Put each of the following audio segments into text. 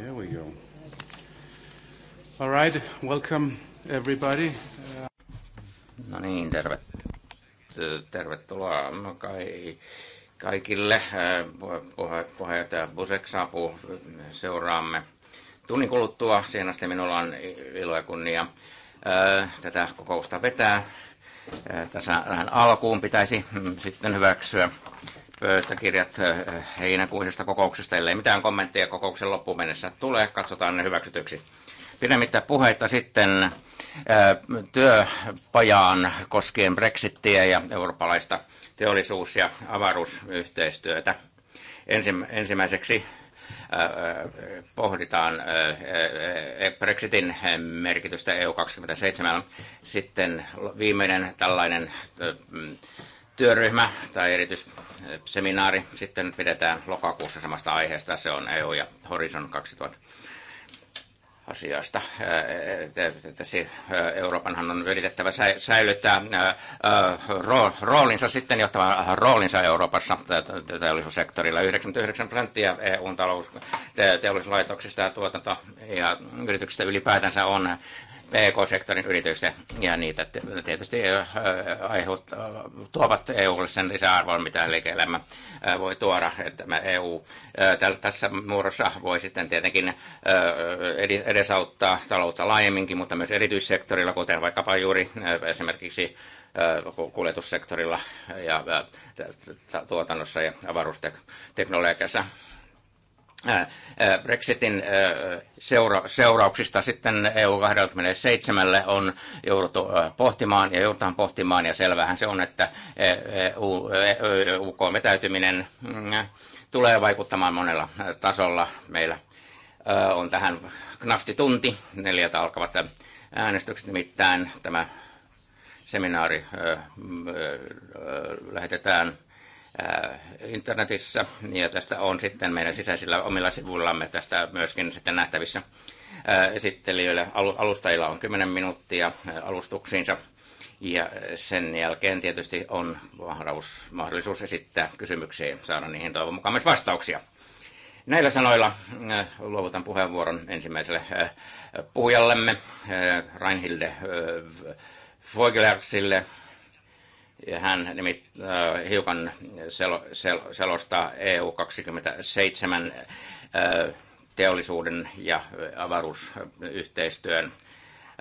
There we go. All right, welcome everybody. No niin, tervet, tervetuloa no kai, kaikille. puheenjohtaja Busek sapu seuraamme tunnin kuluttua. Siihen asti minulla on ilo ja kunnia tätä kokousta vetää. Tässä vähän alkuun pitäisi mm, sitten hyväksyä pöytäkirjat heinäkuisesta kokouksesta, ellei mitään kommentteja kokouksen loppuun mennessä tule, katsotaan ne hyväksytyksi. Pidemmittä puheita sitten työpajaan koskien Brexittiä ja eurooppalaista teollisuus- ja avaruusyhteistyötä. Ensimmäiseksi pohditaan Brexitin merkitystä EU27. Sitten viimeinen tällainen mm, työryhmä tai erityisseminaari sitten pidetään lokakuussa samasta aiheesta. Se on EU ja Horizon 2000 asioista. Euroopanhan on yritettävä säilyttää roolinsa sitten johtava roolinsa Euroopassa teollisuussektorilla. 99 prosenttia EUn talous, teollisuuslaitoksista ja tuotanto ja yrityksistä ylipäätänsä on PK-sektorin e yritystä, ja niitä tietysti aiheut, tuovat EUlle sen lisäarvon, mitä liike-elämä voi tuoda. Että me EU tässä muodossa voi sitten tietenkin edesauttaa taloutta laajemminkin, mutta myös erityissektorilla, kuten vaikkapa juuri esimerkiksi kuljetussektorilla ja tuotannossa ja avaruusteknologiassa. Äh, äh, Brexitin äh, seura- seurauksista sitten EU-27 on jouduttu pohtimaan ja joudutaan pohtimaan ja selvähän se on, että e UK-vetäytyminen e mm, tulee vaikuttamaan monella tasolla. Meillä on tähän knafti tunti, neljältä alkavat äänestykset, nimittäin tämä seminaari lähetetään – Äh, internetissä niin ja tästä on sitten meidän sisäisillä omilla sivuillamme tästä myöskin sitten nähtävissä äh, esittelijöillä. Alustajilla on 10 minuuttia äh, alustuksiinsa ja sen jälkeen tietysti on mahdollisuus esittää kysymyksiä ja saada niihin toivon mukaan myös vastauksia. Näillä sanoilla luovutan puheenvuoron ensimmäiselle puhujallemme Reinhilde Voigelarsille ja hän nimit, äh, hiukan sel, sel, selostaa EU 27 äh, teollisuuden ja avaruusyhteistyön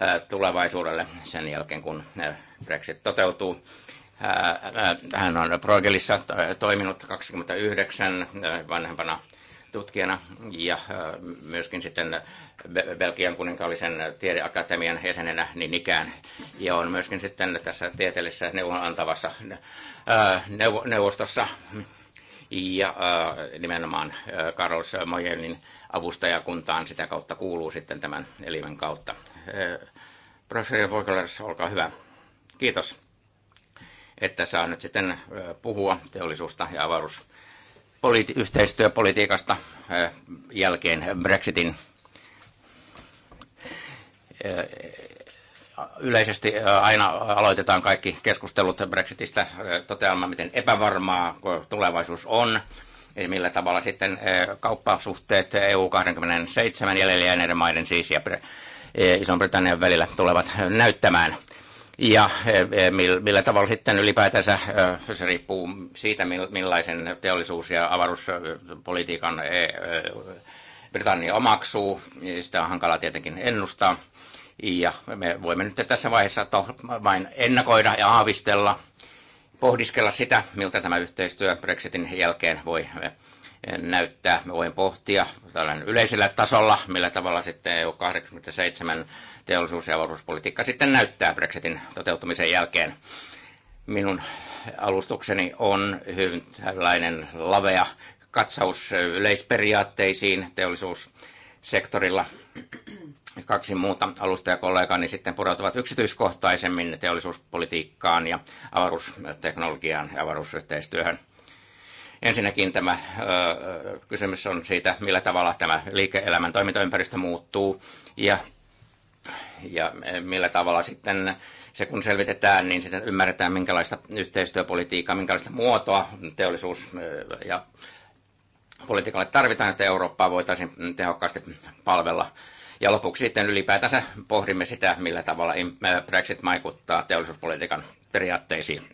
äh, tulevaisuudelle sen jälkeen, kun äh, Brexit toteutuu. Äh, äh, hän on Progelissa toiminut 29 vanhempana tutkijana ja äh, myöskin sitten Belgian kuninkaallisen tiedeakatemian jäsenenä niin ikään. Ja on myöskin sitten tässä tieteellisessä neuvon antavassa äh, neuvostossa ja äh, nimenomaan Carlos Mojelin avustajakuntaan sitä kautta kuuluu sitten tämän elimen kautta. Professori Voikolers, olkaa hyvä. Kiitos, että saa nyt sitten puhua teollisuusta ja avaruus politi- yhteistyöpolitiikasta jälkeen Brexitin yleisesti aina aloitetaan kaikki keskustelut Brexitistä toteamaan, miten epävarmaa tulevaisuus on. Ja millä tavalla sitten kauppasuhteet EU-27 jäljellä jääneiden maiden siis ja Ison-Britannian välillä tulevat näyttämään ja eh, eh, millä tavalla sitten ylipäätänsä, eh, se riippuu siitä, millaisen teollisuus- ja avaruuspolitiikan Britannia omaksuu, niin sitä on hankala tietenkin ennustaa. Ja me voimme nyt tässä vaiheessa vain ennakoida ja aavistella, pohdiskella sitä, miltä tämä yhteistyö Brexitin jälkeen voi näyttää. Me voimme pohtia tällainen yleisellä tasolla, millä tavalla sitten EU-87 teollisuus- ja avaruuspolitiikka sitten näyttää Brexitin toteutumisen jälkeen. Minun alustukseni on hyvin tällainen lavea katsaus yleisperiaatteisiin teollisuussektorilla. Kaksi muuta niin sitten pureutuvat yksityiskohtaisemmin teollisuuspolitiikkaan ja avaruusteknologiaan ja avaruusyhteistyöhön. Ensinnäkin tämä ö, kysymys on siitä, millä tavalla tämä liike-elämän toimintaympäristö muuttuu ja ja eh, millä tavalla sitten se kun selvitetään, niin sitä ymmärretään minkälaista yhteistyöpolitiikkaa, minkälaista muotoa teollisuus eh, ja politiikalle tarvitaan, että Eurooppaa voitaisiin tehokkaasti palvella. Ja lopuksi sitten ylipäätänsä pohdimme sitä, millä tavalla eh, Brexit vaikuttaa teollisuuspolitiikan periaatteisiin.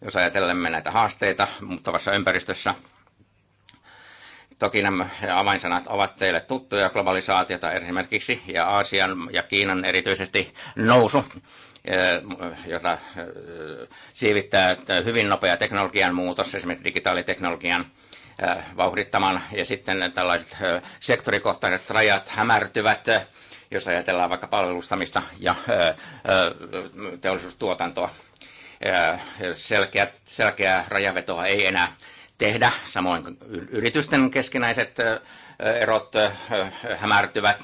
Jos ajatellemme näitä haasteita muuttavassa ympäristössä, Toki nämä avainsanat ovat teille tuttuja, globalisaatiota esimerkiksi, ja Aasian ja Kiinan erityisesti nousu, eh, jota eh, siivittää eh, hyvin nopea teknologian muutos, esimerkiksi digitaaliteknologian vauhdittaman, ja sitten tällaiset sektorikohtaiset rajat hämärtyvät, jos ajatellaan vaikka palvelustamista ja teollisuustuotantoa selkeä, selkeää rajavetoa ei enää tehdä. Samoin yritysten keskinäiset erot hämärtyvät.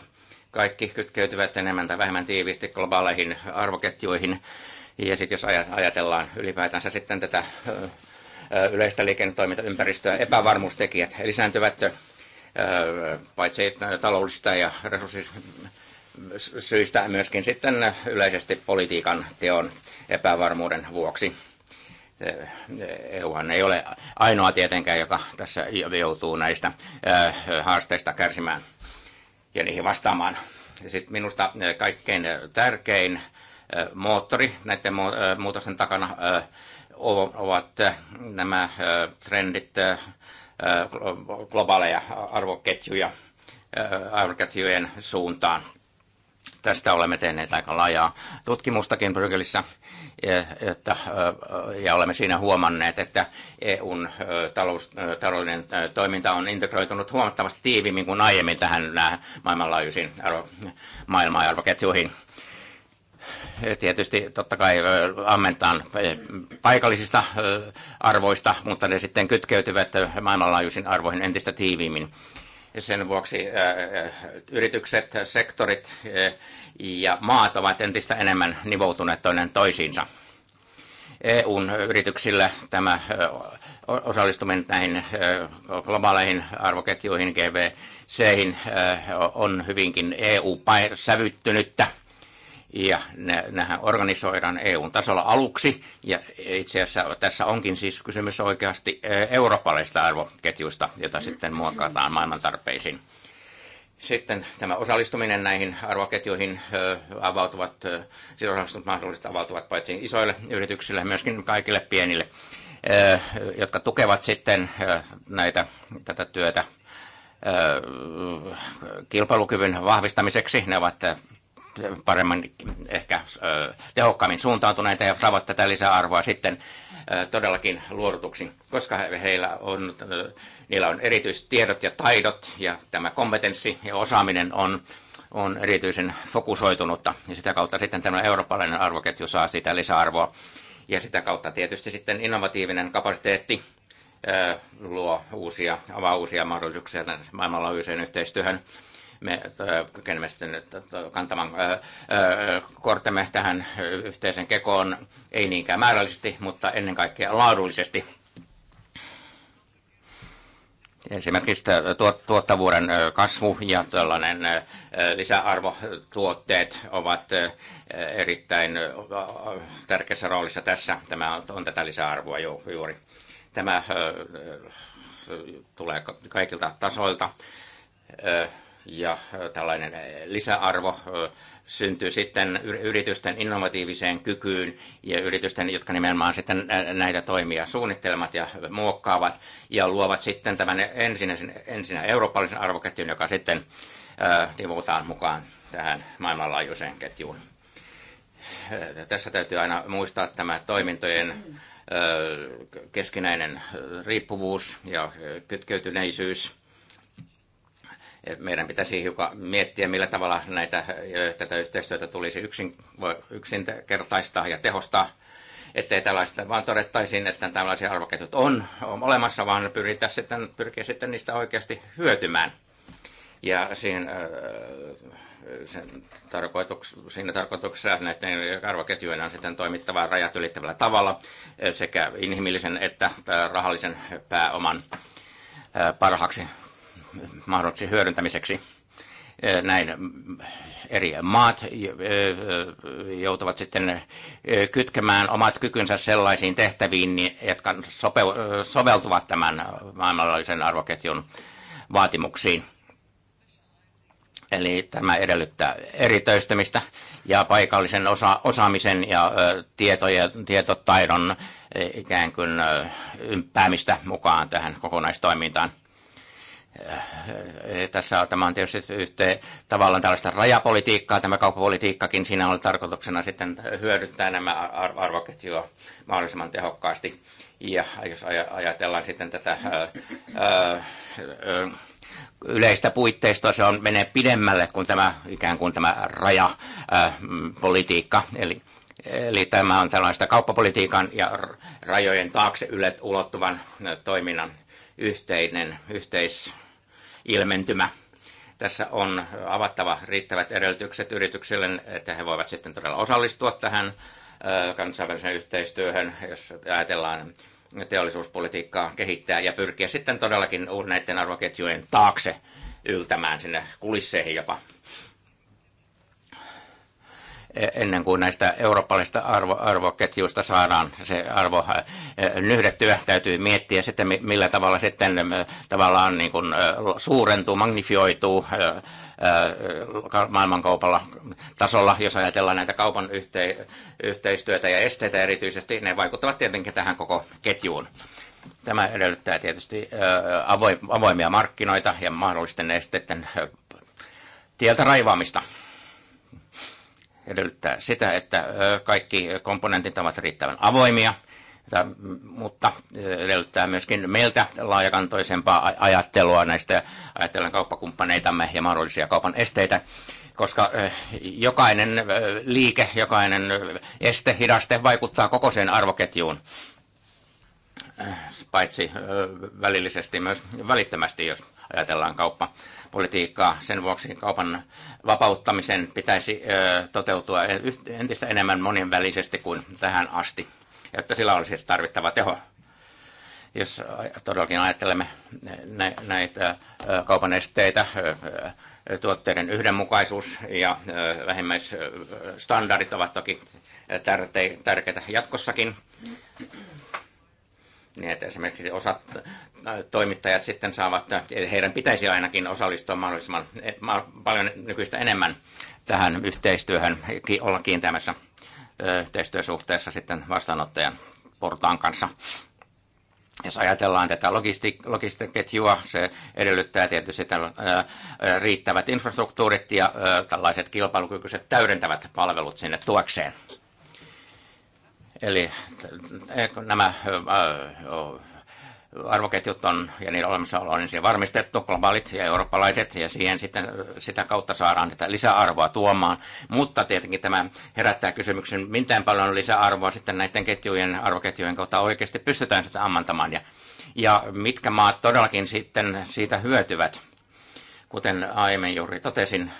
Kaikki kytkeytyvät enemmän tai vähemmän tiiviisti globaaleihin arvoketjuihin. Ja sitten jos ajatellaan ylipäätänsä sitten tätä yleistä liikennetoimintaympäristöä, epävarmuustekijät lisääntyvät paitsi taloudellista ja resurssisyistä myöskin sitten yleisesti politiikan teon epävarmuuden vuoksi EU eh, e ei ole ainoa tietenkään, joka tässä joutuu näistä eh, haasteista kärsimään ja niihin vastaamaan. Ja sitten minusta eh, kaikkein tärkein moottori näiden muutosten takana ovat nämä trendit globaaleja arvoketjuja, arvoketjujen suuntaan. Tästä olemme tehneet aika laajaa tutkimustakin Brygelissä Eh, että, eh, eh, ja olemme siinä huomanneet, että EUn talous, taloudellinen toiminta on integroitunut huomattavasti tiiviimmin kuin aiemmin tähän äh, maailmanlaajuisiin maailma- ja arvoketjuihin tietysti totta kai ammentaan paikallisista arvoista, mutta ne sitten kytkeytyvät maailmanlaajuisiin arvoihin entistä tiiviimmin. Sen vuoksi äh, äh, yritykset, sektorit äh, ja maat ovat entistä enemmän nivoutuneet toinen toisiinsa. EUn yrityksillä tämä osallistuminen näihin globaaleihin arvoketjuihin, GVC, on hyvinkin EU-sävyttynyttä ja nehän organisoidaan EUn tasolla aluksi, ja itse asiassa tässä onkin siis kysymys oikeasti eurooppalaisista arvoketjuista, jota sitten muokataan maailman tarpeisiin. Sitten tämä osallistuminen näihin arvoketjuihin avautuvat, sidosallistut mahdollisesti avautuvat paitsi isoille yrityksille, myöskin kaikille pienille, jotka tukevat sitten näitä, tätä työtä kilpailukyvyn vahvistamiseksi. Ne ovat paremmin ehkä tehokkaammin suuntautuneita ja saavat tätä lisäarvoa sitten todellakin luodutuksi, koska heillä on, niillä on erityistiedot ja taidot ja tämä kompetenssi ja osaaminen on, on erityisen fokusoitunutta ja sitä kautta sitten tämä eurooppalainen arvoketju saa sitä lisäarvoa ja sitä kautta tietysti sitten innovatiivinen kapasiteetti luo uusia, avaa uusia mahdollisuuksia maailmanlaajuiseen yhteistyöhön me äh, kykenemme sitten kantamaan äh, äh, kortemme tähän yhteisen kekoon, ei niinkään määrällisesti, mutta ennen kaikkea laadullisesti. Esimerkiksi tuottavuuden kasvu ja tällainen lisäarvotuotteet ovat erittäin tärkeässä roolissa tässä. Tämä on tätä lisäarvoa juuri. Tämä tulee kaikilta tasoilta ja äh, tällainen äh, lisäarvo äh, syntyy sitten yritysten innovatiiviseen kykyyn ja yritysten, jotka nimenomaan sitten näitä toimia suunnittelemat ja muokkaavat ja luovat sitten tämän ensin, ensin eurooppalaisen arvoketjun, joka sitten nivutaan mukaan tähän maailmanlaajuiseen ketjuun. Tässä täytyy aina muistaa tämä toimintojen keskinäinen riippuvuus ja kytkeytyneisyys – meidän pitäisi hiukan miettiä, millä tavalla näitä, tätä yhteistyötä tulisi yksin, yksinkertaistaa ja tehostaa, ettei tällaista vaan todettaisiin, että tällaisia arvoketjut on, on olemassa, vaan pyritään sitten, pyrkiä sitten niistä oikeasti hyötymään. Ja siihen, sen tarkoituks, siinä tarkoituksessa näiden arvoketjujen on sitten toimittava rajat ylittävällä tavalla sekä inhimillisen että rahallisen pääoman parhaaksi mahdolliseksi hyödyntämiseksi. Näin eri maat joutuvat sitten kytkemään omat kykynsä sellaisiin tehtäviin, jotka soveltuvat tämän maailmanlaajuisen arvoketjun vaatimuksiin. Eli tämä edellyttää eritöistämistä ja paikallisen osa- osaamisen ja ö, tietojen, tietotaidon ikään kuin ympäämistä mukaan tähän kokonaistoimintaan tässä tämä on tietysti yhteen, tavallaan tällaista rajapolitiikkaa, tämä kauppapolitiikkakin, siinä on tarkoituksena sitten hyödyttää nämä arvoketjua mahdollisimman tehokkaasti. Ja jos ajatellaan sitten tätä ää, yleistä puitteistoa, se on, menee pidemmälle kuin tämä ikään kuin tämä rajapolitiikka, mm, eli Eli tämä on tällaista kauppapolitiikan ja rajojen taakse ulottuvan toiminnan yhteinen, yhteis, ilmentymä. Tässä on avattava riittävät edellytykset yrityksille, että he voivat sitten todella osallistua tähän kansainväliseen yhteistyöhön, jos ajatellaan teollisuuspolitiikkaa kehittää ja pyrkiä sitten todellakin näiden arvoketjujen taakse yltämään sinne kulisseihin jopa. E, ennen kuin näistä eurooppalaisista arvo, arvoketjuista saadaan se arvo e, nyhdettyä. Täytyy miettiä sitten, millä tavalla sitten e, tavallaan niin kuin suurentuu, magnifioituu maailmankaupalla tasolla, jos ajatellaan näitä kaupan yhte, yhteistyötä ja esteitä erityisesti, ne vaikuttavat tietenkin tähän koko ketjuun. Tämä edellyttää tietysti avoimia markkinoita ja mahdollisten esteiden tieltä raivaamista edellyttää sitä, että kaikki komponentit ovat riittävän avoimia, mutta edellyttää myöskin meiltä laajakantoisempaa ajattelua näistä ajatellen kauppakumppaneitamme ja mahdollisia kaupan esteitä, koska jokainen liike, jokainen este, hidaste vaikuttaa koko sen arvoketjuun paitsi välillisesti myös välittömästi, jos ajatellaan kauppa politiikkaa. Sen vuoksi kaupan vapauttamisen pitäisi toteutua entistä enemmän monenvälisesti kuin tähän asti, jotta sillä olisi tarvittava teho. Jos todellakin ajattelemme näitä kaupan esteitä, tuotteiden yhdenmukaisuus ja vähimmäisstandardit ovat toki tärkeitä jatkossakin. Niin, että esimerkiksi osat toimittajat sitten saavat, heidän pitäisi ainakin osallistua mahdollisimman e, paljon nykyistä enemmän tähän yhteistyöhön, olla kiinteämmässä yhteistyösuhteessa sitten vastaanottajan portaan kanssa. Jos ajatellaan tätä logistiketjua, se edellyttää tietysti sitä ää, riittävät infrastruktuurit ja ää, tällaiset kilpailukykyiset täydentävät palvelut sinne tuekseen. Eli e- nämä arvoketjut on ja niiden olemassaolo on ensin varmistettu, globaalit ja eurooppalaiset, ja siihen sitten sitä kautta saadaan tätä lisäarvoa tuomaan. Mutta tietenkin tämä herättää kysymyksen, miten paljon lisäarvoa sitten näiden ketjujen, arvoketjujen kautta oikeasti pystytään sitä ammantamaan, ja, ja mitkä maat todellakin sitten siitä hyötyvät. Kuten aiemmin juuri totesin,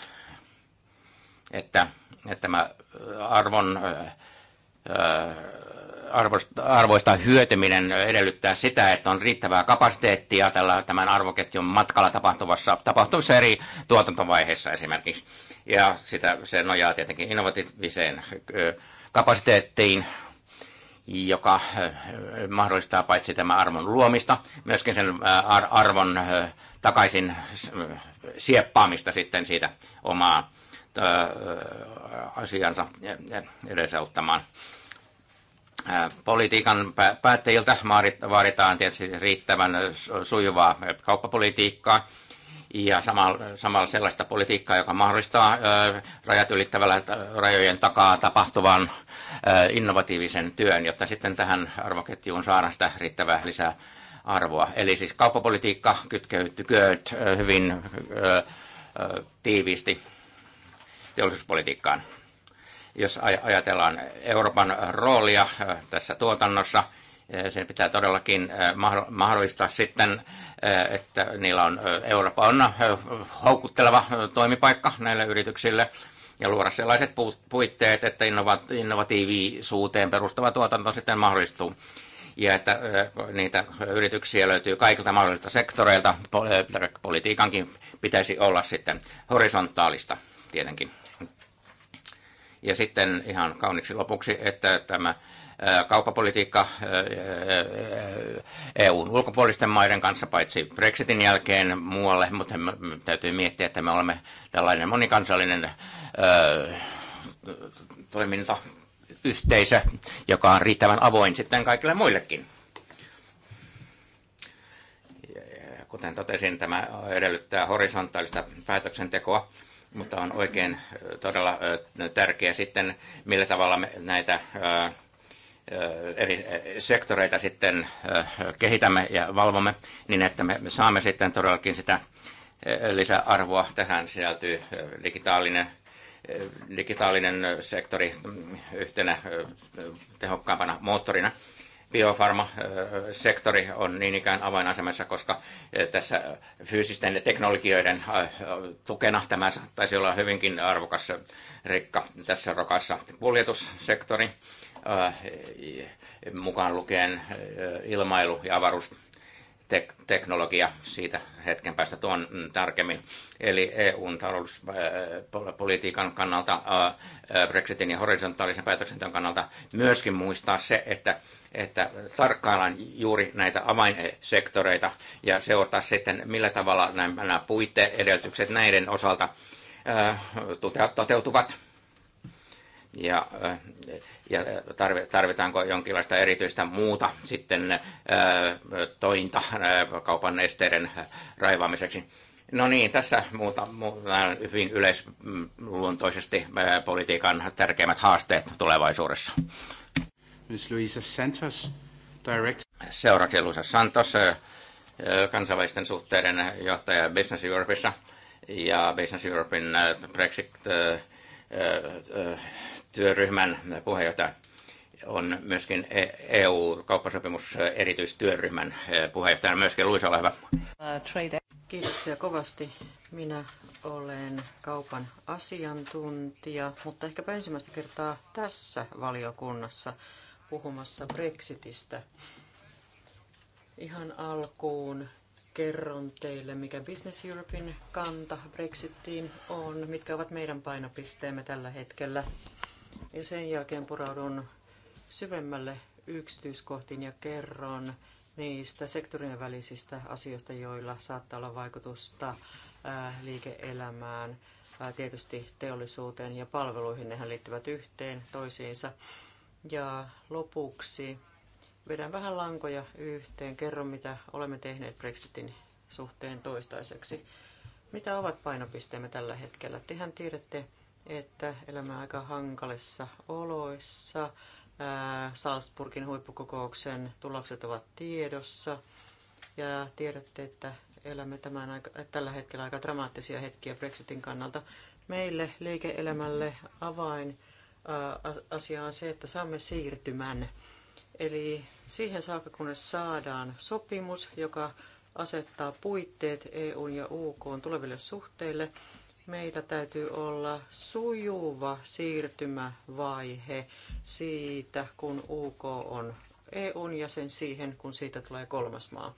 että, että tämä arvon äh, arvoista hyötyminen edellyttää sitä, että on riittävää kapasiteettia tällä, tämän arvoketjun matkalla tapahtuvassa, tapahtuvassa eri tuotantovaiheessa esimerkiksi. Ja sitä, se nojaa tietenkin innovatiiviseen kapasiteettiin, joka mahdollistaa paitsi tämän arvon luomista, myöskin sen arvon takaisin sieppaamista sitten siitä omaa asiansa edesauttamaan. Politiikan päättäjiltä vaaditaan tietysti riittävän sujuvaa kauppapolitiikkaa ja samalla, sellaista politiikkaa, joka mahdollistaa rajat ylittävällä rajojen takaa tapahtuvan innovatiivisen työn, jotta sitten tähän arvoketjuun saadaan sitä riittävää lisää arvoa. Eli siis kauppapolitiikka kytkeytyy hyvin tiiviisti teollisuuspolitiikkaan. Jos ajatellaan Euroopan roolia äh, tässä tuotannossa, äh, sen pitää todellakin äh, mahdollistaa sitten, että niillä on Eurooppa on houkutteleva toimipaikka näille yrityksille ja luoda sellaiset puitteet, että innovatiivisuuteen perustava tuotanto sitten mahdollistuu ja että niitä yrityksiä löytyy kaikilta mahdollisilta sektoreilta. Politiikankin pitäisi olla sitten horisontaalista tietenkin. Ja sitten ihan kauniksi lopuksi, että tämä kauppapolitiikka EUn ulkopuolisten maiden kanssa, paitsi Brexitin jälkeen muualle, mutta täytyy miettiä, että me olemme tällainen monikansallinen toimintayhteisö, joka on riittävän avoin sitten kaikille muillekin. Kuten totesin, tämä edellyttää horisontaalista päätöksentekoa mutta on oikein todella tärkeää sitten, millä tavalla me näitä eri sektoreita sitten kehitämme ja valvomme, niin että me saamme sitten todellakin sitä lisäarvoa. Tähän sisältyy digitaalinen, digitaalinen sektori mm, yhtenä tehokkaampana moottorina biofarmasektori on niin ikään avainasemassa, koska eh, tässä fyysisten teknologioiden eh, tukena tämä saattaisi olla hyvinkin arvokas eh, rikka tässä rokassa. Kuljetussektori mukaan lukien ilmailu- ja avaruusteknologia, siitä hetken päästä tuon mm, tarkemmin. Eli EUn talouspolitiikan kannalta, Brexitin ja horisontaalisen päätöksenteon kannalta myöskin muistaa se, että että tarkkaillaan juuri näitä avainsektoreita ja seurata sitten, millä tavalla nämä puitteedellytykset näiden osalta äh, toteutuvat. Ja, äh, ja tarvitaanko jonkinlaista erityistä muuta sitten äh, tointa kaupan esteiden raivaamiseksi. No niin, tässä muuta, muuta hyvin yleisluontoisesti politiikan tärkeimmät haasteet tulevaisuudessa. Ms. Luisa Santos, director. Seurakin Luisa Santos, eh, eh, kansainvälisten suhteiden johtaja Business Europeissa ja Business Europein eh, Brexit-työryhmän puheenjohtaja on myöskin EU-kauppasopimus e erityistyöryhmän puheenjohtaja myöskin. Luisa, ole hyvä. Kiitoksia kovasti. Minä olen kaupan asiantuntija, mutta ehkäpä ensimmäistä kertaa tässä valiokunnassa – puhumassa Brexitistä. Ihan alkuun kerron teille, mikä Business Europein kanta Brexittiin on, mitkä ovat meidän painopisteemme tällä hetkellä. Ja sen jälkeen puraudun syvemmälle yksityiskohtiin ja kerron niistä sektorien välisistä asioista, joilla saattaa olla vaikutusta äh, liike-elämään, äh, tietysti teollisuuteen ja palveluihin. Nehän liittyvät yhteen toisiinsa. Ja lopuksi vedän vähän lankoja yhteen, kerron mitä olemme tehneet Brexitin suhteen toistaiseksi. Mitä ovat painopisteemme tällä hetkellä? Tehän tiedätte, että elämme aika hankalissa oloissa. Salzburgin huippukokouksen tulokset ovat tiedossa. Ja tiedätte, että elämme tämän aika, tällä hetkellä aika dramaattisia hetkiä Brexitin kannalta. Meille liike-elämälle avain asia on se, että saamme siirtymän. Eli siihen saakka, kunnes saadaan sopimus, joka asettaa puitteet EUn ja UK tuleville suhteille, meillä täytyy olla sujuva siirtymävaihe siitä, kun UK on EUn jäsen siihen, kun siitä tulee kolmas maa.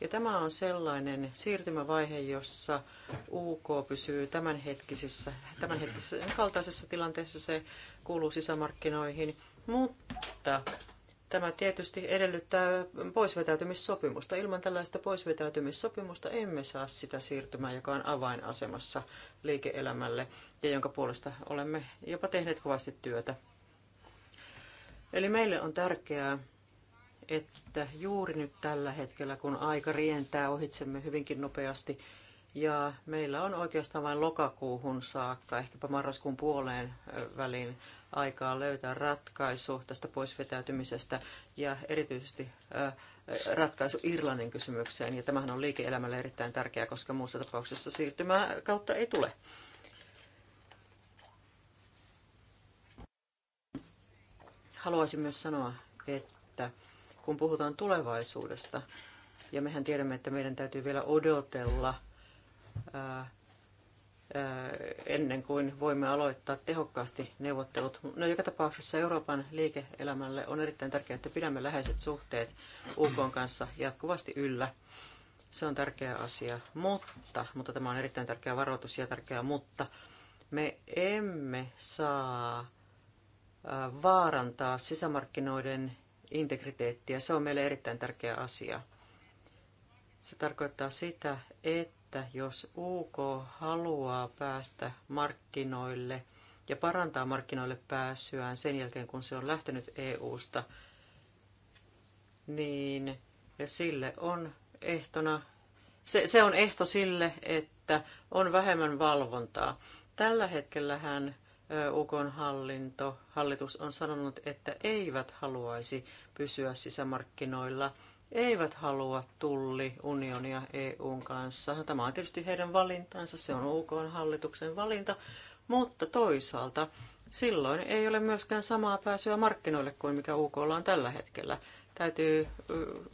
Ja tämä on sellainen siirtymävaihe, jossa UK pysyy tämänhetkisessä, tämänhetkisessä kaltaisessa tilanteessa se kuuluu sisämarkkinoihin, mutta tämä tietysti edellyttää poisvetäytymissopimusta. Ilman tällaista poisvetäytymissopimusta emme saa sitä siirtymää, joka on avainasemassa liike-elämälle ja jonka puolesta olemme jopa tehneet kovasti työtä. Eli meille on tärkeää, että juuri nyt tällä hetkellä, kun aika rientää ohitsemme hyvinkin nopeasti, ja meillä on oikeastaan vain lokakuuhun saakka, ehkäpä marraskuun puoleen väliin aikaa löytää ratkaisu tästä poisvetäytymisestä ja erityisesti ratkaisu Irlannin kysymykseen. Ja tämähän on liike-elämälle erittäin tärkeää, koska muussa tapauksessa siirtymää kautta ei tule. Haluaisin myös sanoa, että kun puhutaan tulevaisuudesta, ja mehän tiedämme, että meidän täytyy vielä odotella ennen kuin voimme aloittaa tehokkaasti neuvottelut. No, joka tapauksessa Euroopan liike-elämälle on erittäin tärkeää, että pidämme läheiset suhteet UK kanssa jatkuvasti yllä. Se on tärkeä asia, mutta, mutta tämä on erittäin tärkeä varoitus ja tärkeä mutta, me emme saa vaarantaa sisämarkkinoiden integriteettiä. Se on meille erittäin tärkeä asia. Se tarkoittaa sitä, että että jos UK haluaa päästä markkinoille ja parantaa markkinoille pääsyään sen jälkeen, kun se on lähtenyt EUsta, niin sille on ehtona, se, se on ehto sille, että on vähemmän valvontaa. Tällä hetkellähän UKon hallinto, hallitus on sanonut, että eivät haluaisi pysyä sisämarkkinoilla – eivät halua tulliunionia EUn kanssa. No, tämä on tietysti heidän valintansa, se on UK hallituksen valinta, mutta toisaalta silloin ei ole myöskään samaa pääsyä markkinoille kuin mikä UK on tällä hetkellä. Täytyy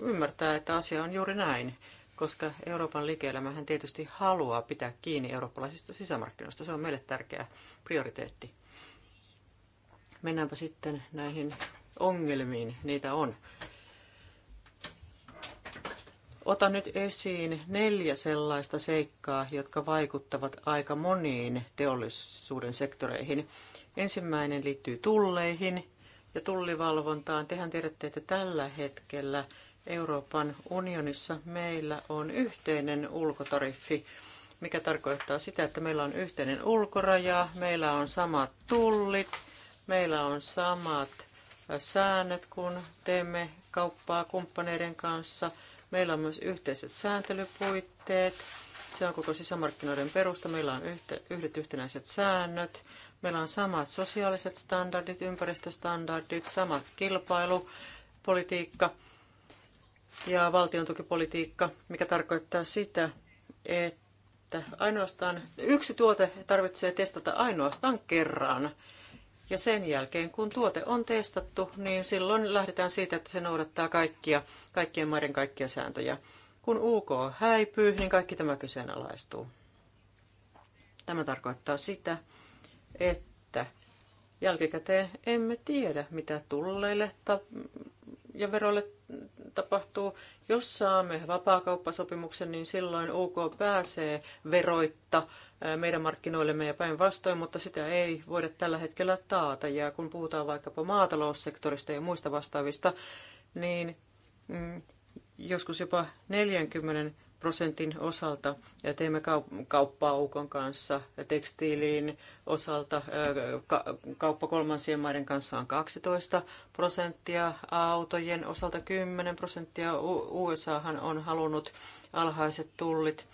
ymmärtää, että asia on juuri näin, koska Euroopan liike-elämähän tietysti haluaa pitää kiinni eurooppalaisista sisämarkkinoista. Se on meille tärkeä prioriteetti. Mennäänpä sitten näihin ongelmiin. Niitä on. Ota nyt esiin neljä sellaista seikkaa, jotka vaikuttavat aika moniin teollisuuden sektoreihin. Ensimmäinen liittyy tulleihin ja tullivalvontaan. Tehän tiedätte, että tällä hetkellä Euroopan unionissa meillä on yhteinen ulkotariffi, mikä tarkoittaa sitä, että meillä on yhteinen ulkoraja, meillä on samat tullit, meillä on samat säännöt, kun teemme kauppaa kumppaneiden kanssa – Meillä on myös yhteiset sääntelypuitteet. Se on koko sisämarkkinoiden perusta. Meillä on yhdet yhtenäiset säännöt. Meillä on samat sosiaaliset standardit, ympäristöstandardit, sama kilpailupolitiikka ja valtiontukipolitiikka, mikä tarkoittaa sitä, että ainoastaan yksi tuote tarvitsee testata ainoastaan kerran ja sen jälkeen, kun tuote on testattu, niin silloin lähdetään siitä, että se noudattaa kaikkia, kaikkien maiden kaikkia sääntöjä. Kun UK häipyy, niin kaikki tämä kyseenalaistuu. Tämä tarkoittaa sitä, että jälkikäteen emme tiedä, mitä tulleille ja verolle tapahtuu. Jos saamme vapaakauppasopimuksen, niin silloin UK pääsee veroitta meidän markkinoillemme ja päinvastoin, mutta sitä ei voida tällä hetkellä taata. Ja kun puhutaan vaikkapa maataloussektorista ja muista vastaavista, niin mm, joskus jopa 40 prosentin osalta ja teemme kauppaa UKon kanssa, tekstiiliin osalta kauppa kolmansien maiden kanssa on 12 prosenttia, autojen osalta 10 prosenttia. USAhan on halunnut alhaiset tullit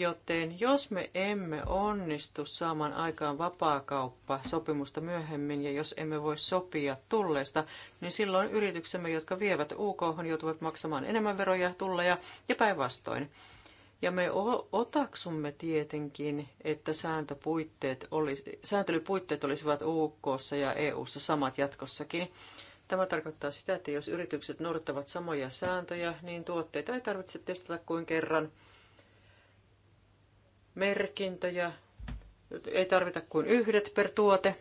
Joten jos me emme onnistu saamaan aikaan vapaakauppa sopimusta myöhemmin ja jos emme voi sopia tulleista, niin silloin yrityksemme, jotka vievät UK, joutuvat maksamaan enemmän veroja tulleja ja päinvastoin. Ja me otaksumme tietenkin, että sääntöpuitteet olis, sääntelypuitteet olisivat UKssa ja EUssa samat jatkossakin. Tämä tarkoittaa sitä, että jos yritykset noudattavat samoja sääntöjä, niin tuotteita ei tarvitse testata kuin kerran – merkintöjä. Ei tarvita kuin yhdet per tuote.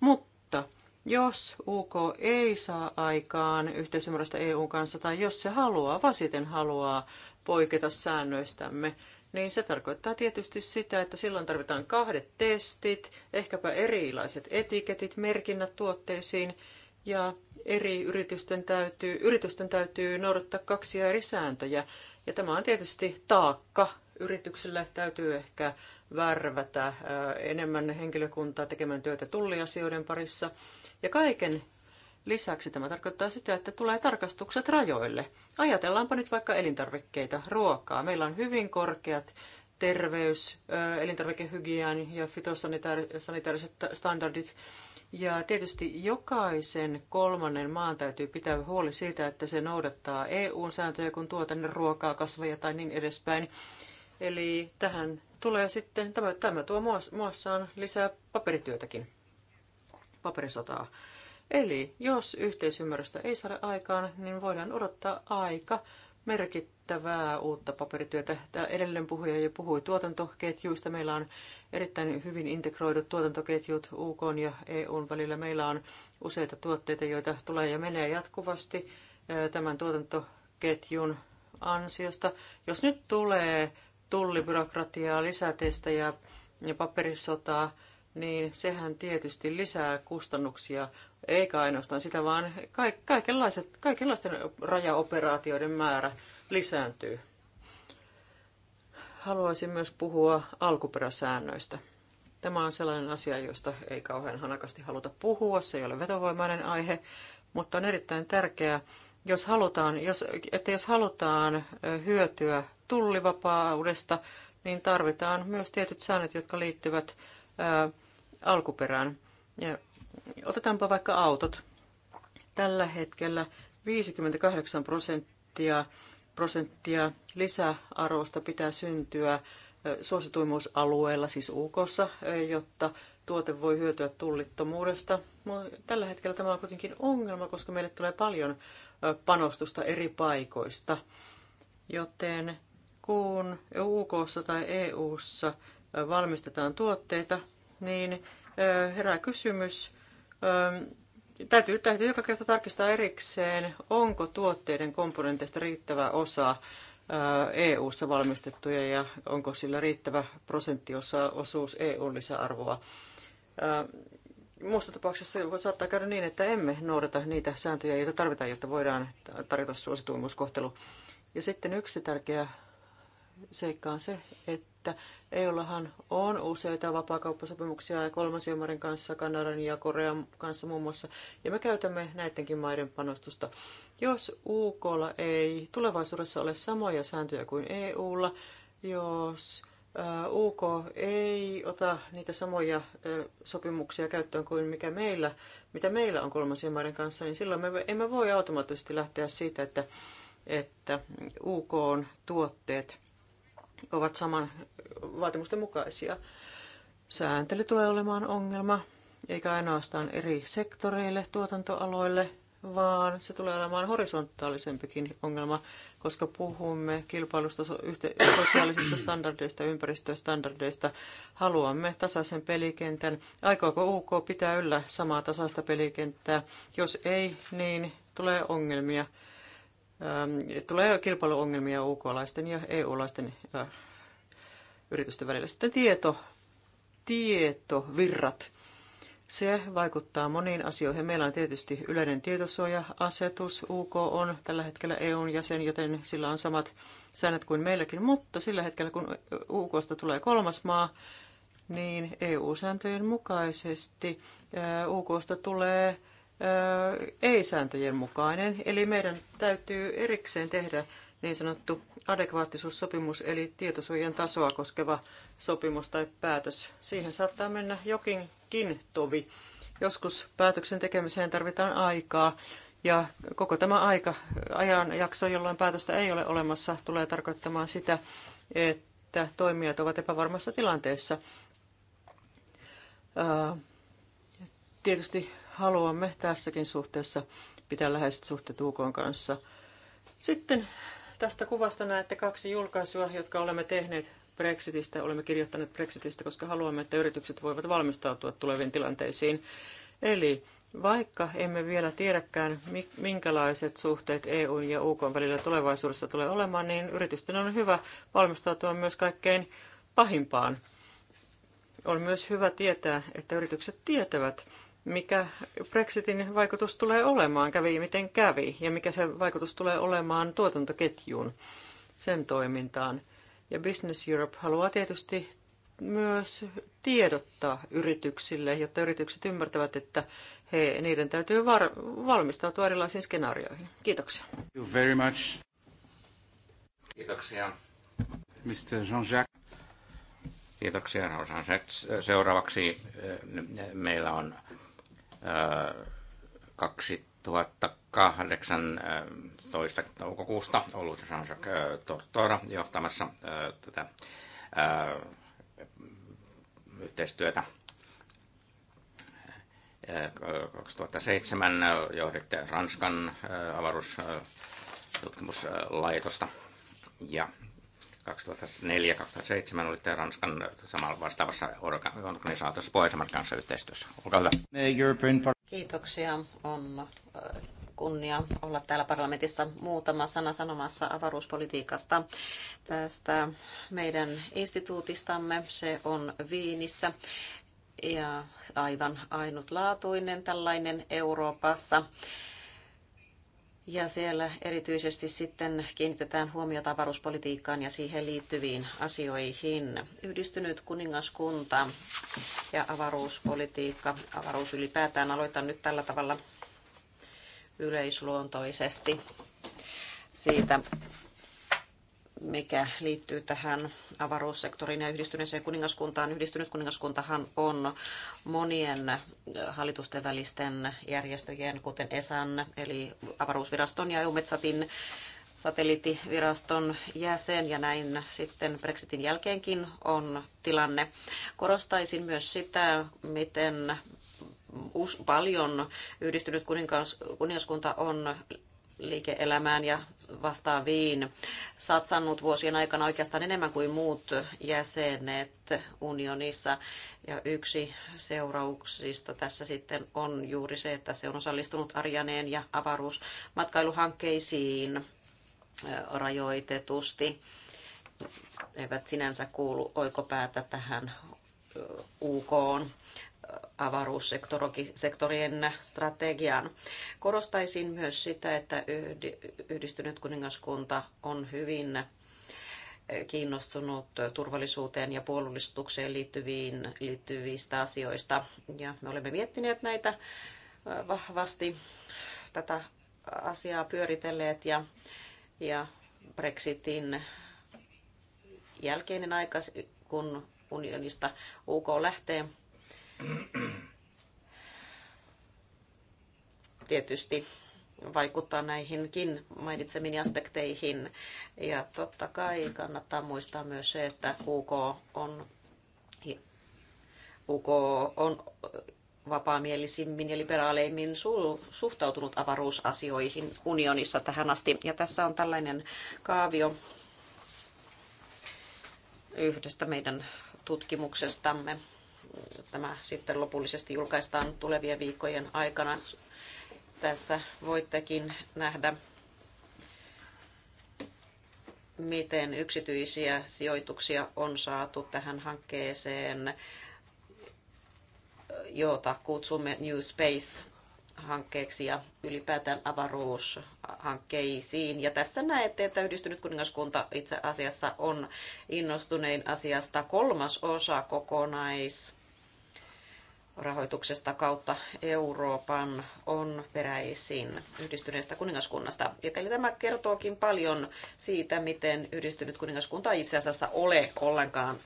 Mutta jos UK ei saa aikaan yhteisymmärrystä EUn kanssa tai jos se haluaa, vasiten haluaa poiketa säännöistämme, niin se tarkoittaa tietysti sitä, että silloin tarvitaan kahdet testit, ehkäpä erilaiset etiketit, merkinnät tuotteisiin ja eri yritysten täytyy, yritysten täytyy noudattaa kaksia eri sääntöjä. Ja tämä on tietysti taakka. Yrityksille täytyy ehkä värvätä enemmän henkilökuntaa tekemään työtä tulliasioiden parissa. Ja kaiken lisäksi tämä tarkoittaa sitä, että tulee tarkastukset rajoille. Ajatellaanpa nyt vaikka elintarvikkeita, ruokaa. Meillä on hyvin korkeat terveys, elintarvikehygienian ja fytosanitaariset standardit ja tietysti jokaisen kolmannen maan täytyy pitää huoli siitä, että se noudattaa EU-sääntöjä, kun tuo tänne ruokaa, kasveja tai niin edespäin. Eli tähän tulee sitten, tämä, tämä tuo muassaan lisää paperityötäkin, paperisotaa. Eli jos yhteisymmärrystä ei saada aikaan, niin voidaan odottaa aika merkittävää uutta paperityötä. Tämä edellinen puhuja jo puhui tuotantoketjuista. Meillä on erittäin hyvin integroidut tuotantoketjut UK ja EUn välillä. Meillä on useita tuotteita, joita tulee ja menee jatkuvasti tämän tuotantoketjun ansiosta. Jos nyt tulee tullibyrokratiaa, lisätestejä ja paperisotaa, niin sehän tietysti lisää kustannuksia, eikä ainoastaan sitä, vaan kaikenlaiset, kaikenlaisten rajaoperaatioiden määrä lisääntyy haluaisin myös puhua alkuperäsäännöistä. Tämä on sellainen asia, josta ei kauhean hanakasti haluta puhua, se ei ole vetovoimainen aihe, mutta on erittäin tärkeää, jos halutaan, jos, että jos halutaan hyötyä tullivapaudesta, niin tarvitaan myös tietyt säännöt, jotka liittyvät ää, alkuperään. Ja otetaanpa vaikka autot. Tällä hetkellä 58 prosenttia prosenttia lisäarvosta pitää syntyä suosituimuusalueella, siis uk jotta tuote voi hyötyä tullittomuudesta. Tällä hetkellä tämä on kuitenkin ongelma, koska meille tulee paljon panostusta eri paikoista. Joten kun uk tai EUssa valmistetaan tuotteita, niin herää kysymys, täytyy, täytyy joka kerta tarkistaa erikseen, onko tuotteiden komponenteista riittävä osa EU-ssa valmistettuja ja onko sillä riittävä osuus EU-lisäarvoa. Muussa tapauksessa saattaa käydä niin, että emme noudata niitä sääntöjä, joita tarvitaan, jotta voidaan tarjota suosituimmuuskohtelu. Ja sitten yksi tärkeä seikka on se, että että EUllahan on useita vapaakauppasopimuksia ja kolmansien maiden kanssa, Kanadan ja Korean kanssa muun muassa, ja me käytämme näidenkin maiden panostusta. Jos UKlla ei tulevaisuudessa ole samoja sääntöjä kuin EUlla, jos UK ei ota niitä samoja sopimuksia käyttöön kuin mikä meillä, mitä meillä on kolmansien maiden kanssa, niin silloin me emme voi automaattisesti lähteä siitä, että, että UK on tuotteet ovat saman vaatimusten mukaisia. Sääntely tulee olemaan ongelma, eikä ainoastaan eri sektoreille, tuotantoaloille, vaan se tulee olemaan horisontaalisempikin ongelma, koska puhumme kilpailusta, sosiaalisista standardeista, ympäristöstandardeista. Haluamme tasaisen pelikentän. Aikooko UK pitää yllä samaa tasaista pelikenttää? Jos ei, niin tulee ongelmia. Ähm, tulee kilpailuongelmia UK-laisten ja EU-laisten äh, yritysten välillä. Sitten tieto, tietovirrat. Se vaikuttaa moniin asioihin. Meillä on tietysti yleinen tietosuoja-asetus. UK on tällä hetkellä EUn jäsen, joten sillä on samat säännöt kuin meilläkin. Mutta sillä hetkellä, kun UKsta tulee kolmas maa, niin EU-sääntöjen mukaisesti äh, UKsta tulee ei-sääntöjen mukainen, eli meidän täytyy erikseen tehdä niin sanottu adekvaattisuussopimus, eli tietosuojan tasoa koskeva sopimus tai päätös. Siihen saattaa mennä jokinkin tovi. Joskus päätöksen tekemiseen tarvitaan aikaa, ja koko tämä aika, ajanjakso, jolloin päätöstä ei ole olemassa, tulee tarkoittamaan sitä, että toimijat ovat epävarmassa tilanteessa. Tietysti haluamme tässäkin suhteessa pitää läheiset suhteet UK kanssa. Sitten tästä kuvasta näette kaksi julkaisua, jotka olemme tehneet Brexitistä. Olemme kirjoittaneet Brexitistä, koska haluamme, että yritykset voivat valmistautua tuleviin tilanteisiin. Eli vaikka emme vielä tiedäkään, minkälaiset suhteet EUn ja UKn välillä tulevaisuudessa tulee olemaan, niin yritysten on hyvä valmistautua myös kaikkein pahimpaan. On myös hyvä tietää, että yritykset tietävät, mikä Brexitin vaikutus tulee olemaan, kävi miten kävi, ja mikä se vaikutus tulee olemaan tuotantoketjuun, sen toimintaan. Ja Business Europe haluaa tietysti myös tiedottaa yrityksille, jotta yritykset ymmärtävät, että he, niiden täytyy var- valmistautua erilaisiin skenaarioihin. Kiitoksia. Thank you very much. Kiitoksia. Mr. Jean-Jacques. Kiitoksia. Seuraavaksi eh, meillä on 2018 toukokuusta ollut Jean-Jacques äh, Tortora johtamassa äh, tätä äh, yhteistyötä 2007 johditte Ranskan avaruustutkimuslaitosta ja 2004-2007 olitte Ranskan samalla vastaavassa organisaatiossa Pohjoismaiden kanssa yhteistyössä. Olkaa hyvä. Kiitoksia. On äh, kunnia olla täällä parlamentissa muutama sana sanomassa avaruuspolitiikasta tästä meidän instituutistamme. Se on Viinissä ja aivan ainutlaatuinen tällainen Euroopassa. Ja siellä erityisesti sitten kiinnitetään huomiota avaruuspolitiikkaan ja siihen liittyviin asioihin. Yhdistynyt kuningaskunta ja avaruuspolitiikka, avaruus ylipäätään aloitan nyt tällä tavalla yleisluontoisesti siitä, mikä liittyy tähän avaruussektoriin ja yhdistyneeseen kuningaskuntaan. Yhdistynyt kuningaskuntahan on monien hallitusten välisten järjestöjen, kuten ESAN, eli avaruusviraston ja EU-metsatin satelliittiviraston jäsen ja näin sitten Brexitin jälkeenkin on tilanne. Korostaisin myös sitä, miten paljon yhdistynyt kuningaskunta on liike-elämään ja vastaaviin satsannut vuosien aikana oikeastaan enemmän kuin muut jäsenet unionissa. Ja yksi seurauksista tässä sitten on juuri se, että se on osallistunut arjaneen ja avaruusmatkailuhankkeisiin rajoitetusti. Eivät sinänsä kuulu oikopäätä tähän UK avaruussektorien strategian. Korostaisin myös sitä, että yhdistynyt kuningaskunta on hyvin kiinnostunut turvallisuuteen ja puolustukseen liittyviin, liittyvistä asioista. Ja me olemme miettineet näitä vahvasti tätä asiaa pyöritelleet ja, ja Brexitin jälkeinen aika, kun unionista UK lähtee tietysti vaikuttaa näihinkin mainitsemiin aspekteihin. Ja totta kai kannattaa muistaa myös se, että UK on, UK on vapaamielisimmin ja liberaaleimmin su- suhtautunut avaruusasioihin unionissa tähän asti. Ja tässä on tällainen kaavio yhdestä meidän tutkimuksestamme tämä sitten lopullisesti julkaistaan tulevien viikkojen aikana. Tässä voittekin nähdä, miten yksityisiä sijoituksia on saatu tähän hankkeeseen, jota kutsumme New Space hankkeeksi ja ylipäätään avaruushankkeisiin. Ja tässä näette, että yhdistynyt kuningaskunta itse asiassa on innostunein asiasta kolmas osa kokonais rahoituksesta kautta Euroopan on peräisin yhdistyneestä kuningaskunnasta. Eli tämä kertookin paljon siitä, miten yhdistynyt kuningaskunta ei itse asiassa ole ollenkaan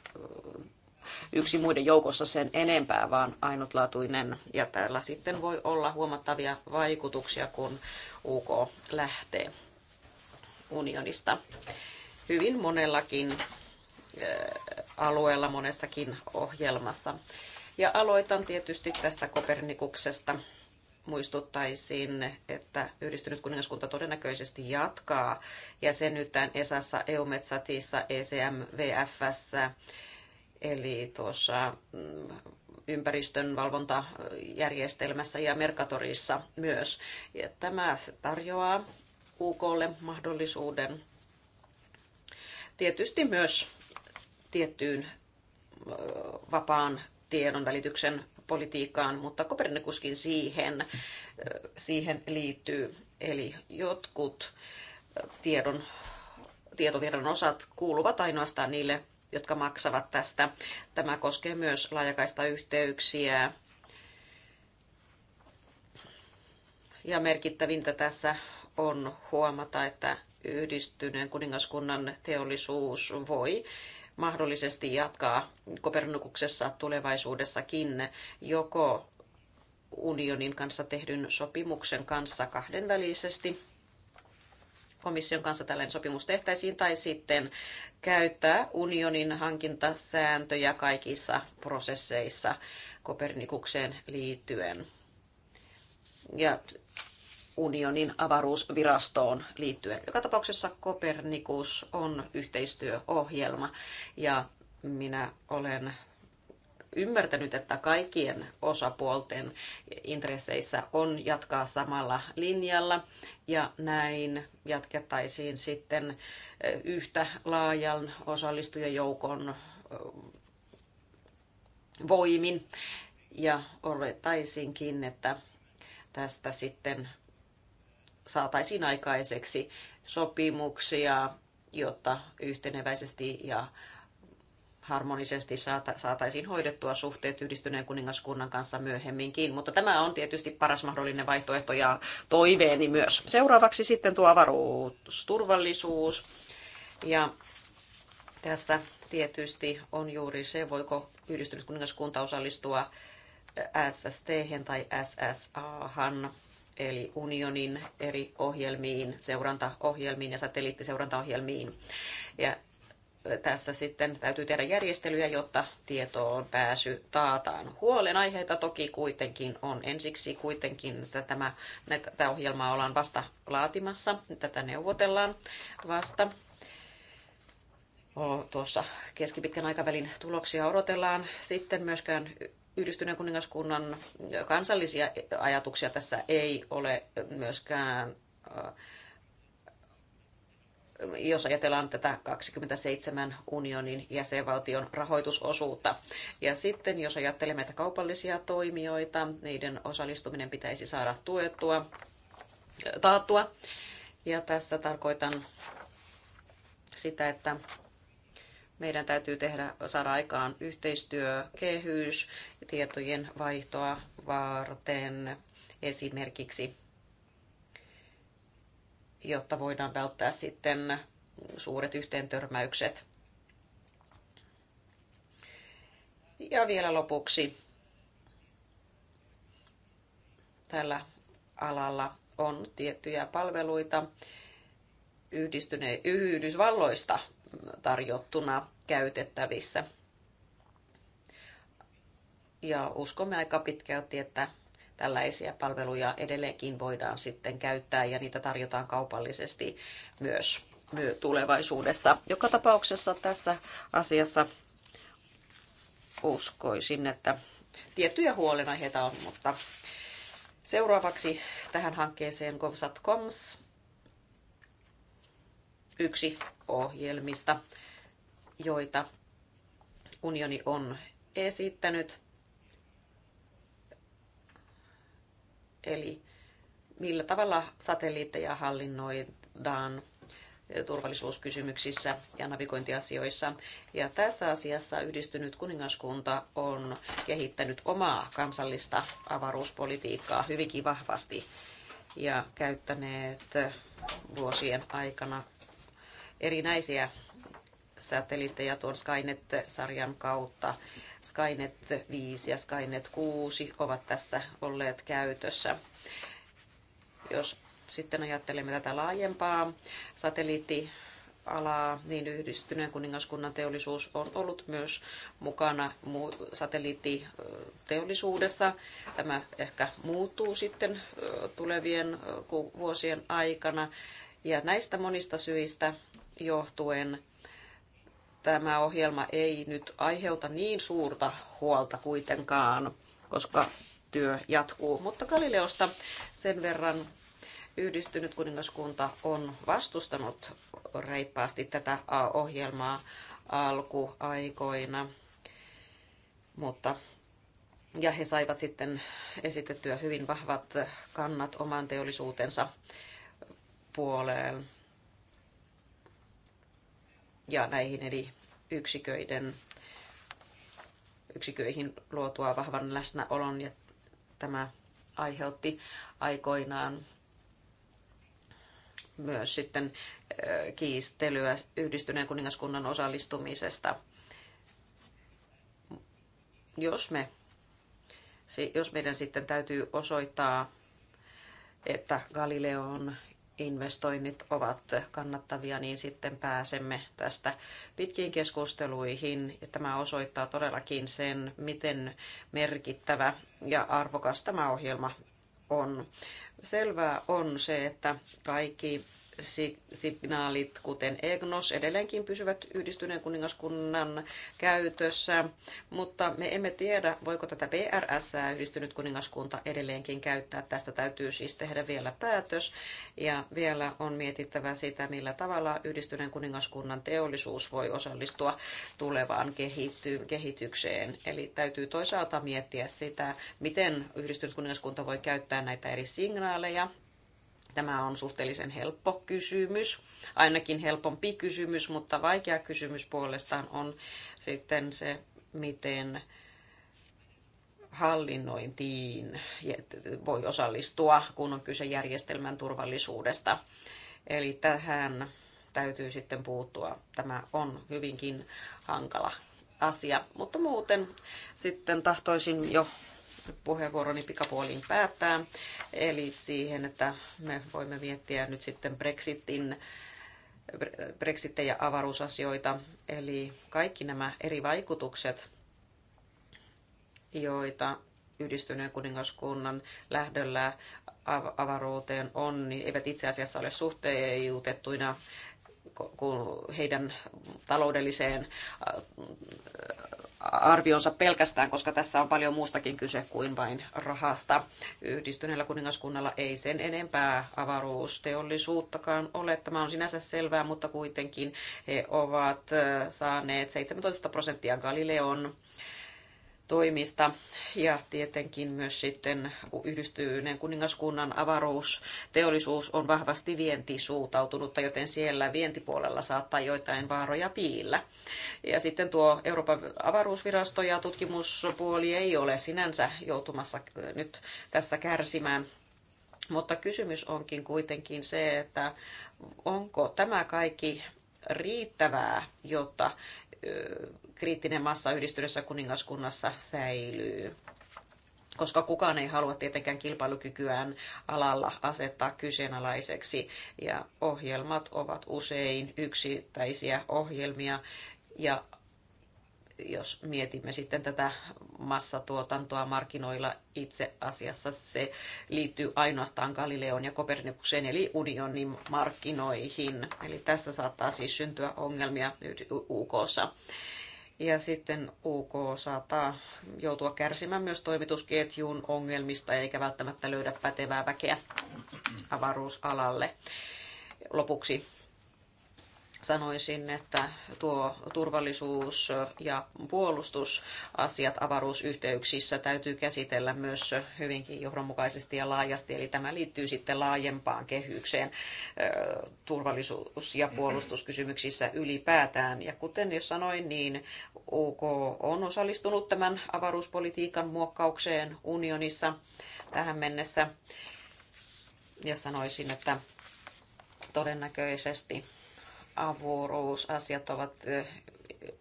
yksi muiden joukossa sen enempää, vaan ainutlaatuinen. Ja täällä sitten voi olla huomattavia vaikutuksia, kun UK lähtee unionista. Hyvin monellakin alueella, monessakin ohjelmassa. Ja aloitan tietysti tästä Kopernikuksesta muistuttaisin, että yhdistynyt kuningaskunta todennäköisesti jatkaa jäsenyyttään ESAssa, eu EUMETSATissa, ECMVFssä, eli tuossa mm, ympäristön valvontajärjestelmässä ja Mercatorissa myös. Ja tämä tarjoaa UKlle mahdollisuuden tietysti myös tiettyyn vapaan tiedonvälityksen politiikkaan, mutta Kopernikuskin siihen, äh, siihen liittyy. Eli jotkut äh, tiedon, tietovirran osat kuuluvat ainoastaan niille, jotka maksavat tästä. Tämä koskee myös laajakaista yhteyksiä. Ja merkittävintä tässä on huomata, että yhdistyneen kuningaskunnan teollisuus voi mahdollisesti jatkaa Kopernikuksessa tulevaisuudessakin joko unionin kanssa tehdyn sopimuksen kanssa kahdenvälisesti komission kanssa tällainen sopimus tehtäisiin, tai sitten käyttää unionin hankintasääntöjä kaikissa prosesseissa Kopernikukseen liittyen. Ja unionin avaruusvirastoon liittyen. Joka tapauksessa Kopernikus on yhteistyöohjelma ja minä olen ymmärtänyt, että kaikkien osapuolten intresseissä on jatkaa samalla linjalla ja näin jatkettaisiin sitten eh, yhtä laajan osallistujajoukon eh, voimin ja olettaisinkin, että tästä sitten saataisiin aikaiseksi sopimuksia, jotta yhteneväisesti ja harmonisesti saataisiin hoidettua suhteet yhdistyneen kuningaskunnan kanssa myöhemminkin. Mutta tämä on tietysti paras mahdollinen vaihtoehto ja toiveeni myös. Seuraavaksi sitten tuo avaruusturvallisuus. Ja tässä tietysti on juuri se, voiko yhdistynyt kuningaskunta osallistua SST tai SSA-han eli unionin eri ohjelmiin, seurantaohjelmiin ja satelliittiseurantaohjelmiin. Ja tässä sitten täytyy tehdä järjestelyjä, jotta tietoon pääsy taataan. Huolenaiheita toki kuitenkin on. Ensiksi kuitenkin että tämä, tätä ohjelmaa ollaan vasta laatimassa, tätä neuvotellaan vasta. Tuossa keskipitkän aikavälin tuloksia odotellaan. Sitten myöskään yhdistyneen kuningaskunnan kansallisia ajatuksia tässä ei ole myöskään äh, jos ajatellaan tätä 27 unionin jäsenvaltion rahoitusosuutta. Ja sitten jos ajattelemme, että kaupallisia toimijoita, niiden osallistuminen pitäisi saada tuettua, taattua. Ja tässä tarkoitan sitä, että meidän täytyy tehdä, saada aikaan yhteistyökehys tietojen vaihtoa varten esimerkiksi, jotta voidaan välttää sitten suuret yhteentörmäykset. Ja vielä lopuksi tällä alalla on tiettyjä palveluita yhdistyne- Yhdysvalloista tarjottuna käytettävissä. Ja uskomme aika pitkälti, että tällaisia palveluja edelleenkin voidaan sitten käyttää ja niitä tarjotaan kaupallisesti myös tulevaisuudessa. Joka tapauksessa tässä asiassa uskoisin, että tiettyjä huolenaiheita on, mutta seuraavaksi tähän hankkeeseen govsat.coms yksi ohjelmista, joita unioni on esittänyt. Eli millä tavalla satelliitteja hallinnoidaan turvallisuuskysymyksissä ja navigointiasioissa. Ja tässä asiassa yhdistynyt kuningaskunta on kehittänyt omaa kansallista avaruuspolitiikkaa hyvinkin vahvasti ja käyttäneet vuosien aikana erinäisiä satelliitteja tuon Skynet-sarjan kautta. Skynet 5 ja Skynet 6 ovat tässä olleet käytössä. Jos sitten ajattelemme tätä laajempaa satelliitti alaa, niin yhdistyneen kuningaskunnan teollisuus on ollut myös mukana satelliittiteollisuudessa. Tämä ehkä muuttuu sitten tulevien vuosien aikana. Ja näistä monista syistä johtuen tämä ohjelma ei nyt aiheuta niin suurta huolta kuitenkaan, koska työ jatkuu. Mutta Galileosta sen verran yhdistynyt kuningaskunta on vastustanut reippaasti tätä ohjelmaa alkuaikoina. Mutta ja he saivat sitten esitettyä hyvin vahvat kannat oman teollisuutensa puoleen ja näihin eri yksiköiden, yksiköihin luotua vahvan läsnäolon ja tämä aiheutti aikoinaan myös sitten kiistelyä yhdistyneen kuningaskunnan osallistumisesta. Jos, me, jos meidän sitten täytyy osoittaa, että Galileo on investoinnit ovat kannattavia, niin sitten pääsemme tästä pitkiin keskusteluihin. Ja tämä osoittaa todellakin sen, miten merkittävä ja arvokas tämä ohjelma on. Selvää on se, että kaikki signaalit, kuten EGNOS, edelleenkin pysyvät yhdistyneen kuningaskunnan käytössä, mutta me emme tiedä, voiko tätä BRS, yhdistynyt kuningaskunta edelleenkin käyttää. Tästä täytyy siis tehdä vielä päätös ja vielä on mietittävä sitä, millä tavalla yhdistyneen kuningaskunnan teollisuus voi osallistua tulevaan kehity- kehitykseen. Eli täytyy toisaalta miettiä sitä, miten yhdistynyt kuningaskunta voi käyttää näitä eri signaaleja Tämä on suhteellisen helppo kysymys, ainakin helpompi kysymys, mutta vaikea kysymys puolestaan on sitten se, miten hallinnointiin voi osallistua, kun on kyse järjestelmän turvallisuudesta. Eli tähän täytyy sitten puuttua. Tämä on hyvinkin hankala asia, mutta muuten sitten tahtoisin jo puheenvuoroni pikapuoliin päättää. Eli siihen, että me voimme miettiä nyt sitten Brexitin Brexit ja avaruusasioita, eli kaikki nämä eri vaikutukset, joita yhdistyneen kuningaskunnan lähdöllä avaruuteen on, niin eivät itse asiassa ole suhteutettuina heidän taloudelliseen äh, arvionsa pelkästään, koska tässä on paljon muustakin kyse kuin vain rahasta. Yhdistyneellä kuningaskunnalla ei sen enempää avaruusteollisuuttakaan ole. Tämä on sinänsä selvää, mutta kuitenkin he ovat äh, saaneet 17 prosenttia Galileon toimista ja tietenkin myös sitten yhdistyneen kuningaskunnan avaruusteollisuus on vahvasti vientisuutautunutta, joten siellä vientipuolella saattaa joitain vaaroja piillä. Ja sitten tuo Euroopan avaruusvirasto ja tutkimuspuoli ei ole sinänsä joutumassa nyt tässä kärsimään mutta kysymys onkin kuitenkin se, että onko tämä kaikki riittävää, jotta kriittinen massa yhdistyneessä kuningaskunnassa säilyy koska kukaan ei halua tietenkään kilpailukykyään alalla asettaa kyseenalaiseksi. Ja ohjelmat ovat usein yksittäisiä ohjelmia ja jos mietimme sitten tätä massatuotantoa markkinoilla, itse asiassa se liittyy ainoastaan Galileon ja Kopernikukseen eli unionin markkinoihin. Eli tässä saattaa siis syntyä ongelmia UKssa. Ja sitten UK saattaa joutua kärsimään myös toimitusketjun ongelmista eikä välttämättä löydä pätevää väkeä avaruusalalle. Lopuksi sanoisin, että tuo turvallisuus ja puolustusasiat avaruusyhteyksissä täytyy käsitellä myös hyvinkin johdonmukaisesti ja laajasti, eli tämä liittyy sitten laajempaan kehykseen turvallisuus- ja puolustuskysymyksissä ylipäätään. Ja kuten jo sanoin, niin UK on osallistunut tämän avaruuspolitiikan muokkaukseen unionissa tähän mennessä. Ja sanoisin, että todennäköisesti avaruusasiat ovat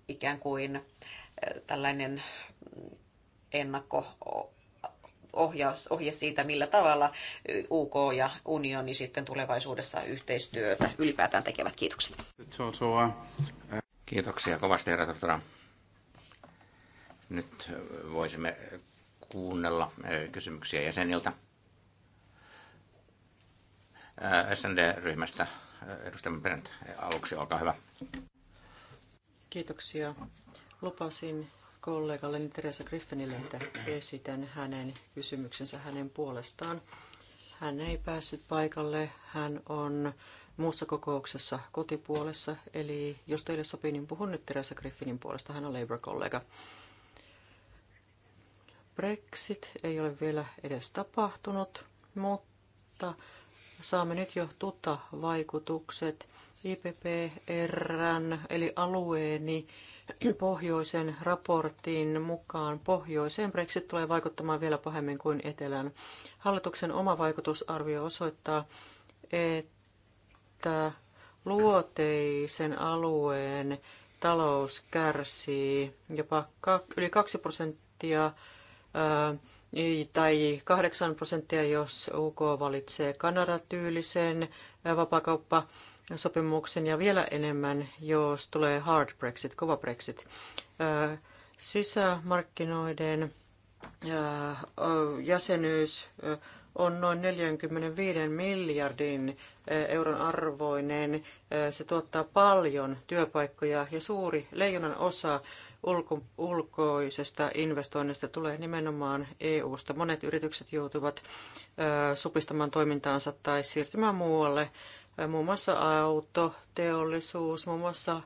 ikään kuin tällainen ennakko ohjaus, ohje siitä, millä tavalla UK ja unioni sitten tulevaisuudessa yhteistyötä ylipäätään tekevät. Kiitokset. Kiitoksia kovasti, herra Tortora. Nyt voisimme kuunnella kysymyksiä jäseniltä. SND-ryhmästä Edustaja Brent, aluksi olkaa hyvä. Kiitoksia. Lupasin kollegalle Teresa Griffinille, että esitän hänen kysymyksensä hänen puolestaan. Hän ei päässyt paikalle. Hän on muussa kokouksessa kotipuolessa. Eli jos teille sopii, niin puhun nyt Teresa Griffinin puolesta. Hän on Labour-kollega. Brexit ei ole vielä edes tapahtunut, mutta Saamme nyt jo tuta vaikutukset IPPRn eli alueeni pohjoisen raportin mukaan pohjoiseen Brexit tulee vaikuttamaan vielä pahemmin kuin etelän. Hallituksen oma vaikutusarvio osoittaa, että luoteisen alueen talous kärsii jopa yli 2 prosenttia tai 8 prosenttia, jos UK valitsee Kanada-tyylisen vapaakauppasopimuksen ja vielä enemmän, jos tulee hard Brexit, kova Brexit. Sisämarkkinoiden jäsenyys on noin 45 miljardin euron arvoinen. Se tuottaa paljon työpaikkoja ja suuri leijonan osa ulko- ulkoisesta investoinnista tulee nimenomaan EU-sta. Monet yritykset joutuvat supistamaan toimintaansa tai siirtymään muualle, muun muassa auto, teollisuus, muun muassa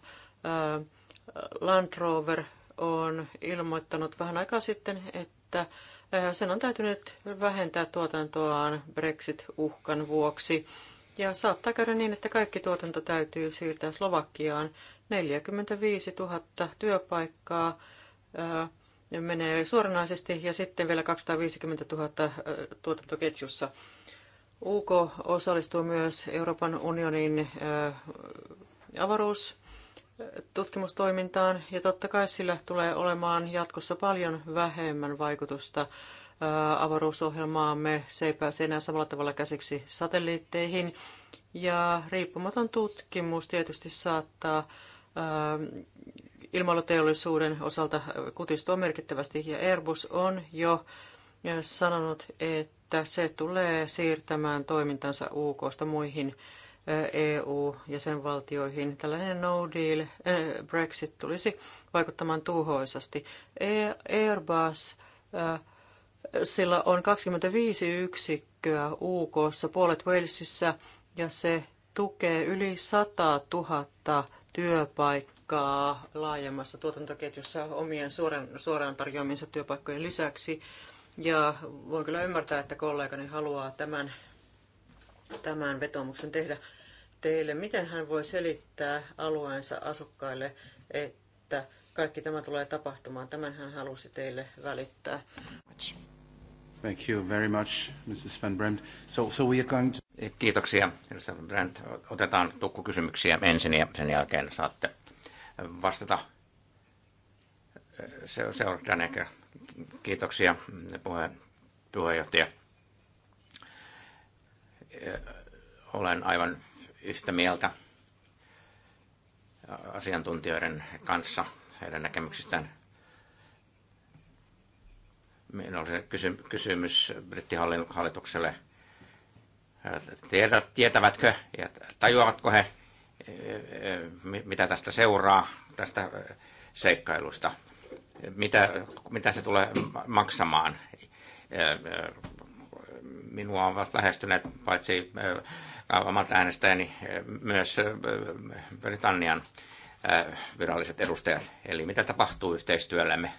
Land Rover on ilmoittanut vähän aikaa sitten, että sen on täytynyt vähentää tuotantoaan Brexit-uhkan vuoksi. Ja saattaa käydä niin, että kaikki tuotanto täytyy siirtää Slovakiaan, 45 000 työpaikkaa menee suoranaisesti ja sitten vielä 250 000 tuotantoketjussa. UK osallistuu myös Euroopan unionin avaruustutkimustoimintaan ja totta kai sillä tulee olemaan jatkossa paljon vähemmän vaikutusta avaruusohjelmaamme. Se ei pääse enää samalla tavalla käsiksi satelliitteihin ja riippumaton tutkimus tietysti saattaa Äh, ilmailuteollisuuden osalta äh, kutistua merkittävästi ja Airbus on jo äh, sanonut, että se tulee siirtämään toimintansa uk muihin EU-jäsenvaltioihin. Tällainen no deal Brexit tulisi vaikuttamaan tuhoisasti. Airbus sillä on 25 yksikköä UK-ssa, puolet Walesissa ja se tukee yli 100 000 työpaikkaa laajemmassa tuotantoketjussa omien suoraan, suoraan tarjoamiensa työpaikkojen lisäksi. Ja voin kyllä ymmärtää, että kollegani haluaa tämän, tämän vetomuksen tehdä teille. Miten hän voi selittää alueensa asukkaille, että kaikki tämä tulee tapahtumaan? Tämän hän halusi teille välittää. Thank you very much, Mrs. Van Brandt. So, so we are going to... Eh, kiitoksia, Mrs. Van Brandt. Otetaan tukkukysymyksiä ensin ja sen jälkeen saatte vastata eh, se, seurataan ehkä. Kiitoksia mm, puhe, puheenjohtaja. Eh, olen aivan yhtä mieltä asiantuntijoiden kanssa heidän näkemyksistään Minulla oli kysymys brittihallitukselle. Tietävätkö ja tajuavatko he, mitä tästä seuraa, tästä seikkailusta? Mitä, mitä se tulee maksamaan? Minua ovat lähestyneet paitsi omat äänestäjäni, myös Britannian viralliset edustajat. Eli mitä tapahtuu yhteistyöllämme?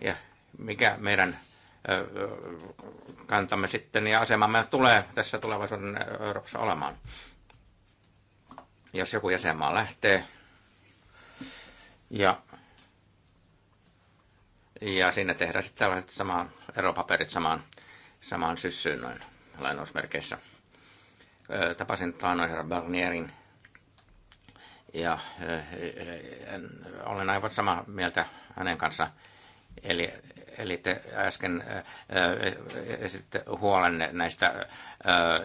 Ja mikä meidän kantamme sitten ja asemamme tulee tässä tulevaisuuden Euroopassa olemaan. Jos joku jäsenmaa lähtee ja, ja sinne tehdään sitten tällaiset samaan, eropaperit samaan, samaan syssyyn noin lainausmerkeissä. Tapasin taanoin herra Barnierin ja olen aivan samaa mieltä hänen kanssaan. Eli Eli te äsken esitte huolen näistä,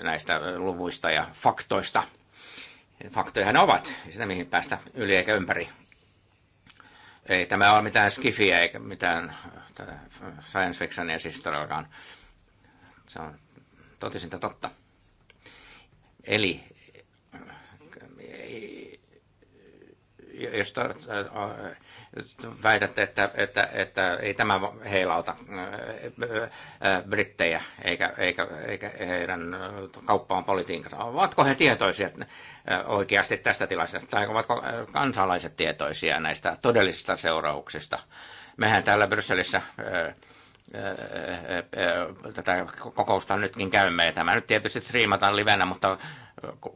näistä luvuista ja faktoista. ne ovat, sitä mihin päästä yli eikä ympäri. Ei tämä ole mitään skifiä eikä mitään science fictionia siis todellakaan. Se on totisinta totta. Eli josta äh, väitätte, että, että, että ei tämä heilauta äh, äh, brittejä eikä, eikä, eikä heidän kauppaan politiikkaa. Ovatko he tietoisia oikeasti tästä tilanteesta tai ovatko kansalaiset tietoisia näistä todellisista seurauksista? Mehän täällä Brysselissä tätä kokousta nytkin käymme. Ja tämä nyt tietysti striimataan livenä, mutta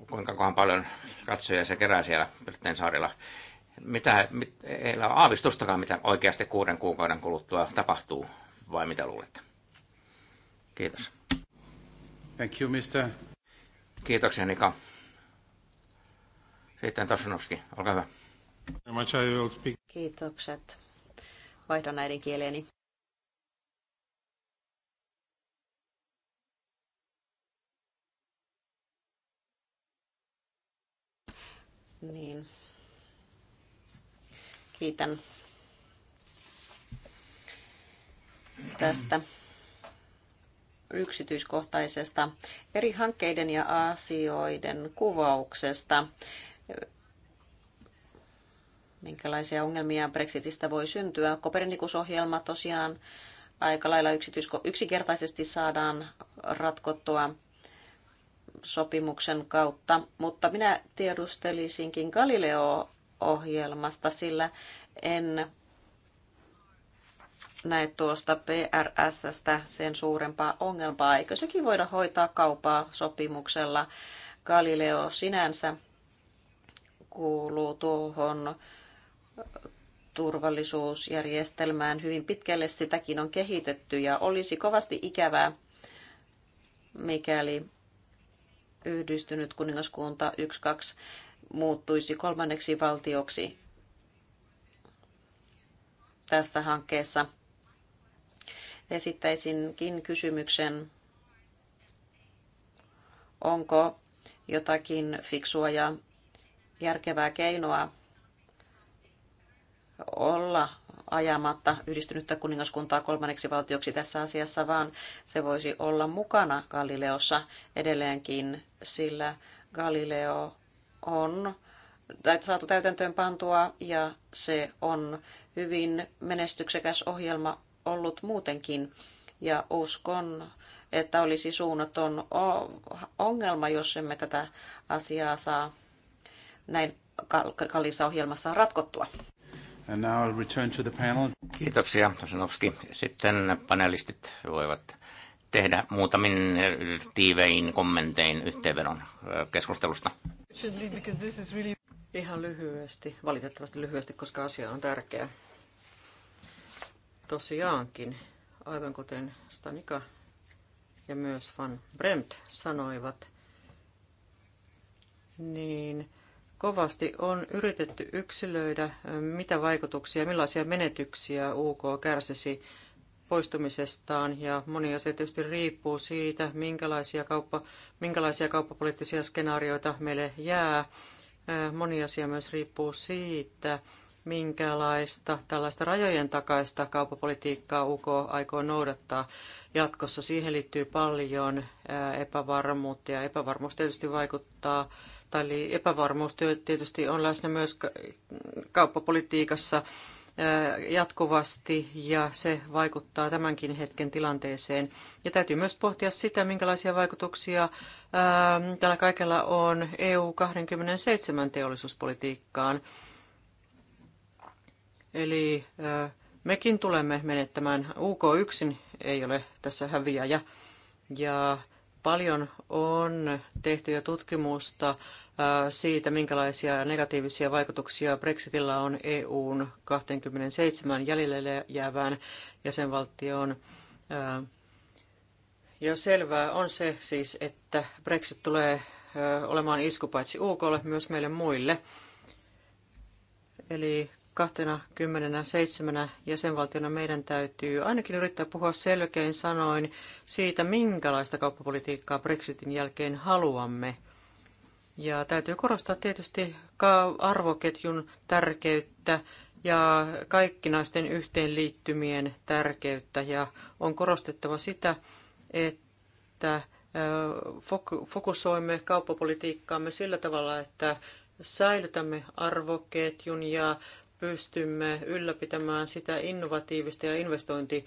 kuinka kohan paljon katsoja se kerää siellä Pirtteen saarilla mitä, mit, ei ole aavistustakaan, mitä oikeasti kuuden kuukauden kuluttua tapahtuu, vai mitä luulette? Kiitos. Thank you, mister. Kiitoksia, Nika. Sitten Tosunovski, olkaa hyvä. Kiitokset. näiden äidinkieleeni. Niin. Kiitän tästä yksityiskohtaisesta eri hankkeiden ja asioiden kuvauksesta. Minkälaisia ongelmia Brexitistä voi syntyä? Kopernikusohjelma tosiaan aika lailla yksityisko- yksinkertaisesti saadaan ratkottua sopimuksen kautta, mutta minä tiedustelisinkin Galileo ohjelmasta, sillä en näe tuosta PRSstä sen suurempaa ongelmaa. Eikö sekin voida hoitaa kaupaa sopimuksella? Galileo sinänsä kuuluu tuohon turvallisuusjärjestelmään hyvin pitkälle. Sitäkin on kehitetty ja olisi kovasti ikävää, mikäli yhdistynyt kuningaskunta 1, muuttuisi kolmanneksi valtioksi tässä hankkeessa. Esittäisinkin kysymyksen, onko jotakin fiksua ja järkevää keinoa olla ajamatta yhdistynyttä kuningaskuntaa kolmanneksi valtioksi tässä asiassa, vaan se voisi olla mukana Galileossa edelleenkin, sillä Galileo on saatu täytäntöön pantua ja se on hyvin menestyksekäs ohjelma ollut muutenkin. Ja uskon, että olisi suunnaton ongelma, jos emme tätä asiaa saa näin kalliissa ohjelmassa ratkottua. And now I'll return to the panel. Kiitoksia, Tosanovski. Sitten panelistit voivat tehdä muutamin tiivein kommentein yhteenvedon keskustelusta. Ihan lyhyesti, valitettavasti lyhyesti, koska asia on tärkeä. Tosiaankin, aivan kuten Stanika ja myös Van Bremt sanoivat, niin kovasti on yritetty yksilöidä, mitä vaikutuksia, millaisia menetyksiä UK kärsisi poistumisestaan ja moni asia tietysti riippuu siitä, minkälaisia, kauppa, minkälaisia kauppapoliittisia skenaarioita meille jää. Moni asia myös riippuu siitä, minkälaista tällaista rajojen takaista kauppapolitiikkaa UK aikoo noudattaa jatkossa. Siihen liittyy paljon epävarmuutta ja epävarmuus tietysti vaikuttaa, tai epävarmuus tietysti on läsnä myös kauppapolitiikassa jatkuvasti ja se vaikuttaa tämänkin hetken tilanteeseen. Ja täytyy myös pohtia sitä, minkälaisia vaikutuksia tällä kaikella on EU-27 teollisuuspolitiikkaan. Eli mekin tulemme menettämään. UK yksin ei ole tässä häviäjä. Ja paljon on tehty jo tutkimusta siitä, minkälaisia negatiivisia vaikutuksia Brexitillä on EUn 27 jäljelle jäävään jäsenvaltioon. Ja selvää on se siis, että Brexit tulee olemaan isku paitsi UKlle myös meille muille. Eli 27 jäsenvaltiona meidän täytyy ainakin yrittää puhua selkein sanoin siitä, minkälaista kauppapolitiikkaa Brexitin jälkeen haluamme – ja täytyy korostaa tietysti arvoketjun tärkeyttä ja kaikkinaisten yhteenliittymien tärkeyttä. Ja on korostettava sitä, että fokusoimme kauppapolitiikkaamme sillä tavalla, että säilytämme arvoketjun ja pystymme ylläpitämään sitä innovatiivista ja investointi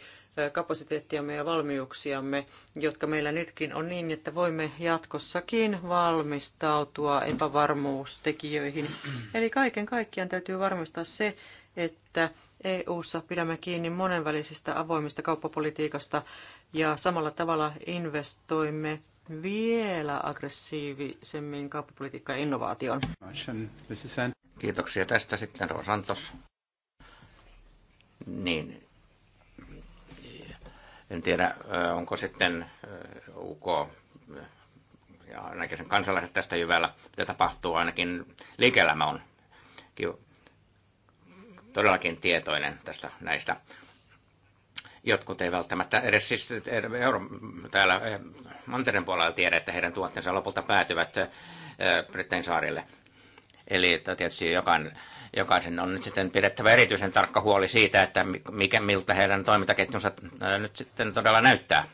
kapasiteettiamme ja valmiuksiamme, jotka meillä nytkin on niin, että voimme jatkossakin valmistautua epävarmuustekijöihin. Eli kaiken kaikkiaan täytyy varmistaa se, että EU-ssa pidämme kiinni monenvälisistä avoimista kauppapolitiikasta ja samalla tavalla investoimme vielä aggressiivisemmin kauppapolitiikkaan ja innovaatioon. Kiitoksia tästä sitten, Rosantos. Niin, en tiedä, onko sitten UK ja ainakin sen kansalaiset tästä jyvällä, mitä tapahtuu, ainakin liike on todellakin tietoinen tästä näistä. Jotkut ei välttämättä edes siis euro, täällä mantereen puolella tiedä, että heidän tuotteensa lopulta päätyvät Brittein saarille. Eli tietysti jokainen, jokaisen on nyt sitten pidettävä erityisen tarkka huoli siitä, että mikä, miltä heidän toimintaketjunsa nyt sitten todella näyttää.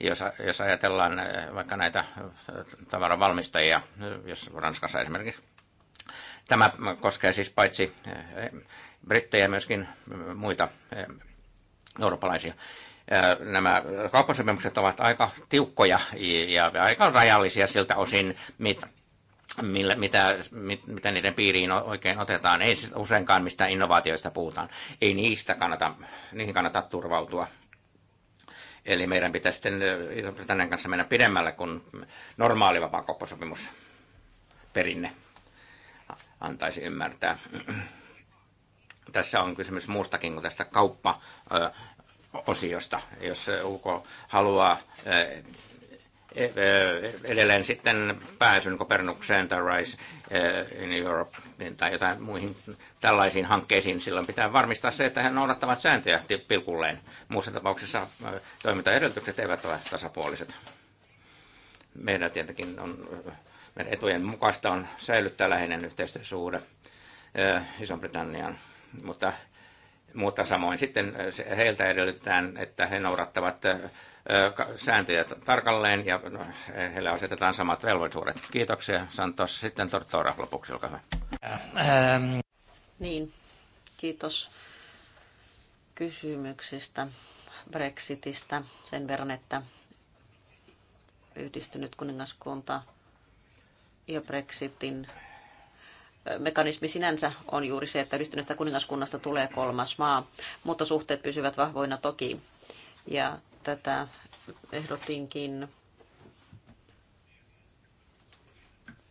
Jos, jos ajatellaan vaikka näitä tavaravalmistajia, jos Ranskassa esimerkiksi. Tämä koskee siis paitsi brittejä myöskin muita eurooppalaisia. Nämä kauppasopimukset ovat aika tiukkoja ja aika rajallisia siltä osin, mitä millä, mitä, mit, mitä niiden piiriin oikein otetaan. Ei siis useinkaan mistä innovaatioista puhutaan. Ei niistä kannata, niihin kannata turvautua. Eli meidän pitäisi sitten tänne kanssa mennä pidemmälle kuin normaali vapaakauppasopimus perinne antaisi ymmärtää. Tässä on kysymys muustakin kuin tästä kauppa osiosta. Jos UK haluaa Eh, eh, edelleen sitten pääsyn Kopernukseen tai Rise eh, in Europe niin- tai jotain muihin tällaisiin hankkeisiin, silloin pitää varmistaa se, että he noudattavat sääntöjä pilkulleen. Muussa tapauksessa toimintaedellytykset eivät ole tasapuoliset. Meidän tietenkin on, meidän etujen mukaista on säilyttää läheinen yhteistyösuhde Iso-Britannian, mutta, mutta samoin sitten heiltä edellytetään, että he noudattavat sääntöjä tarkalleen ja no, heille asetetaan samat velvollisuudet. Kiitoksia Santos. Sitten Tortora lopuksi, olkaa hyvä. Ähm. Niin, kiitos kysymyksistä Brexitistä sen verran, että yhdistynyt kuningaskunta ja Brexitin mekanismi sinänsä on juuri se, että yhdistyneestä kuningaskunnasta tulee kolmas maa, mutta suhteet pysyvät vahvoina toki. Ja tätä ehdotinkin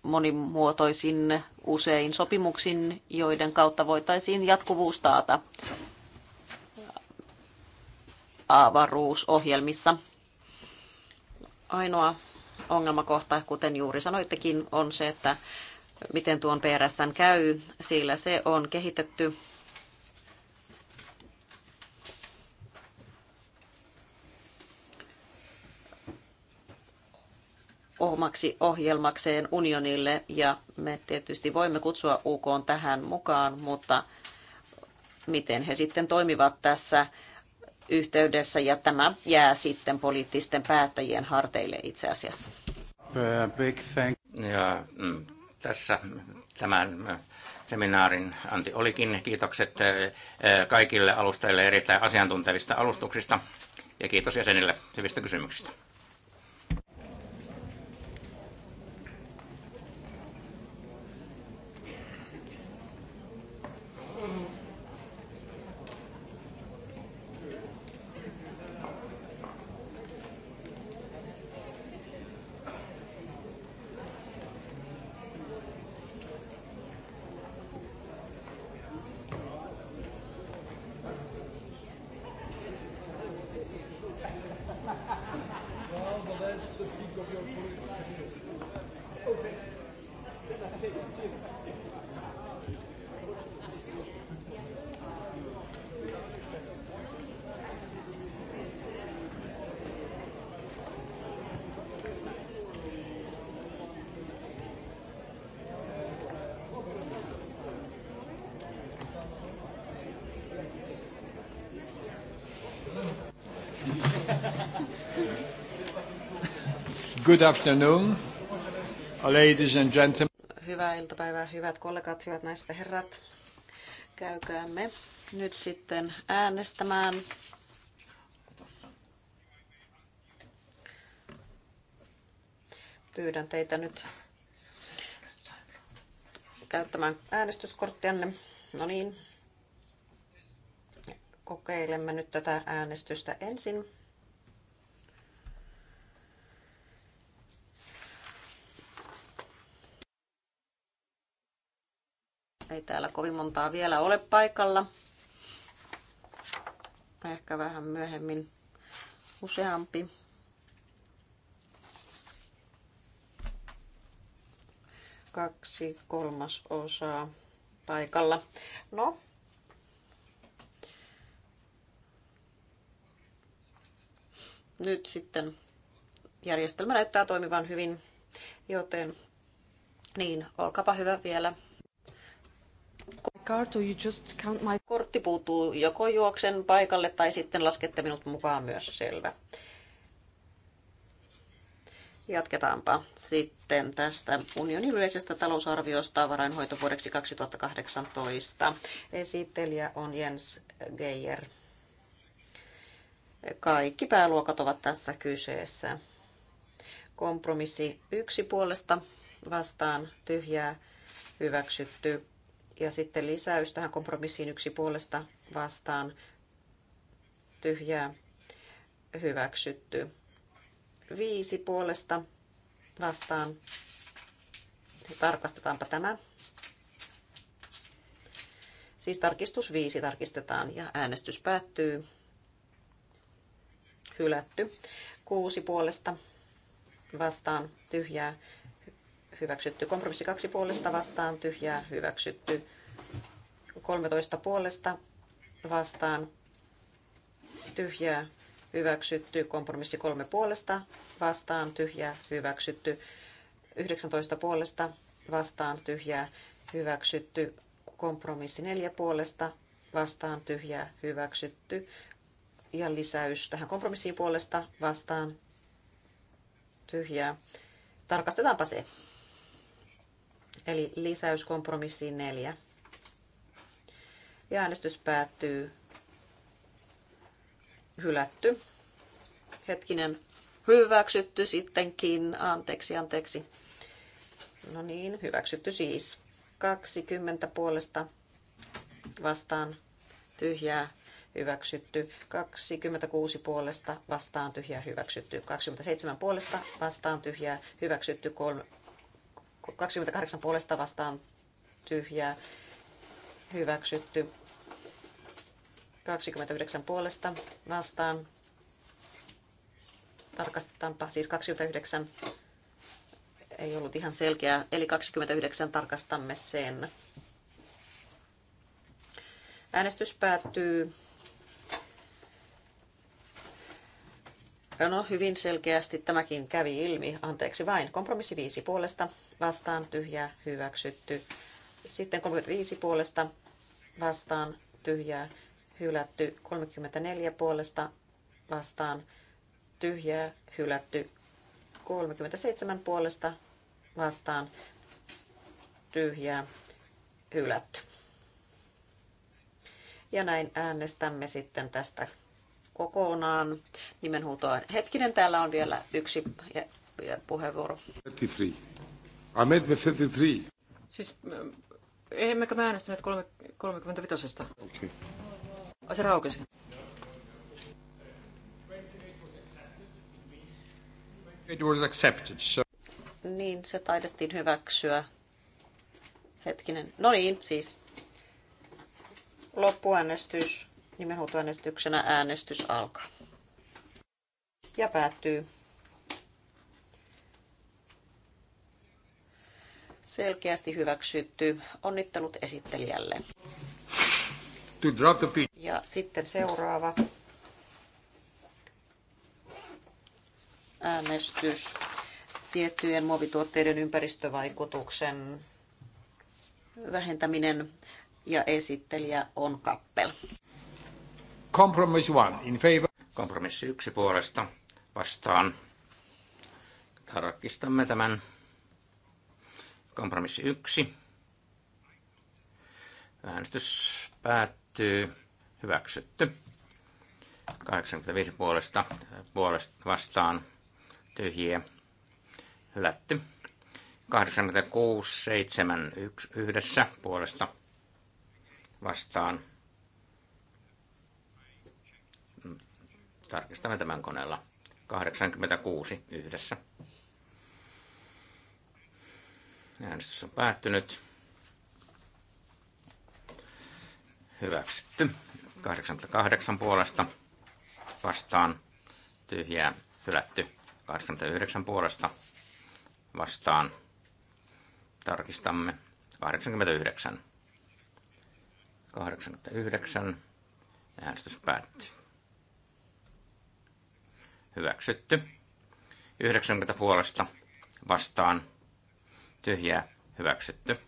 monimuotoisin usein sopimuksin, joiden kautta voitaisiin jatkuvuus taata avaruusohjelmissa. Ainoa ongelmakohta, kuten juuri sanoittekin, on se, että miten tuon PRSn käy, sillä se on kehitetty omaksi ohjelmakseen unionille ja me tietysti voimme kutsua UK tähän mukaan, mutta miten he sitten toimivat tässä yhteydessä ja tämä jää sitten poliittisten päättäjien harteille itse asiassa. Uh, big thank. Ja, mm, tässä tämän mm, seminaarin anti olikin. Kiitokset eh, eh, kaikille alustajille erittäin asiantuntevista alustuksista ja kiitos jäsenille hyvistä kysymyksistä. Good afternoon, ladies and gentlemen. Hyvää iltapäivää, hyvät kollegat, hyvät naiset ja herrat. Käykäämme nyt sitten äänestämään. Pyydän teitä nyt käyttämään äänestyskorttianne. No niin, kokeilemme nyt tätä äänestystä ensin. Ei täällä kovin montaa vielä ole paikalla. Ehkä vähän myöhemmin useampi. Kaksi kolmasosaa paikalla. No, nyt sitten järjestelmä näyttää toimivan hyvin, joten niin, olkapa hyvä vielä card you just count my... Kortti puuttuu, joko juoksen paikalle tai sitten laskette minut mukaan myös, selvä. Jatketaanpa sitten tästä unionin yleisestä talousarviosta varainhoitovuodeksi 2018. Esittelijä on Jens Geijer. Kaikki pääluokat ovat tässä kyseessä. Kompromissi yksi puolesta vastaan tyhjää hyväksytty ja sitten lisäys tähän kompromissiin yksi puolesta vastaan tyhjää hyväksytty. Viisi puolesta vastaan. Tarkastetaanpa tämä. Siis tarkistus 5 tarkistetaan ja äänestys päättyy. Hylätty. Kuusi puolesta vastaan tyhjää hyväksytty. Kompromissi kaksi puolesta vastaan tyhjää hyväksytty. 13 puolesta vastaan tyhjää hyväksytty. Kompromissi kolme puolesta vastaan tyhjää hyväksytty. 19 puolesta vastaan tyhjää hyväksytty. Kompromissi neljä puolesta vastaan tyhjää hyväksytty. Ja lisäys tähän kompromissiin puolesta vastaan tyhjää. Tarkastetaanpa se. Eli lisäys kompromissiin neljä. Ja äänestys päättyy. Hylätty. Hetkinen. Hyväksytty sittenkin. Anteeksi, anteeksi. No niin, hyväksytty siis. 20 puolesta vastaan tyhjää hyväksytty, 26 puolesta vastaan tyhjää hyväksytty, 27 puolesta vastaan tyhjää hyväksytty, 28 puolesta vastaan tyhjää hyväksytty. 29 puolesta vastaan. Tarkastetaanpa siis 29. Ei ollut ihan selkeää. Eli 29 tarkastamme sen. Äänestys päättyy No hyvin selkeästi tämäkin kävi ilmi. Anteeksi vain. Kompromissi 5 puolesta vastaan tyhjää hyväksytty. Sitten 35 puolesta vastaan tyhjää hylätty. 34 puolesta vastaan tyhjää hylätty. 37 puolesta vastaan tyhjää hylätty. Ja näin äänestämme sitten tästä kokonaan nimenhuutoa. Hetkinen, täällä on vielä yksi puheenvuoro. 33. Ahmed 33. Siis eh, emmekö me äänestäneet 35. Okei. Okay. Se raukesi. It was accepted, so. Niin, se taidettiin hyväksyä. Hetkinen. No niin, siis loppuäänestys Nimenhuutoäänestyksenä äänestys alkaa. Ja päättyy. Selkeästi hyväksytty. Onnittelut esittelijälle. Ja sitten seuraava äänestys tiettyjen muovituotteiden ympäristövaikutuksen vähentäminen ja esittelijä on Kappel. Compromise one in favor. Kompromissi yksi puolesta vastaan. Tarkistamme tämän. Kompromissi yksi. Äänestys päättyy. Hyväksytty. 85 puolesta, puolesta vastaan tyhjiä hylätty. 86, 7, 1, yhdessä puolesta vastaan Tarkistamme tämän koneella. 86 yhdessä. Äänestys on päättynyt. Hyväksytty. 88 puolesta vastaan tyhjää hylätty. 89 puolesta vastaan tarkistamme 89. 89. Äänestys päättyy hyväksytty. 90 puolesta vastaan tyhjää hyväksytty.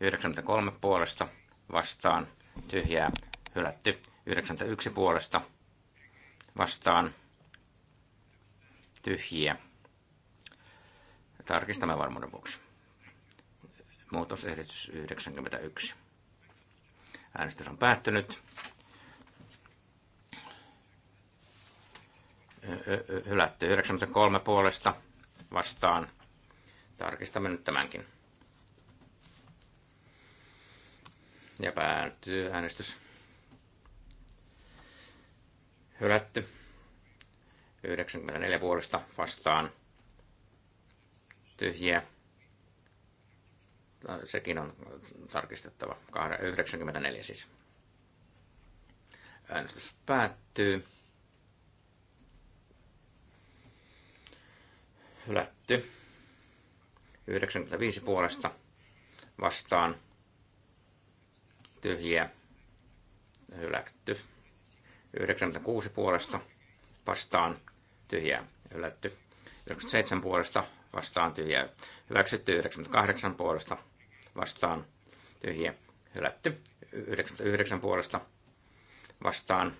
93 puolesta vastaan tyhjää hylätty. 91 puolesta vastaan tyhjiä. Tarkistamme varmuuden vuoksi. Muutosehdotus 91. Äänestys on päättynyt. hylätty 93 puolesta vastaan. Tarkistamme nyt tämänkin. Ja päättyy äänestys. Hylätty. 94 puolesta vastaan. Tyhjiä. No, sekin on tarkistettava. 94 siis. Äänestys päättyy hylätty. 95 puolesta vastaan tyhjiä hylätty. 96 puolesta vastaan tyhjiä hylätty. 97 puolesta vastaan tyhjiä hyväksytty. 98 puolesta vastaan tyhjiä hylätty. 99 puolesta vastaan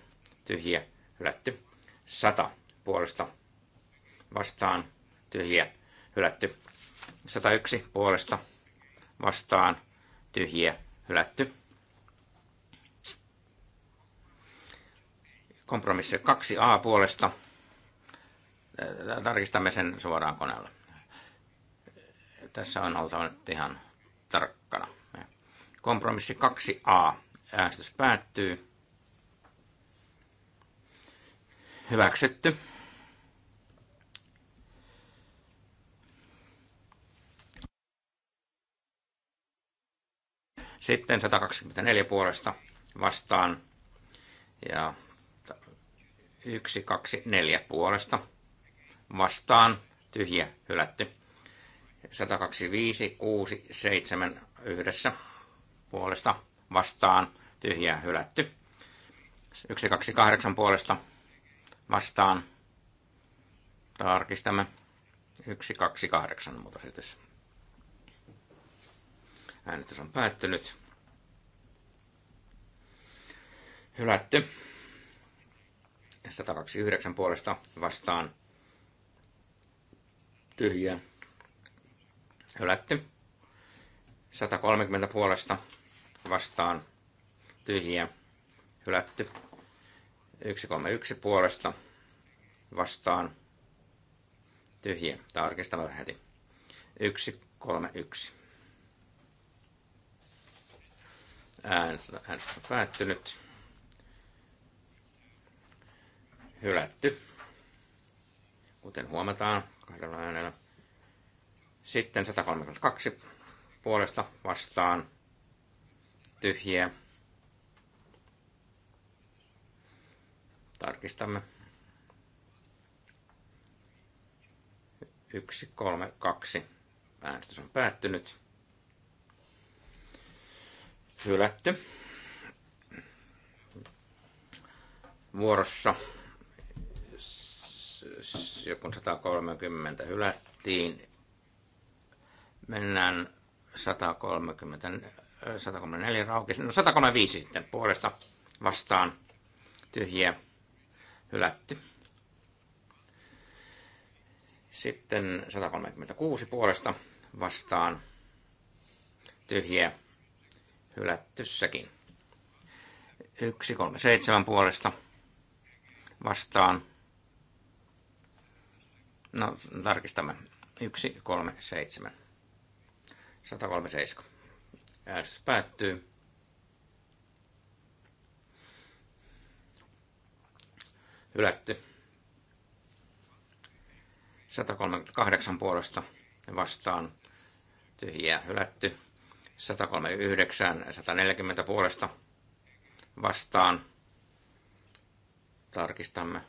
tyhjiä hylätty. 100 puolesta vastaan tyhjiä, hylätty. 101 puolesta vastaan, tyhjiä, hylätty. Kompromissi 2a puolesta. Tarkistamme sen suoraan koneella. Tässä on oltava nyt ihan tarkkana. Kompromissi 2a. Äänestys päättyy. Hyväksytty. Sitten 124 puolesta vastaan ja 124 puolesta vastaan tyhjä hylätty. 125, 6, 7 yhdessä puolesta vastaan tyhjä hylätty. 128 puolesta vastaan tarkistamme 128 muutosesitys. Äänestys on päättynyt. Hylätty. 129 puolesta vastaan. tyhjä. Hylätty. 130 puolesta vastaan. tyhjä. Hylätty. 131 puolesta vastaan. tyhjä. Tarkistamme heti. 131. Äänestys on päättynyt. Hylätty. Kuten huomataan kahdella äänellä. Sitten 132 puolesta vastaan tyhjiä. Tarkistamme. 1, 3, 2. Äänestys on päättynyt hylätty. Vuorossa joku 130 hylättiin. Mennään 130, 134 rauki. No 135 sitten puolesta vastaan tyhjiä hylätty. Sitten 136 puolesta vastaan tyhjiä hylättyssäkin. 137 puolesta vastaan. No, tarkistamme. 137. 137. S päättyy. Hylätty. 138 puolesta vastaan. Tyhjää hylätty. 139, 140 puolesta vastaan. Tarkistamme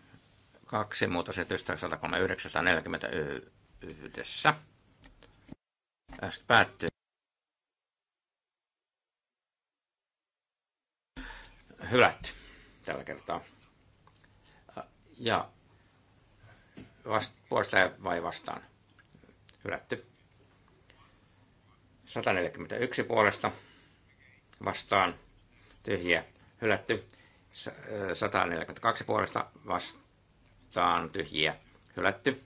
kaksi setystä 139, 140 yhdessä. Tästä päättyy. Hylätty tällä kertaa. Ja vast, puolesta vai vastaan. Hylätty. 141 puolesta vastaan tyhjiä hylätty. 142 puolesta vastaan tyhjiä hylätty.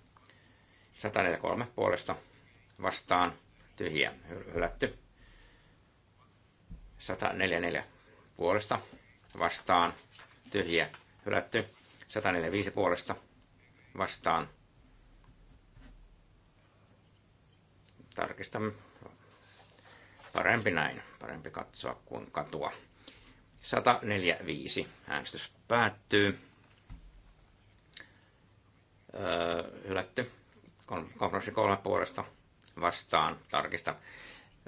143 puolesta vastaan tyhjiä hylätty. 144 puolesta vastaan tyhjiä hylätty. 145 puolesta vastaan tarkistamme Parempi näin, parempi katsoa kuin katua. 145 äänestys päättyy. Öö, hylätty. Kompromissi kolme puolesta vastaan tarkista.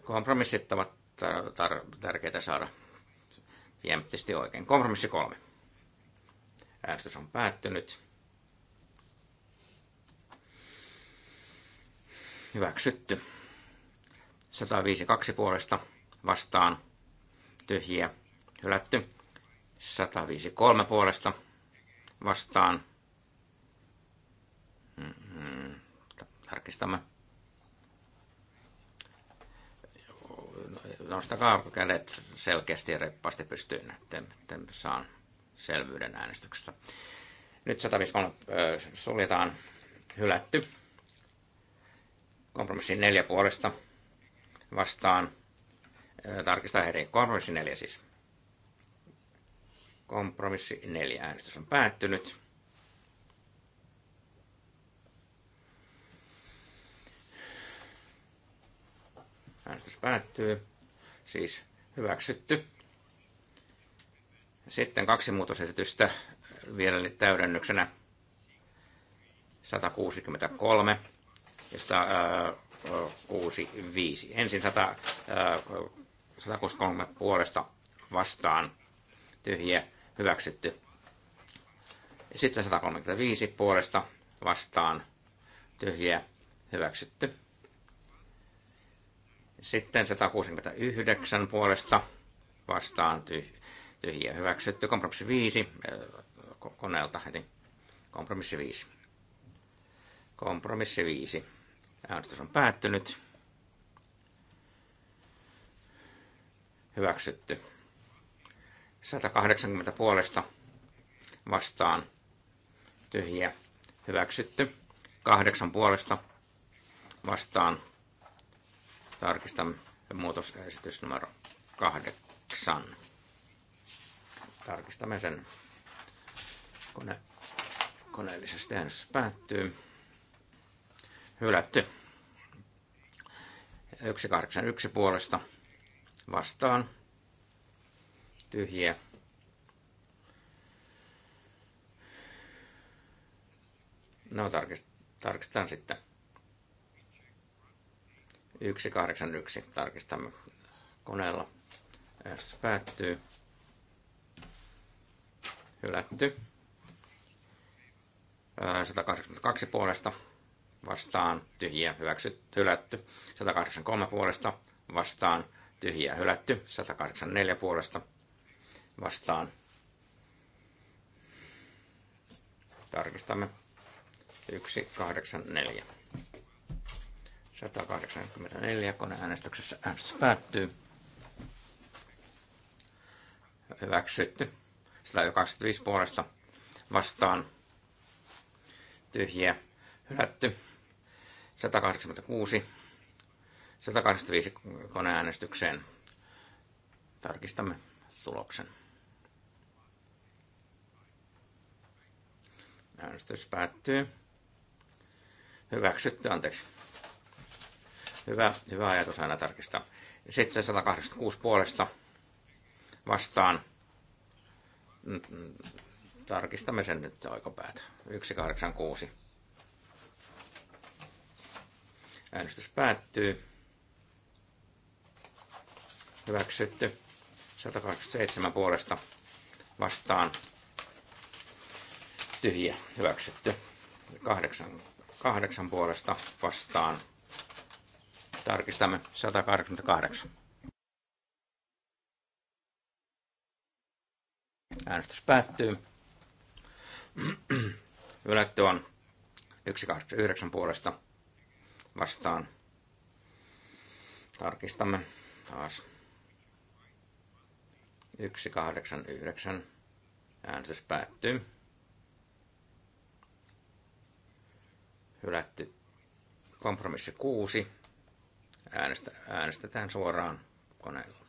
Kompromissit ovat tar- tärkeitä saada jämptisti oikein. Kompromissi kolme. Äänestys on päättynyt. Hyväksytty. 152 puolesta vastaan tyhjiä hylätty. 153 puolesta vastaan. Mm-hmm. Tarkistamme. Nostakaa kädet selkeästi ja reippaasti pystyyn, että, että saan selvyyden äänestyksestä. Nyt 153 suljetaan hylätty. Kompromissi neljä puolesta vastaan. Tarkistaa heidän kompromissi 4 siis. Kompromissi 4 äänestys on päättynyt. Äänestys päättyy. Siis hyväksytty. Sitten kaksi muutosesitystä vielä täydennyksenä. 163, josta uusi viisi. Ensin 100, 163 puolesta vastaan tyhjiä hyväksytty. Sitten 135 puolesta vastaan tyhjiä hyväksytty. Sitten 169 puolesta vastaan tyhjiä hyväksytty. Kompromissi 5 koneelta heti. Kompromissi 5. Kompromissi 5. Äänestys on päättynyt. Hyväksytty. 180 puolesta vastaan tyhjiä. Hyväksytty. Kahdeksan puolesta vastaan tarkistamme muutosesitys numero kahdeksan. Tarkistamme sen kone, koneellisesti äänestys päättyy hylätty. 181 puolesta vastaan tyhjiä. No tarkistetaan sitten. 181 tarkistamme koneella. S päättyy. Hylätty. 182 puolesta vastaan tyhjiä hyväksyt, hylätty. 183 puolesta vastaan tyhjiä hylätty. 184 puolesta vastaan. Tarkistamme. 1, 8, 4. 184 koneäänestyksessä äänestys päättyy. Hyväksytty. 125 puolesta vastaan tyhjiä hylätty. 186, 185 koneäänestykseen. Tarkistamme tuloksen. Äänestys päättyy. Hyväksytty, anteeksi. Hyvä, hyvä ajatus aina tarkistaa. 786 puolesta vastaan. Mm, mm, tarkistamme sen nyt oikopäätä. 186. Äänestys päättyy. Hyväksytty. 187 puolesta vastaan. Tyhjä. Hyväksytty. 8, 8 puolesta vastaan. Tarkistamme 188. Äänestys päättyy. Ylätty on 189 puolesta vastaan. Tarkistamme taas. 189. Äänestys päättyy. Hylätty kompromissi 6. Äänestä, äänestetään suoraan koneella.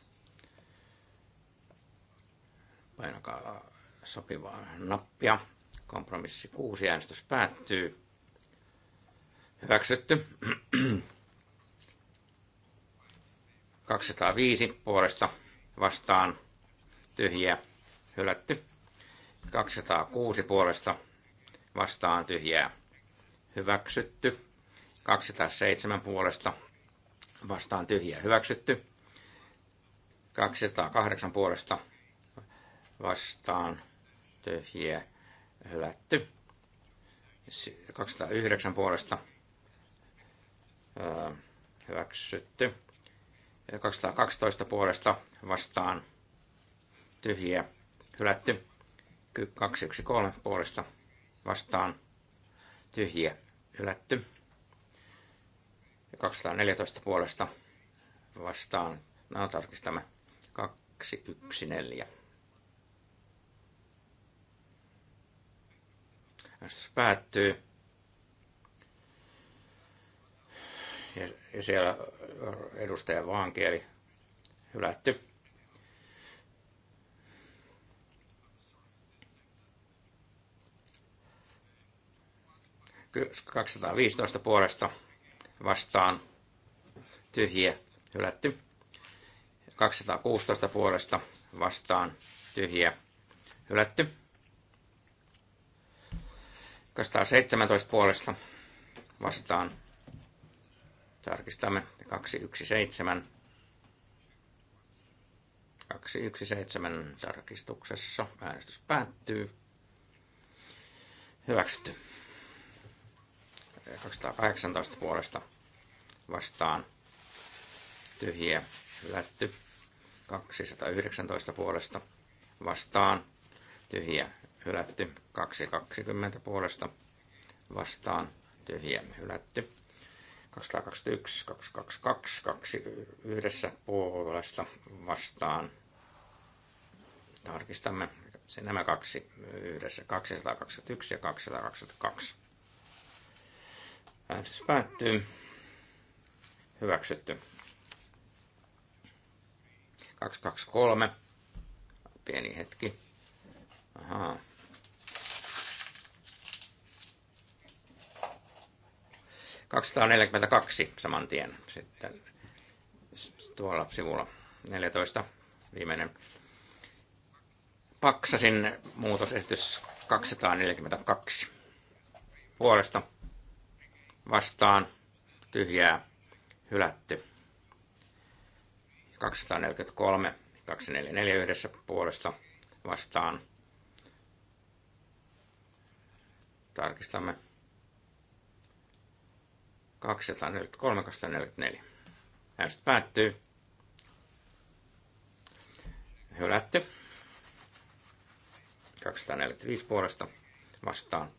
Painakaa sopivaa nappia. Kompromissi 6. Äänestys päättyy. Hyväksytty. 205 puolesta vastaan tyhjiä hylätty. 206 puolesta vastaan tyhjää hyväksytty. 207 puolesta vastaan tyhjiä hyväksytty. 208 puolesta vastaan tyhjiä hylätty. 209 puolesta hyväksytty. 212 puolesta vastaan tyhjiä hylätty. 213 puolesta vastaan tyhjiä hylätty. 214 puolesta vastaan. No, tarkistamme. 214. Äänestys päättyy. ja siellä edustaja Vaankieli hylätty. Ky 215 puolesta vastaan tyhjiä hylätty. 216 puolesta vastaan tyhjiä hylätty. 217 puolesta vastaan Tarkistamme 217. 217 tarkistuksessa. Äänestys päättyy. Hyväksytty. 218 puolesta vastaan tyhjiä hylätty. 219 puolesta vastaan tyhjiä hylätty. 220 puolesta vastaan tyhjiä hylätty. 221, 222, 22 yhdessä puolesta vastaan. Tarkistamme se nämä kaksi yhdessä, 221 ja 222. Äänestys päättyy. Hyväksytty. 223. Pieni hetki. Ahaa. 242 saman tien sitten tuolla sivulla 14 viimeinen. Paksasin muutosesitys 242 puolesta vastaan tyhjää hylätty. 243, 244 yhdessä puolesta vastaan. Tarkistamme. 243, 244. Äänestys päättyy. Hylätty. 245 puolesta vastaan.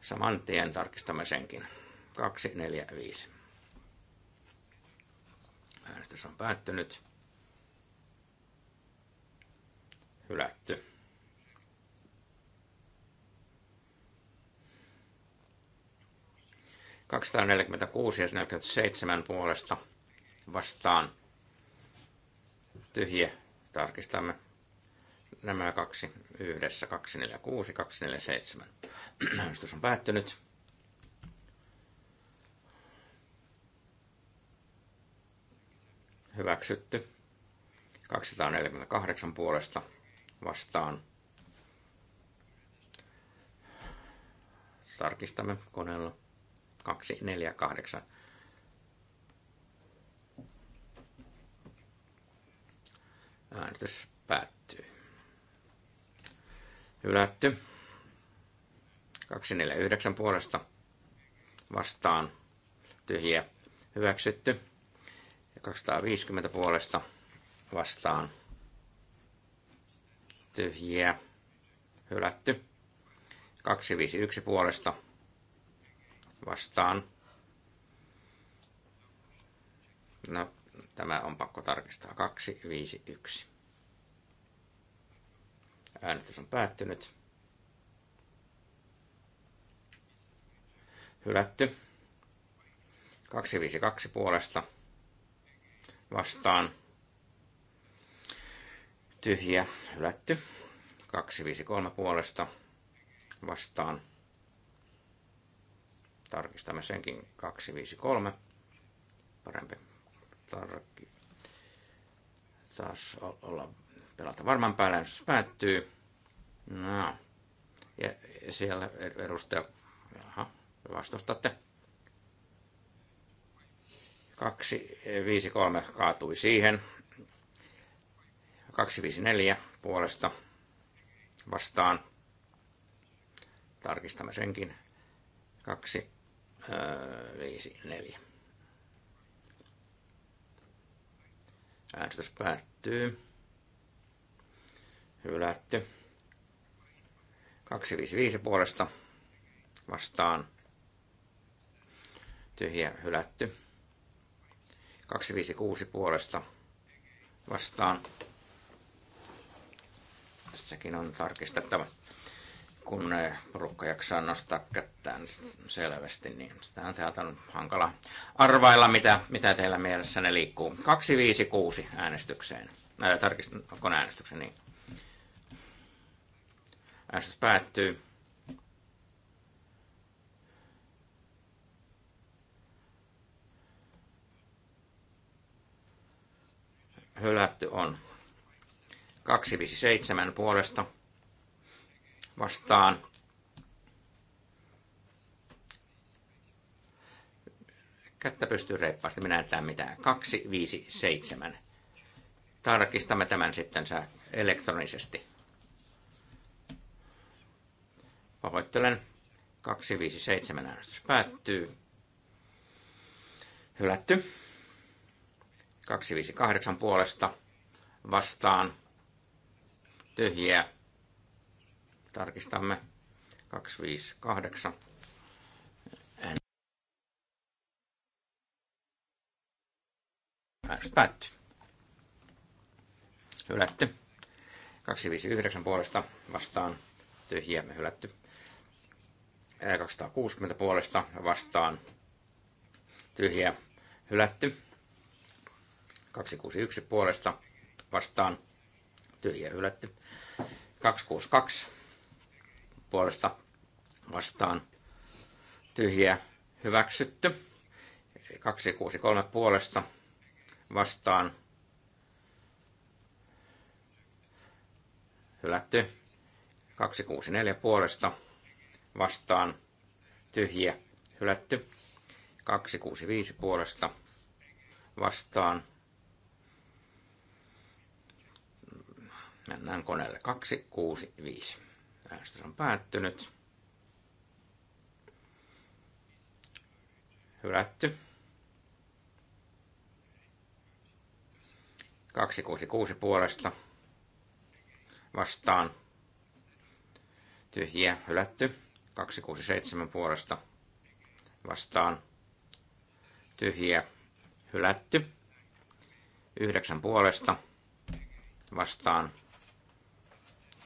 Saman tien tarkistamme senkin. 245. Äänestys on päättynyt. Hylätty. 246 ja 47 puolesta vastaan tyhjä. Tarkistamme nämä kaksi yhdessä, 246, 247. Äänestys on päättynyt. Hyväksytty. 248 puolesta vastaan. Tarkistamme koneella. 2, 4, 8. Äänestys päättyy. Hylätty. 249 puolesta vastaan tyhjiä hyväksytty. Ja 250 puolesta vastaan tyhjiä hylätty. 251 puolesta vastaan. No, tämä on pakko tarkistaa. 2, 5, 1. Äänestys on päättynyt. Hylätty. 2, 5, 2 puolesta vastaan. Tyhjä, hylätty. 2, 5, 3 puolesta vastaan Tarkistamme senkin 253. Parempi tarkki. Taas olla pelata varman päälle, jos päättyy. No. Ja siellä edustaja, aha, vastustatte. 253 kaatui siihen. 254 puolesta vastaan. Tarkistamme senkin. 2 5, öö, 4. Äänestys päättyy. Hylätty. 255 puolesta vastaan. Tyhjä hylätty. 256 puolesta vastaan. Tässäkin on tarkistettava kun eh, porukka jaksaa nostaa kättään selvästi, niin sitä on täältä on hankala arvailla, mitä, mitä teillä mielessänne liikkuu. 256 äänestykseen. Ää, tarkistan äänestyksen, niin. Äänestys päättyy. Hylätty on 257 puolesta vastaan. Kättä pystyy reippaasti, minä en tää mitään. 7. Tarkistamme tämän sitten elektronisesti. Pahoittelen. 7 äänestys päättyy. Hylätty. 258 puolesta vastaan. Tyhjiä Tarkistamme 258. Äänestys päättyy. Hylätty. 259 puolesta vastaan tyhjiä hylätty. 260 puolesta vastaan tyhjiä hylätty. 261 puolesta vastaan tyhjiä hylätty. 262 puolesta vastaan tyhjiä hyväksytty. 263 puolesta vastaan hylätty. 264 puolesta vastaan tyhjiä hylätty. 265 puolesta vastaan. Mennään koneelle 265. Äänestys on päättynyt. Hylätty. 266 puolesta vastaan. Tyhjiä hylätty. 267 puolesta vastaan. Tyhjiä hylätty. 9 puolesta vastaan.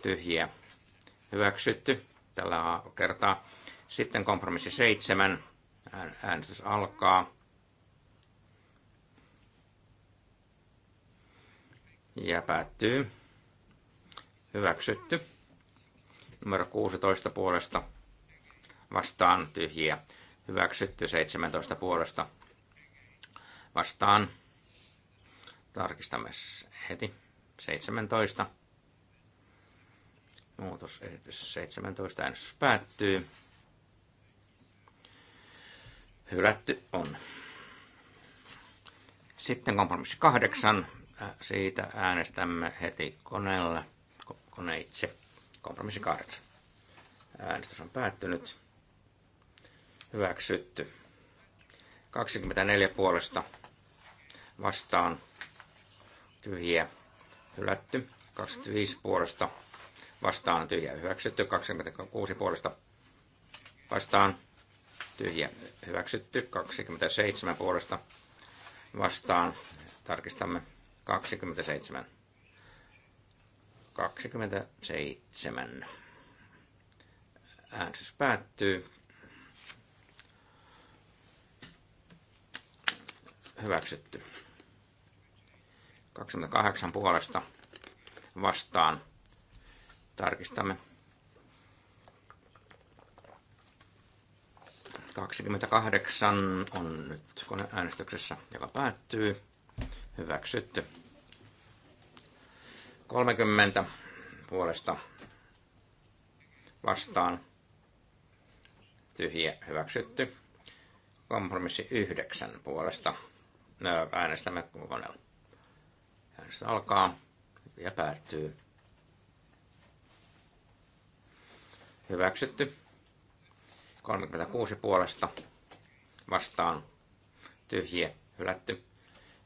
Tyhjiä hyväksytty tällä kertaa. Sitten kompromissi seitsemän. Äänestys alkaa. Ja päättyy. Hyväksytty. Numero 16 puolesta vastaan tyhjiä. Hyväksytty 17 puolesta vastaan. Tarkistamme heti. 17 Muutosehdotus 17. Äänestys päättyy. Hylätty on. Sitten kompromissi kahdeksan. Siitä äänestämme heti koneella, koneitse. Kompromissi kahdeksan. Äänestys on päättynyt. Hyväksytty. 24 puolesta vastaan tyhjiä hylätty. 25 puolesta vastaan tyhjä hyväksytty, 26 puolesta vastaan tyhjä hyväksytty, 27 puolesta vastaan tarkistamme 27. 27. Äänestys päättyy. Hyväksytty. 28 puolesta vastaan Tarkistamme. 28 on nyt koneäänestyksessä, joka päättyy. Hyväksytty. 30 puolesta vastaan. Tyhjä hyväksytty. Kompromissi 9 puolesta. Äänestämme koneella. Äänestä alkaa ja päättyy. hyväksytty. 36 puolesta vastaan tyhjiä hylätty.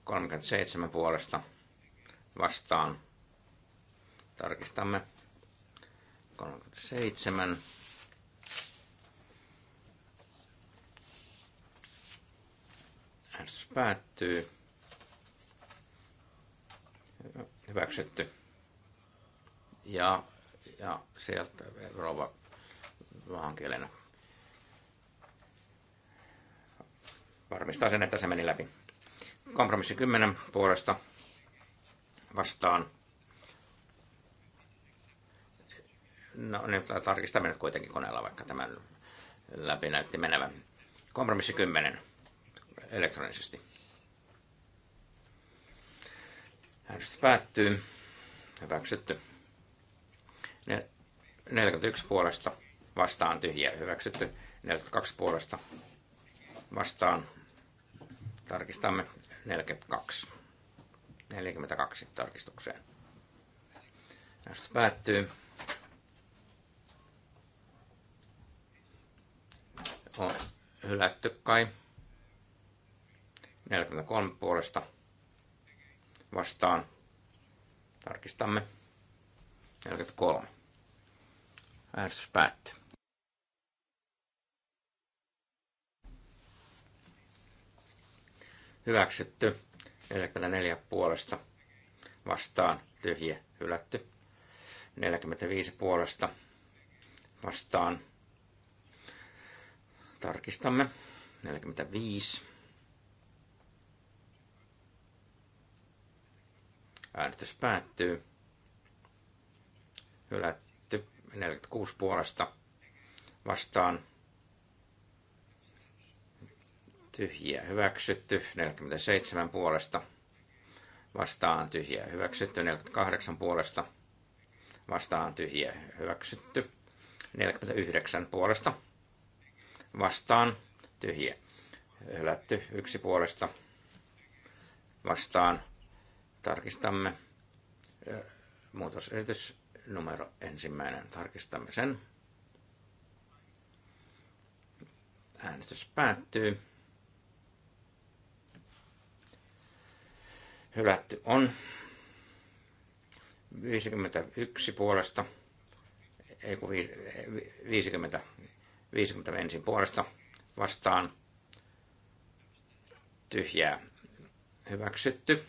37 puolesta vastaan tarkistamme 37 äänestys päättyy. Hyväksytty. Ja, ja sieltä rouva vahankielenä. Varmistaa sen, että se meni läpi. Kompromissi 10 puolesta vastaan. No niin, tarkistamme nyt kuitenkin koneella, vaikka tämä läpi näytti menevän. Kompromissi 10 elektronisesti. Äänestys päättyy. Hyväksytty. 41 puolesta vastaan tyhjä hyväksytty. 42 puolesta vastaan tarkistamme 42. 42 tarkistukseen. Tästä päättyy. On hylätty kai. 43 puolesta vastaan. Tarkistamme. 43. Äänestys päättyy. hyväksytty. 44 puolesta vastaan tyhjä hylätty. 45 puolesta vastaan. Tarkistamme. 45. Äänestys päättyy. Hylätty. 46 puolesta vastaan tyhjiä hyväksytty, 47 puolesta vastaan tyhjiä hyväksytty, 48 puolesta vastaan tyhjiä hyväksytty, 49 puolesta vastaan tyhjiä hylätty, 1 puolesta vastaan tarkistamme muutosesitys numero ensimmäinen, tarkistamme sen. Äänestys päättyy. Hylätty on. 51 puolesta. Ei kun 50. 50 ensin puolesta vastaan. Tyhjää. Hyväksytty.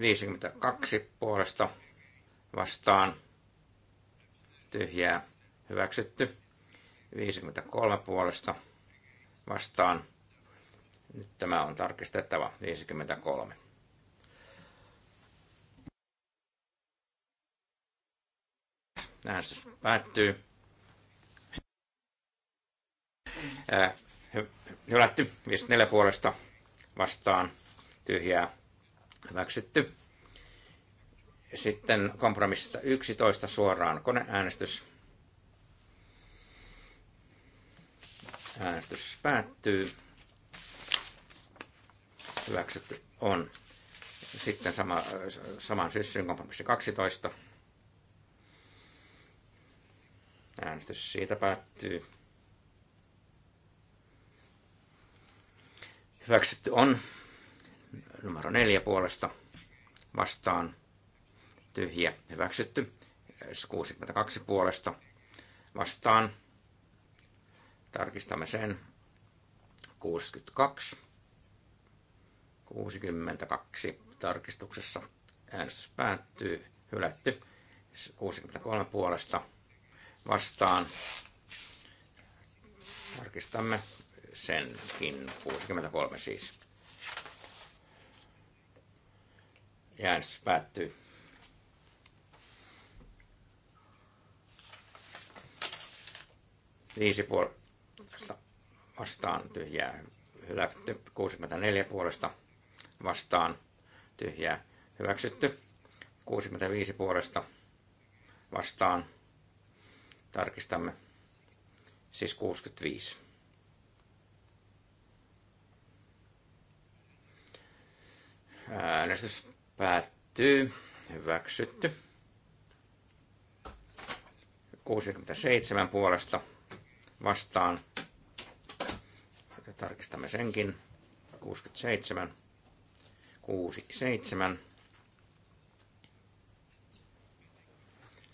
52 puolesta vastaan. Tyhjää. Hyväksytty. 53 puolesta vastaan. Nyt tämä on tarkistettava 53. Äänestys päättyy. Hylätty 54 puolesta vastaan tyhjää hyväksytty. Sitten kompromissista 11 suoraan koneäänestys. Äänestys päättyy. Hyväksytty on. Sitten sama, saman syssyn kompromissi 12 Äänestys siitä päättyy. Hyväksytty on numero neljä puolesta vastaan tyhjä hyväksytty. 62 puolesta vastaan. Tarkistamme sen. 62. 62 tarkistuksessa äänestys päättyy. Hylätty. 63 puolesta vastaan. Tarkistamme senkin. 63 siis. Ja äänestys päättyy. Viisi puolesta vastaan tyhjää hylätty. 64 puolesta vastaan tyhjää hyväksytty. 65 puolesta vastaan Tarkistamme. Siis 65. Äänestys päättyy. Hyväksytty. 67 puolesta vastaan. Ja tarkistamme senkin. 67. 67.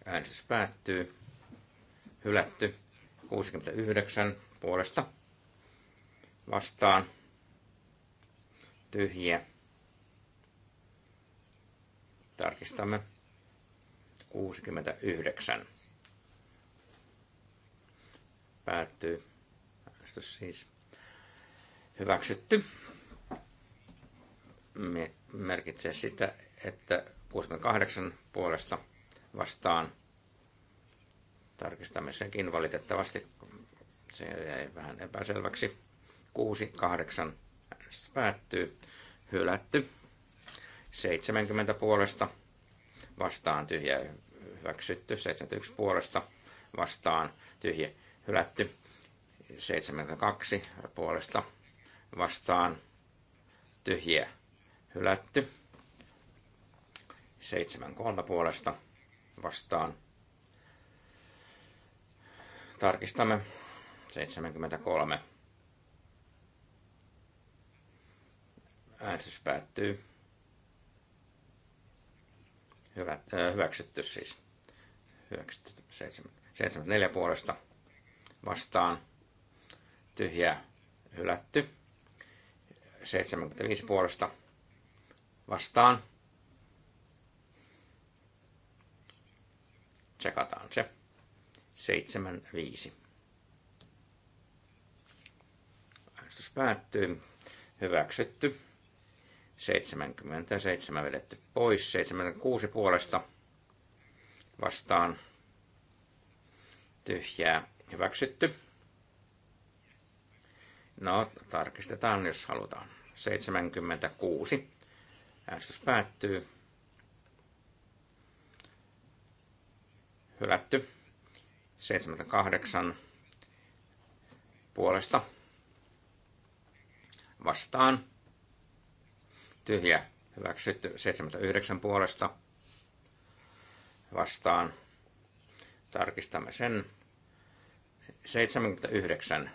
Äänestys päättyy hylätty. 69 puolesta vastaan tyhjiä. Tarkistamme 69. Päättyy äänestys siis hyväksytty. Merkitsee sitä, että 68 puolesta vastaan tarkistamisessakin valitettavasti se jäi vähän epäselväksi. 6-8 päättyy, hylätty. 70 puolesta vastaan tyhjä hyväksytty, 71 puolesta vastaan tyhjä hylätty, 72 puolesta vastaan tyhjä hylätty, 73 puolesta vastaan Tarkistamme 73. Äänestys päättyy. Hyvä, äh, hyväksytty siis. Hyväksytty 74 puolesta vastaan. tyhjä, hylätty. 75 puolesta vastaan. Tsekataan se. 75. Äänestys päättyy. Hyväksytty. 77 vedetty pois. 76 puolesta vastaan. Tyhjää. Hyväksytty. No, tarkistetaan, jos halutaan. 76. Äänestys päättyy. Hylätty. 78 puolesta vastaan. Tyhjä hyväksytty 79 puolesta vastaan. Tarkistamme sen 79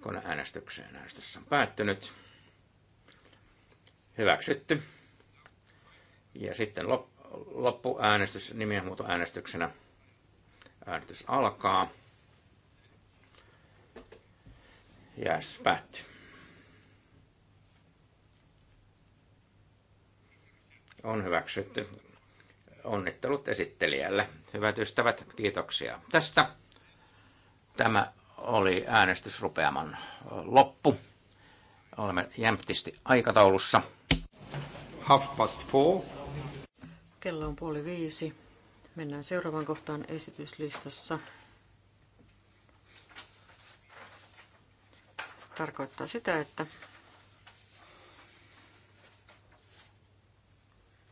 koneäänestykseen. Äänestys on päättynyt. Hyväksytty. Ja sitten loppuäänestys nimienmuutoäänestyksenä äänestyksenä äänitys alkaa. Ja yes, päättyy. On hyväksytty. Onnittelut esittelijälle. Hyvät ystävät, kiitoksia tästä. Tämä oli äänestysrupeaman loppu. Olemme jämptisti aikataulussa. Half past four. Kello on puoli viisi. Mennään seuraavaan kohtaan esityslistassa. Tarkoittaa sitä, että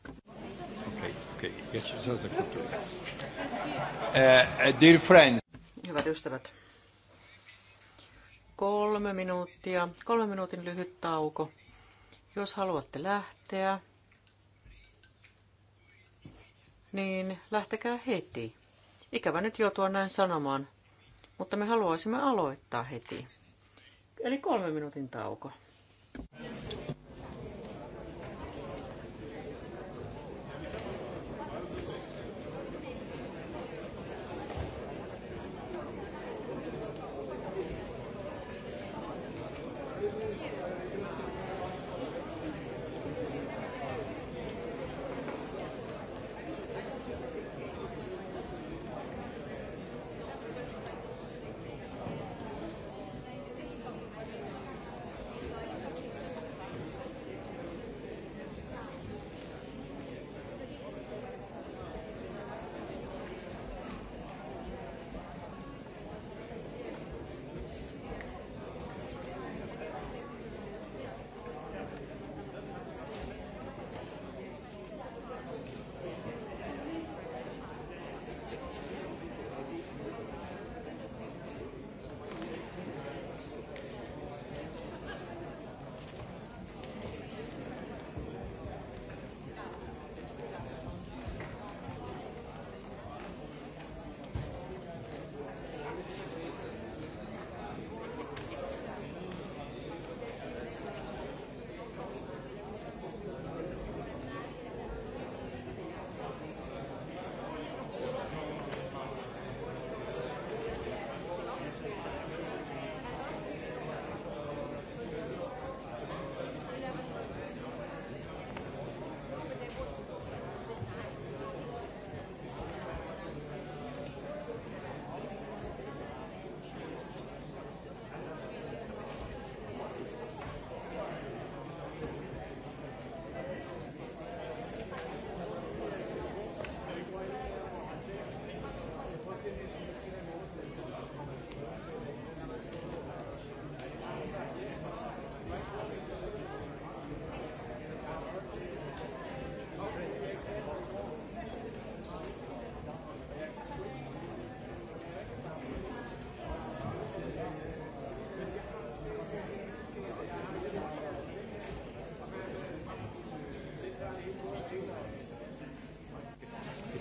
uh, uh, Dear friends. Hyvät ystävät, kolme minuuttia, kolme minuutin lyhyt tauko. Jos haluatte lähteä, niin lähtekää heti. Ikävä nyt joutua näin sanomaan, mutta me haluaisimme aloittaa heti. Eli kolme minuutin tauko.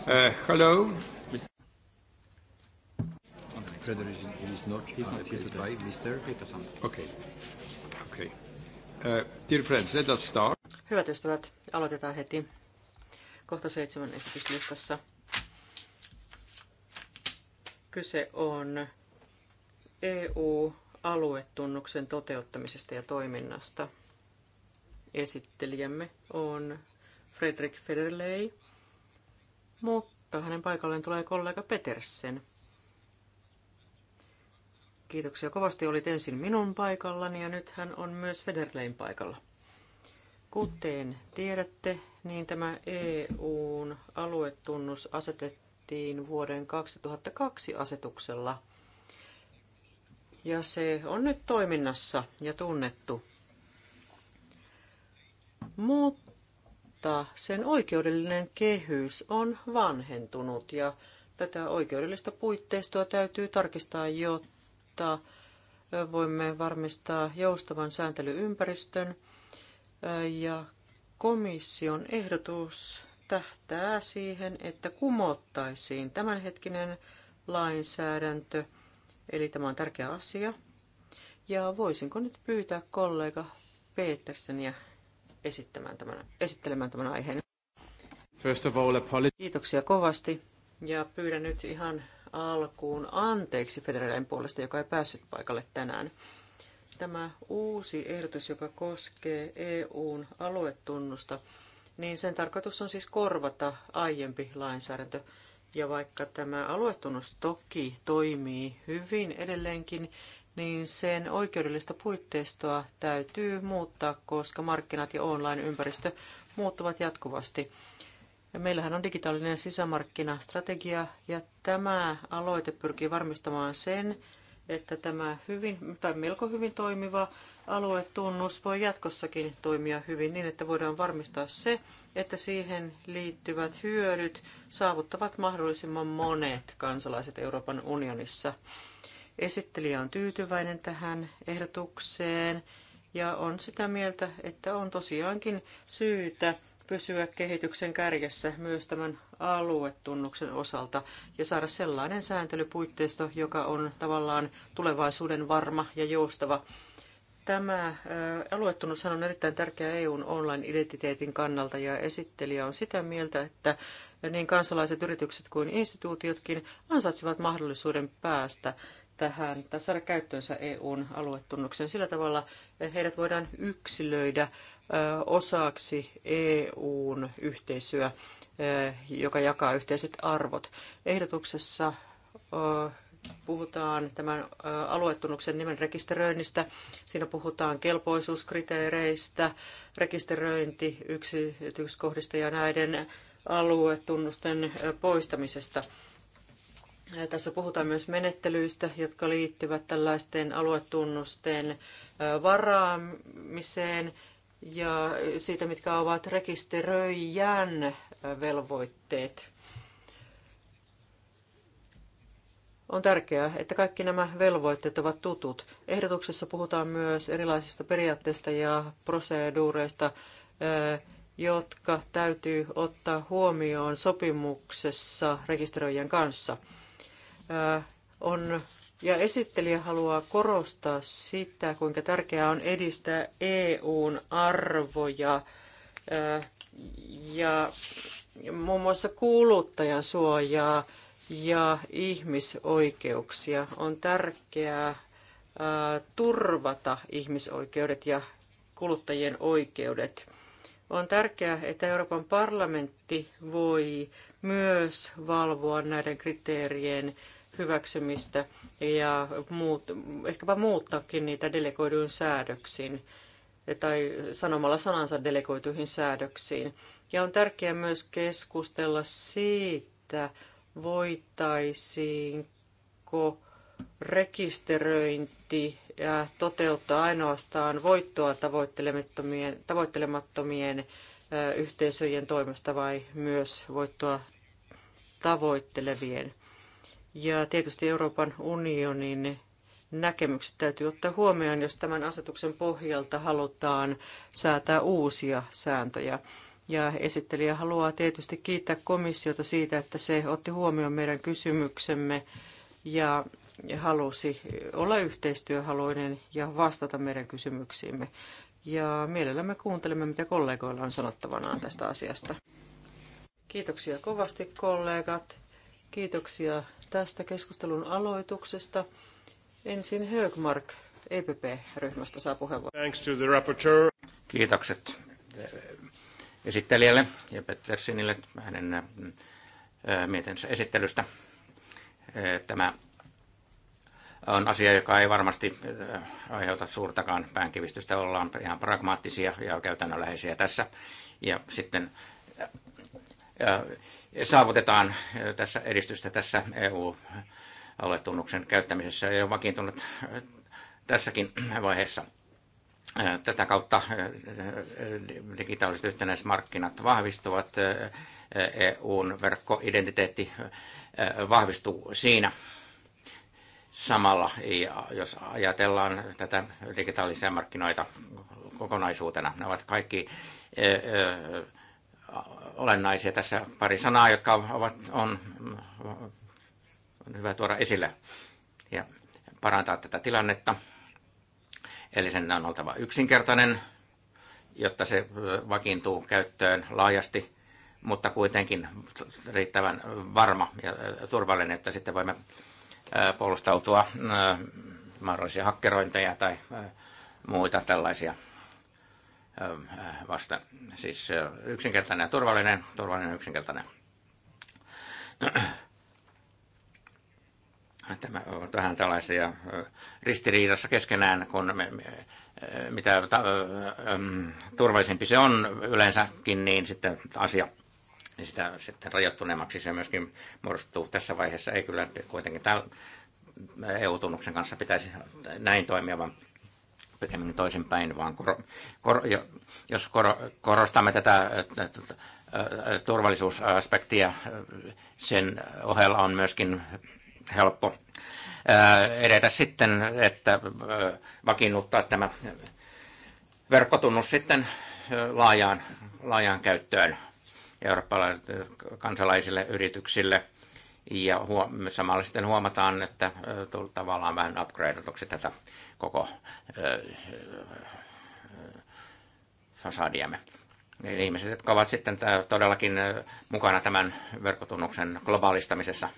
Uh, hello. is not, he's not here today. Mr. Peterson. Okay. Okay. Uh, dear friends, let us start. Hyvät ystävät, aloitetaan heti. Kohta seitsemän esityslistassa. Kyse on EU-aluetunnuksen toteuttamisesta ja toiminnasta. Esittelijämme on Fredrik Federley mutta hänen paikalleen tulee kollega Petersen. Kiitoksia kovasti. Olit ensin minun paikallani ja nyt hän on myös Federlein paikalla. Kuten tiedätte, niin tämä EUn aluetunnus asetettiin vuoden 2002 asetuksella. Ja se on nyt toiminnassa ja tunnettu. Mutta mutta sen oikeudellinen kehys on vanhentunut ja tätä oikeudellista puitteistoa täytyy tarkistaa, jotta voimme varmistaa joustavan sääntelyympäristön ja komission ehdotus tähtää siihen, että kumottaisiin tämänhetkinen lainsäädäntö, eli tämä on tärkeä asia. Ja voisinko nyt pyytää kollega Peterseniä esittämään tämän, esittelemään tämän aiheen. First of all, Kiitoksia kovasti ja pyydän nyt ihan alkuun anteeksi Federalen puolesta, joka ei päässyt paikalle tänään. Tämä uusi ehdotus, joka koskee EUn aluetunnusta, niin sen tarkoitus on siis korvata aiempi lainsäädäntö. Ja vaikka tämä aluetunnus toki toimii hyvin edelleenkin, niin sen oikeudellista puitteistoa täytyy muuttaa, koska markkinat ja online-ympäristö muuttuvat jatkuvasti. Ja meillähän on digitaalinen sisämarkkinastrategia ja tämä aloite pyrkii varmistamaan sen, että tämä hyvin, tai melko hyvin toimiva aluetunnus voi jatkossakin toimia hyvin niin, että voidaan varmistaa se, että siihen liittyvät hyödyt saavuttavat mahdollisimman monet kansalaiset Euroopan unionissa. Esittelijä on tyytyväinen tähän ehdotukseen ja on sitä mieltä, että on tosiaankin syytä pysyä kehityksen kärjessä myös tämän aluetunnuksen osalta ja saada sellainen sääntelypuitteisto, joka on tavallaan tulevaisuuden varma ja joustava. Tämä aluetunnushan on erittäin tärkeä EUn online-identiteetin kannalta ja esittelijä on sitä mieltä, että niin kansalaiset, yritykset kuin instituutiotkin ansaitsevat mahdollisuuden päästä tähän tai saada käyttöönsä EUn aluetunnuksen. Sillä tavalla eh, heidät voidaan yksilöidä osaksi EUn yhteisöä, joka jakaa yhteiset arvot. Ehdotuksessa puhutaan tämän aluetunnuksen nimen rekisteröinnistä. Siinä puhutaan kelpoisuuskriteereistä, rekisteröinti, yksityiskohdista ja näiden aluetunnusten poistamisesta. Tässä puhutaan myös menettelyistä, jotka liittyvät tällaisten aluetunnusten varaamiseen ja siitä, mitkä ovat rekisteröijän velvoitteet. On tärkeää, että kaikki nämä velvoitteet ovat tutut. Ehdotuksessa puhutaan myös erilaisista periaatteista ja proseduureista, jotka täytyy ottaa huomioon sopimuksessa rekisteröijän kanssa – on, ja esittelijä haluaa korostaa sitä, kuinka tärkeää on edistää EUn arvoja ja muun muassa kuluttajan suojaa ja ihmisoikeuksia. On tärkeää turvata ihmisoikeudet ja kuluttajien oikeudet. On tärkeää, että Euroopan parlamentti voi myös valvoa näiden kriteerien hyväksymistä ja muut, ehkäpä muuttaakin niitä delegoiduin säädöksiin tai sanomalla sanansa delegoituihin säädöksiin. Ja on tärkeää myös keskustella siitä, voitaisiinko rekisteröinti ja toteuttaa ainoastaan voittoa tavoittelemattomien, tavoittelemattomien yhteisöjen toimesta vai myös voittoa tavoittelevien. Ja tietysti Euroopan unionin näkemykset täytyy ottaa huomioon, jos tämän asetuksen pohjalta halutaan säätää uusia sääntöjä. Ja esittelijä haluaa tietysti kiittää komissiota siitä, että se otti huomioon meidän kysymyksemme ja halusi olla yhteistyöhaluinen ja vastata meidän kysymyksiimme. Ja mielellämme kuuntelemme, mitä kollegoilla on sanottavanaan tästä asiasta. Kiitoksia kovasti kollegat. Kiitoksia tästä keskustelun aloituksesta. Ensin Högmark EPP-ryhmästä saa puheenvuoron. Kiitokset esittelijälle ja Pettersinille hänen äh, mietinsä esittelystä. Äh, tämä on asia, joka ei varmasti äh, aiheuta suurtakaan päänkivistystä. Ollaan ihan pragmaattisia ja käytännönläheisiä tässä. Ja sitten ja saavutetaan eh, tässä edistystä tässä EU-aluetunnuksen käyttämisessä. ja on vakiintunut eh, tässäkin vaiheessa. Eh, tätä kautta digitaaliset yhtenäismarkkinat vahvistuvat, EUn e verkkoidentiteetti vahvistuu siinä samalla, ja jos ajatellaan tätä digitaalisia markkinoita kokonaisuutena. Ne ovat kaikki olennaisia tässä pari sanaa, jotka ovat, on, on hyvä tuoda esille ja parantaa tätä tilannetta. Eli sen on oltava yksinkertainen, jotta se vakiintuu käyttöön laajasti, mutta kuitenkin riittävän varma ja turvallinen, että sitten voimme puolustautua mahdollisia hakkerointeja tai muita tällaisia vasta. Siis yksinkertainen ja turvallinen, turvallinen ja yksinkertainen. Tämä on vähän tällaisia ristiriidassa keskenään, kun me, me, mitä ta, turvallisempi se on yleensäkin, niin sitten asia niin sitä sitten rajoittuneemmaksi se myöskin muodostuu tässä vaiheessa. Ei kyllä kuitenkin täällä EU-tunnuksen kanssa pitäisi näin toimia, vaan pikemminkin toisinpäin, vaan kor, kor, jos kor, korostamme tätä turvallisuusaspektia, sen ohella on myöskin helppo edetä sitten, että vakiinnuttaa tämä verkkotunnus sitten laajaan, laajaan käyttöön eurooppalaisille kansalaisille yrityksille. Ja huom- samalla sitten huomataan, että tavallaan vähän upgradeatuksi tätä koko fasadiamme. Eli ihmiset, jotka ovat sitten todellakin mukana tämän verkkotunnuksen globaalistamisessa.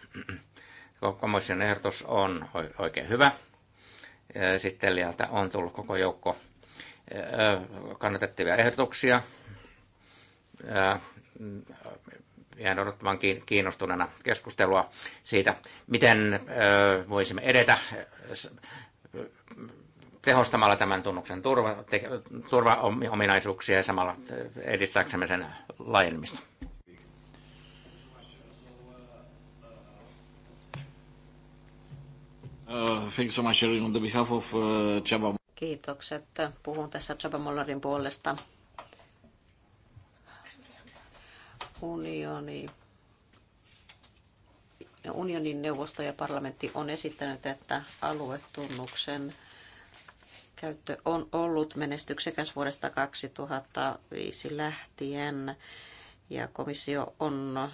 Komission ehdotus on oikein hyvä. Sitten sieltä on tullut koko joukko kannatettavia ehdotuksia. Jään odottamaan kiinnostuneena keskustelua siitä, miten voisimme edetä tehostamalla tämän tunnuksen turva, te, turvaominaisuuksia ja samalla edistääksemme sen laajenemista. Kiitokset. Puhun tässä Chaba Mollarin puolesta. Unioni unionin neuvosto ja parlamentti on esittänyt, että aluetunnuksen käyttö on ollut menestyksekäs vuodesta 2005 lähtien ja komissio on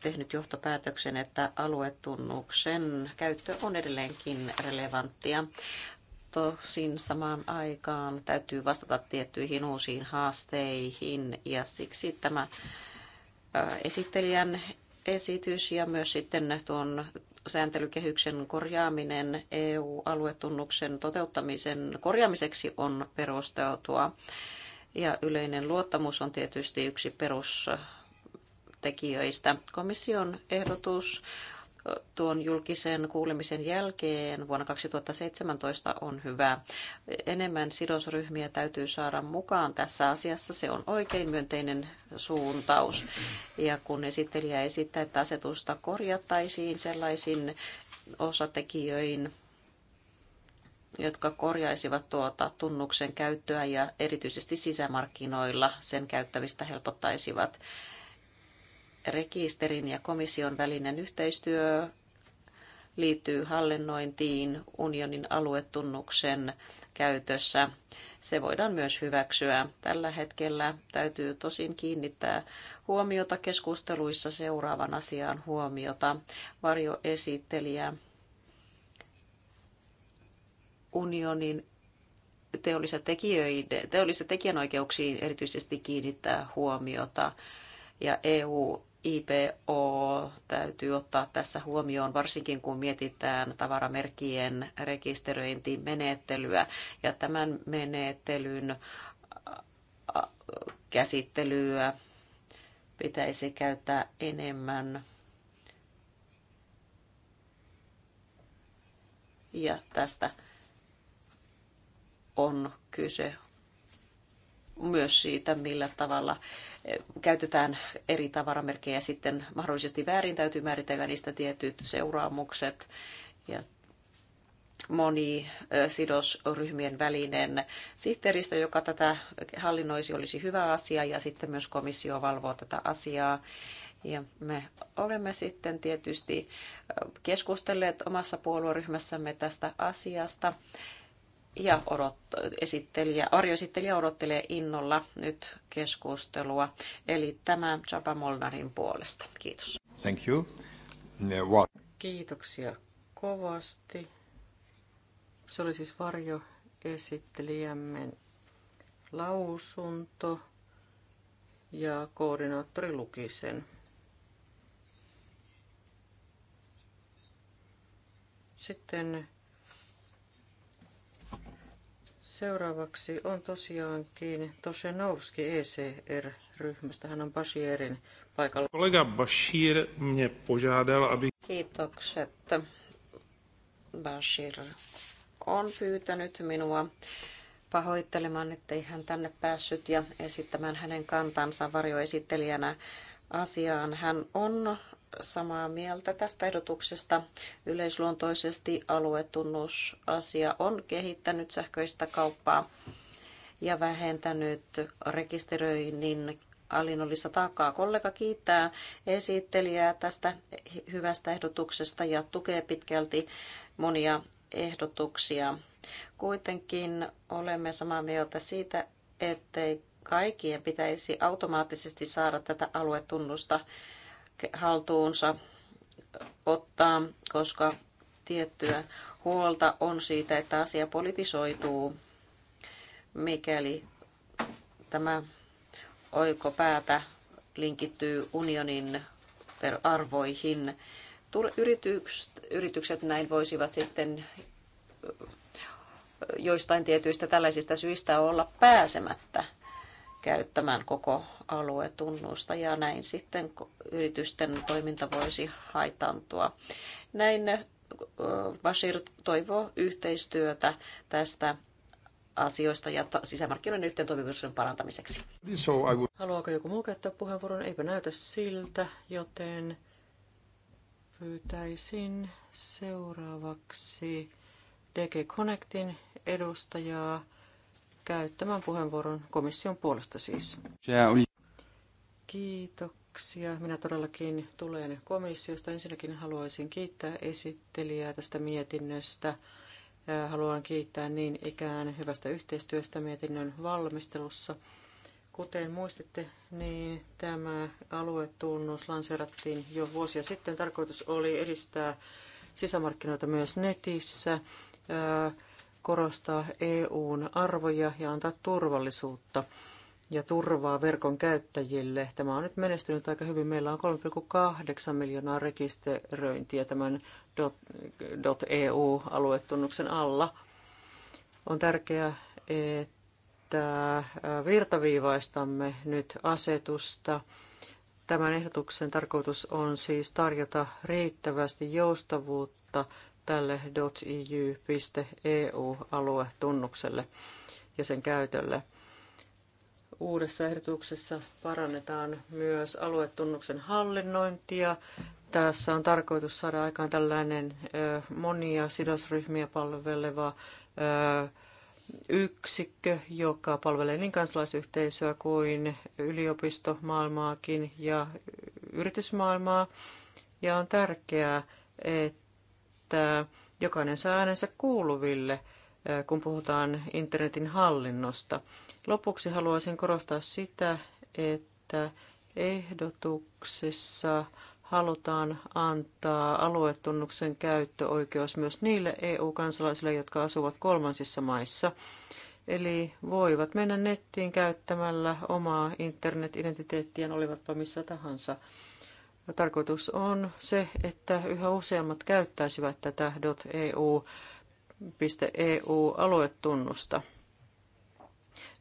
tehnyt johtopäätöksen, että aluetunnuksen käyttö on edelleenkin relevanttia. Tosin samaan aikaan täytyy vastata tiettyihin uusiin haasteihin ja siksi tämä esittelijän esitys ja myös sitten tuon sääntelykehyksen korjaaminen EU-aluetunnuksen toteuttamisen korjaamiseksi on perusteltua. Ja yleinen luottamus on tietysti yksi perustekijöistä. Komission ehdotus tuon julkisen kuulemisen jälkeen vuonna 2017 on hyvä. Enemmän sidosryhmiä täytyy saada mukaan tässä asiassa. Se on oikein myönteinen suuntaus. Ja kun esittelijä esittää, että asetusta korjattaisiin sellaisiin osatekijöin, jotka korjaisivat tuota tunnuksen käyttöä ja erityisesti sisämarkkinoilla sen käyttävistä helpottaisivat rekisterin ja komission välinen yhteistyö liittyy hallinnointiin unionin aluetunnuksen käytössä. Se voidaan myös hyväksyä. Tällä hetkellä täytyy tosin kiinnittää huomiota keskusteluissa seuraavan asiaan huomiota. Varjoesittelijä unionin teolliset tekijänoikeuksiin erityisesti kiinnittää huomiota ja EU IPO täytyy ottaa tässä huomioon, varsinkin kun mietitään tavaramerkkien rekisteröintimenettelyä. Ja tämän menettelyn käsittelyä pitäisi käyttää enemmän. Ja tästä on kyse myös siitä, millä tavalla eh, käytetään eri tavaramerkkejä sitten mahdollisesti väärin täytyy määritellä niistä tietyt seuraamukset ja moni eh, sidosryhmien välinen sihteeristö, joka tätä hallinnoisi, olisi hyvä asia ja sitten myös komissio valvoo tätä asiaa. Ja me olemme sitten tietysti eh, keskustelleet omassa puolueryhmässämme tästä asiasta ja odot, esittelijä, arjoesittelijä odottelee innolla nyt keskustelua. Eli tämä Chapa Molnarin puolesta. Kiitos. Thank you. Uh, what? Kiitoksia kovasti. Se oli siis varjoesittelijämme lausunto ja koordinaattori luki sen. Sitten Seuraavaksi on tosiaankin Tosenovski ECR-ryhmästä. Hän on Bashirin paikalla. Kollega Bashir mnie požádal, aby... Kiitokset. Bashir on pyytänyt minua pahoittelemaan, ettei hän tänne päässyt ja esittämään hänen kantansa varjoesittelijänä asiaan. Hän on samaa mieltä tästä ehdotuksesta. Yleisluontoisesti aluetunnusasia on kehittänyt sähköistä kauppaa ja vähentänyt rekisteröinnin alinnollista taakkaa. Kollega kiittää esittelijää tästä hyvästä ehdotuksesta ja tukee pitkälti monia ehdotuksia. Kuitenkin olemme samaa mieltä siitä, ettei kaikkien pitäisi automaattisesti saada tätä aluetunnusta haltuunsa ottaa, koska tiettyä huolta on siitä, että asia politisoituu, mikäli tämä oikopäätä linkittyy unionin arvoihin. Yritykset näin voisivat sitten joistain tietyistä tällaisista syistä olla pääsemättä käyttämään koko aluetunnusta ja näin sitten yritysten toiminta voisi haitantua. Näin Bashir toivoo yhteistyötä tästä asioista ja sisämarkkinoiden yhteen toimivuuden parantamiseksi. Haluaako joku muu käyttää puheenvuoron? Eipä näytä siltä, joten pyytäisin seuraavaksi DG Connectin edustajaa käyttämään puheenvuoron komission puolesta siis. Kiitoksia. Minä todellakin tulen komissiosta. Ensinnäkin haluaisin kiittää esittelijää tästä mietinnöstä. Haluan kiittää niin ikään hyvästä yhteistyöstä mietinnön valmistelussa. Kuten muistitte, niin tämä aluetunnus lanseerattiin jo vuosia sitten. Tarkoitus oli edistää sisämarkkinoita myös netissä korostaa EUn arvoja ja antaa turvallisuutta ja turvaa verkon käyttäjille. Tämä on nyt menestynyt aika hyvin. Meillä on 3,8 miljoonaa rekisteröintiä tämän .eu-aluetunnuksen alla. On tärkeää, että äh, virtaviivaistamme nyt asetusta. Tämän ehdotuksen tarkoitus on siis tarjota riittävästi joustavuutta tälle eu e tunnukselle ja sen käytölle. Uudessa ehdotuksessa parannetaan myös aluetunnuksen hallinnointia. Tässä on tarkoitus saada aikaan tällainen monia sidosryhmiä palveleva yksikkö, joka palvelee niin kansalaisyhteisöä kuin yliopistomaailmaakin ja yritysmaailmaa. Ja on tärkeää, että että äh, jokainen saa äänensä kuuluville, äh, kun puhutaan internetin hallinnosta. Lopuksi haluaisin korostaa sitä, että ehdotuksessa halutaan antaa aluetunnuksen käyttöoikeus myös niille EU-kansalaisille, jotka asuvat kolmansissa maissa. Eli voivat mennä nettiin käyttämällä omaa internet-identiteettiään, olivatpa missä tahansa. Tarkoitus on se, että yhä useammat käyttäisivät tätä .eu.eu-aluetunnusta e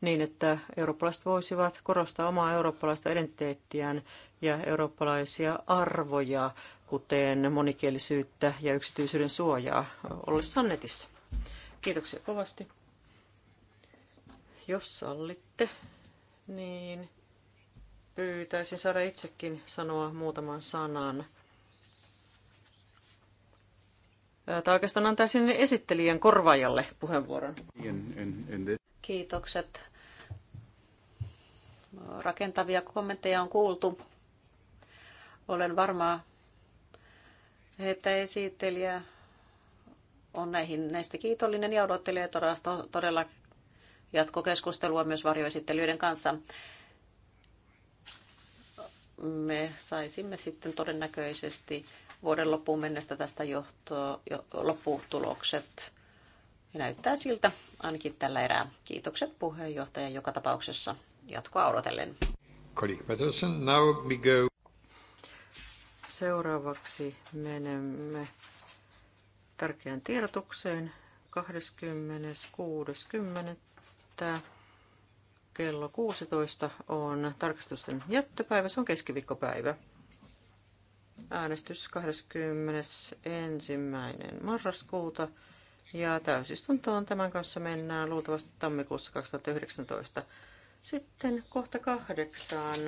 niin, että eurooppalaiset voisivat korostaa omaa eurooppalaista identiteettiään ja eurooppalaisia arvoja, kuten monikielisyyttä ja yksityisyyden suojaa ollessaan netissä. Kiitoksia kovasti. Jos sallitte, niin Pyytäisin saada itsekin sanoa muutaman sanan. Tai oikeastaan antaisin esittelijän korvaajalle puheenvuoron. Kiitokset. Rakentavia kommentteja on kuultu. Olen varma, että esittelijä on näihin näistä kiitollinen ja odottelee todella jatkokeskustelua myös varjoesittelyiden kanssa me saisimme sitten todennäköisesti vuoden loppuun mennessä tästä johto, jo, lopputulokset. Ja näyttää siltä ainakin tällä erää. Kiitokset puheenjohtaja joka tapauksessa jatkoa odotellen. now we go. Seuraavaksi menemme tärkeään tiedotukseen 26.10 kello 16 on tarkastusten jättöpäivä, se on keskiviikkopäivä. Äänestys 21. marraskuuta ja täysistuntoon tämän kanssa mennään luultavasti tammikuussa 2019. Sitten kohta kahdeksaan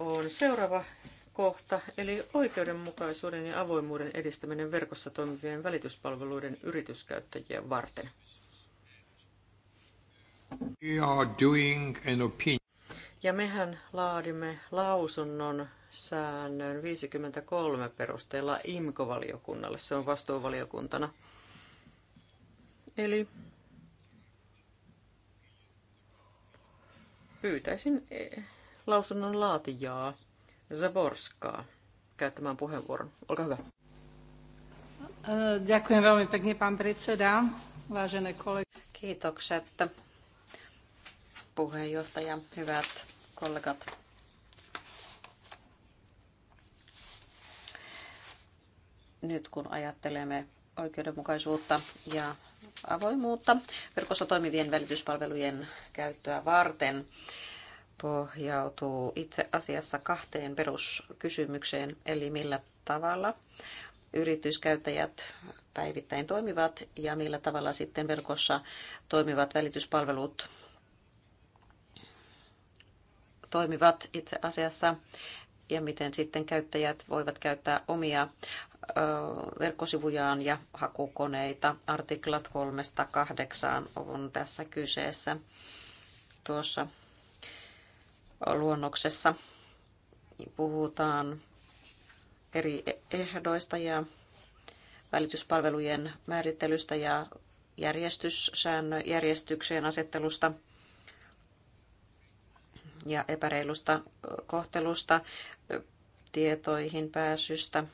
on seuraava kohta, eli oikeudenmukaisuuden ja avoimuuden edistäminen verkossa toimivien välityspalveluiden yrityskäyttäjiä varten. Ja mehän laadimme lausunnon säännön 53 perusteella IMKO-valiokunnalle. Se on vastuuvaliokuntana. Eli pyytäisin e, lausunnon laatijaa Zaborskaa käyttämään puheenvuoron. Olkaa hyvä. Kiitoksia. veľmi puheenjohtaja, hyvät kollegat. Nyt kun ajattelemme oikeudenmukaisuutta ja avoimuutta verkossa toimivien välityspalvelujen käyttöä varten, pohjautuu itse asiassa kahteen peruskysymykseen, eli millä tavalla yrityskäyttäjät päivittäin toimivat ja millä tavalla sitten verkossa toimivat välityspalvelut toimivat itse asiassa ja miten sitten käyttäjät voivat käyttää omia verkkosivujaan ja hakukoneita. Artiklat 3-8 on tässä kyseessä tuossa luonnoksessa. Puhutaan eri ehdoista ja välityspalvelujen määrittelystä ja järjestykseen asettelusta ja epäreilusta kohtelusta, tietoihin pääsystä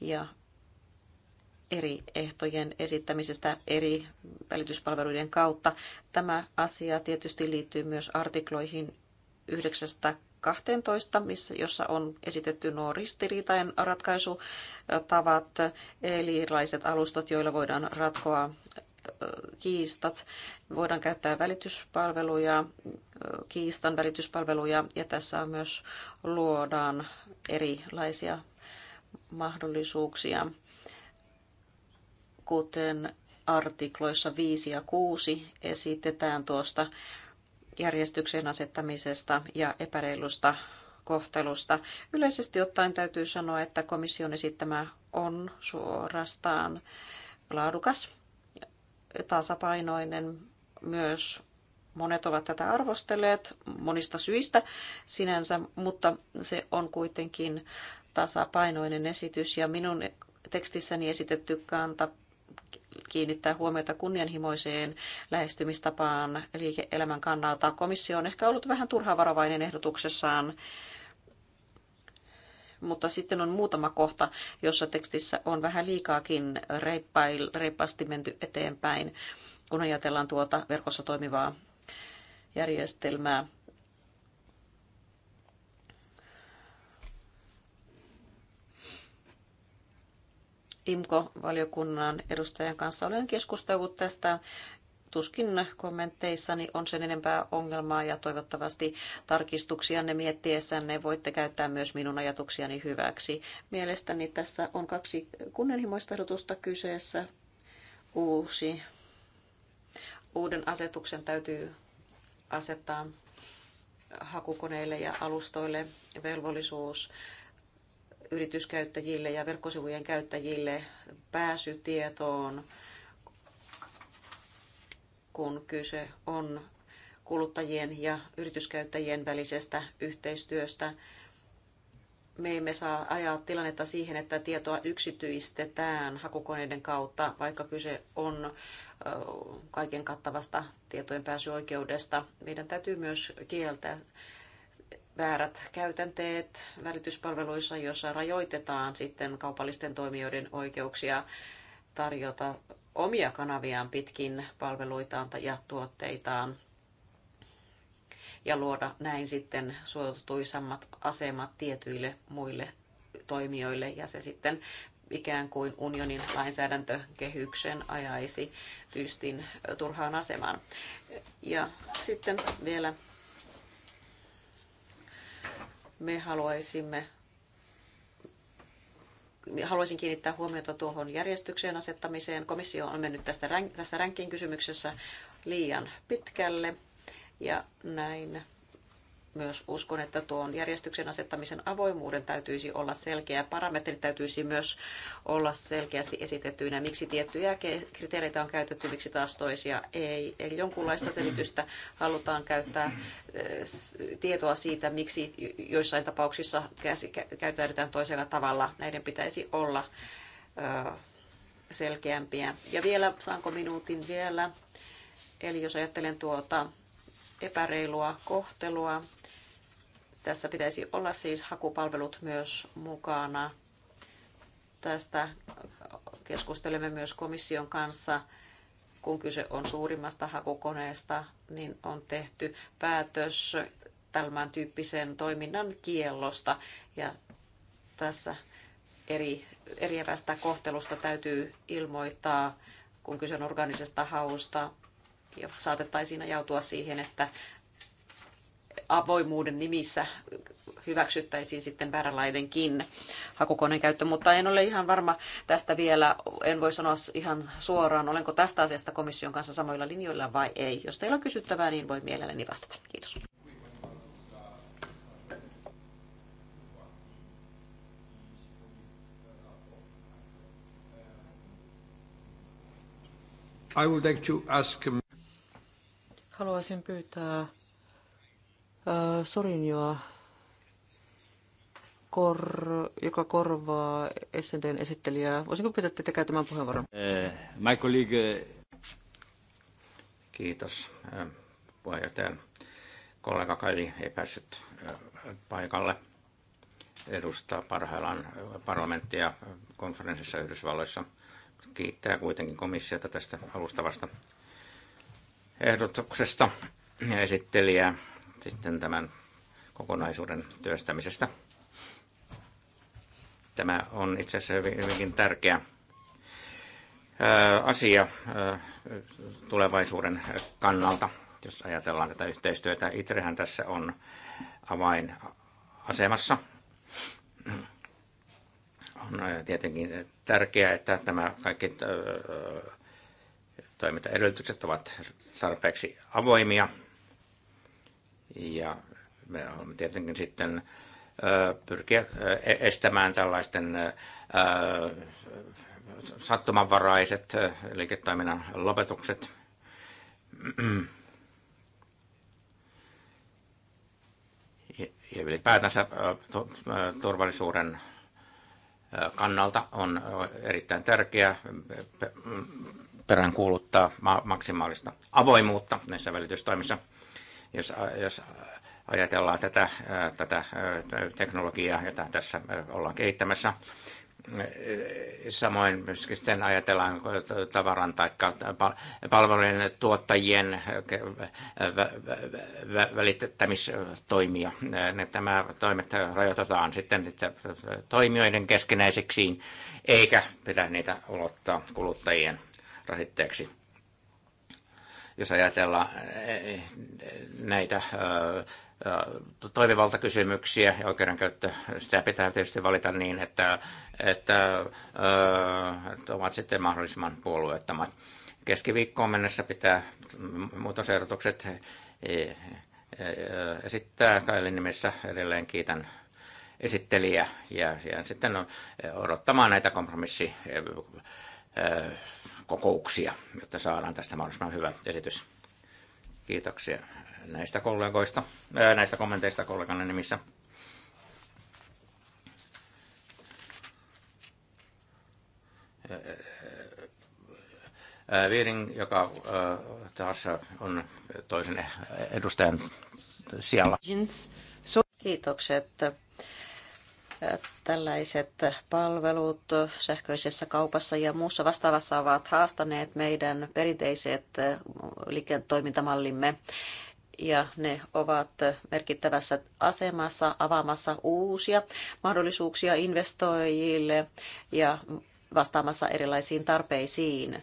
ja eri ehtojen esittämisestä eri välityspalveluiden kautta. Tämä asia tietysti liittyy myös artikloihin 9.12, missä, jossa on esitetty nuo ristiriitain ratkaisutavat, eli erilaiset alustat, joilla voidaan ratkoa kiistat. Voidaan käyttää välityspalveluja, kiistan välityspalveluja ja tässä on myös luodaan erilaisia mahdollisuuksia, kuten artikloissa 5 ja 6 esitetään tuosta järjestyksen asettamisesta ja epäreilusta kohtelusta. Yleisesti ottaen täytyy sanoa, että komission esittämä on suorastaan laadukas tasapainoinen myös. Monet ovat tätä arvostelleet monista syistä sinänsä, mutta se on kuitenkin tasapainoinen esitys ja minun tekstissäni esitetty kanta kiinnittää huomiota kunnianhimoiseen lähestymistapaan liike-elämän kannalta. Komissio on ehkä ollut vähän turhavarovainen ehdotuksessaan mutta sitten on muutama kohta, jossa tekstissä on vähän liikaakin reippail, reippaasti menty eteenpäin, kun ajatellaan tuota verkossa toimivaa järjestelmää. IMKO-valiokunnan edustajan kanssa olen keskustellut tästä tuskin kommentteissani on sen enempää ongelmaa ja toivottavasti tarkistuksianne miettiessänne voitte käyttää myös minun ajatuksiani hyväksi. Mielestäni tässä on kaksi kunnianhimoista ehdotusta kyseessä. Uusi uuden asetuksen täytyy asettaa hakukoneille ja alustoille velvollisuus yrityskäyttäjille ja verkkosivujen käyttäjille pääsy tietoon kun kyse on kuluttajien ja yrityskäyttäjien välisestä yhteistyöstä. Me emme saa ajaa tilannetta siihen, että tietoa yksityistetään hakukoneiden kautta, vaikka kyse on kaiken kattavasta tietojen pääsyoikeudesta. Meidän täytyy myös kieltää väärät käytänteet välityspalveluissa, joissa rajoitetaan sitten kaupallisten toimijoiden oikeuksia tarjota omia kanaviaan pitkin palveluitaan ja tuotteitaan ja luoda näin sitten suotuisammat asemat tietyille muille toimijoille ja se sitten ikään kuin unionin lainsäädäntökehyksen ajaisi tyystin turhaan asemaan. Ja sitten vielä me haluaisimme haluaisin kiinnittää huomiota tuohon järjestykseen asettamiseen. Komissio on mennyt tästä, tässä ränkin kysymyksessä liian pitkälle ja näin myös uskon, että tuon järjestyksen asettamisen avoimuuden täytyisi olla selkeä. Parametrit täytyisi myös olla selkeästi esitettyinä, miksi tiettyjä kriteereitä on käytetty, miksi taas toisia ei. Eli jonkunlaista selitystä halutaan käyttää eh, tietoa siitä, miksi joissain tapauksissa käyttäydytään toisella tavalla. Näiden pitäisi olla eh, selkeämpiä. Ja vielä, saanko minuutin vielä? Eli jos ajattelen tuota epäreilua kohtelua, tässä pitäisi olla siis hakupalvelut myös mukana. Tästä keskustelemme myös komission kanssa. Kun kyse on suurimmasta hakukoneesta, niin on tehty päätös tämän tyyppisen toiminnan kiellosta. Ja tässä eri, eriävästä kohtelusta täytyy ilmoittaa, kun kyse on organisesta hausta. Ja saatettaisiin ajautua siihen, että avoimuuden nimissä hyväksyttäisiin sitten vääränlainenkin hakukoneen käyttö, mutta en ole ihan varma tästä vielä, en voi sanoa ihan suoraan, olenko tästä asiasta komission kanssa samoilla linjoilla vai ei. Jos teillä on kysyttävää, niin voi mielelläni vastata. Kiitos. I would like to ask... Haluaisin pyytää sorinjoa, kor, joka korvaa SNDn esittelijää. Voisinko pitää teitä käytämään puheenvuoron? My colleague... Kiitos puheenjohtajan. Kollega Kaili ei päässyt paikalle edustaa parhaillaan parlamenttia konferenssissa Yhdysvalloissa. Kiittää kuitenkin komissiota tästä alustavasta ehdotuksesta ja esittelijää sitten tämän kokonaisuuden työstämisestä. Tämä on itse asiassa hyvin, hyvinkin tärkeä asia tulevaisuuden kannalta, jos ajatellaan tätä yhteistyötä. Itrehän tässä on avainasemassa. On tietenkin tärkeää, että tämä kaikki toimintaedellytykset ovat tarpeeksi avoimia ja me haluamme tietenkin sitten pyrkiä e-, estämään tällaisten sattumanvaraiset liiketoiminnan lopetukset. Ja ylipäätänsä turvallisuuden kannalta on erittäin tärkeää mm, peräänkuuluttaa maksimaalista avoimuutta näissä välitystoimissa jos, jos ajatellaan tätä, tätä teknologiaa, jota tässä ollaan kehittämässä, samoin myöskin sitten ajatellaan tavaran tai palvelujen tuottajien välittämistoimia. Tämä toimet rajoitetaan sitten toimijoiden keskenäiseksiin, eikä pidä niitä ulottaa kuluttajien rasitteeksi jos ajatellaan eh, eh, näitä toimivaltakysymyksiä ja oikeudenkäyttö, sitä pitää tietysti valita niin, että, että, että ovat sitten mahdollisimman puolueettomat. Keskiviikkoon mennessä pitää muutosehdotukset eh, esittää Kailin nimessä. Edelleen kiitän esittelijä ja, ja sitten no, odottamaan näitä kompromissi kokouksia, jotta saadaan tästä mahdollisimman hyvä esitys. Kiitoksia näistä kollegoista, ää, näistä kommenteista kollegan nimissä. Viiring, joka taas on toisen edustajan siellä. Kiitokset Tällaiset palvelut sähköisessä kaupassa ja muussa vastaavassa ovat haastaneet meidän perinteiset liiketoimintamallimme ja ne ovat merkittävässä asemassa avaamassa uusia mahdollisuuksia investoijille ja vastaamassa erilaisiin tarpeisiin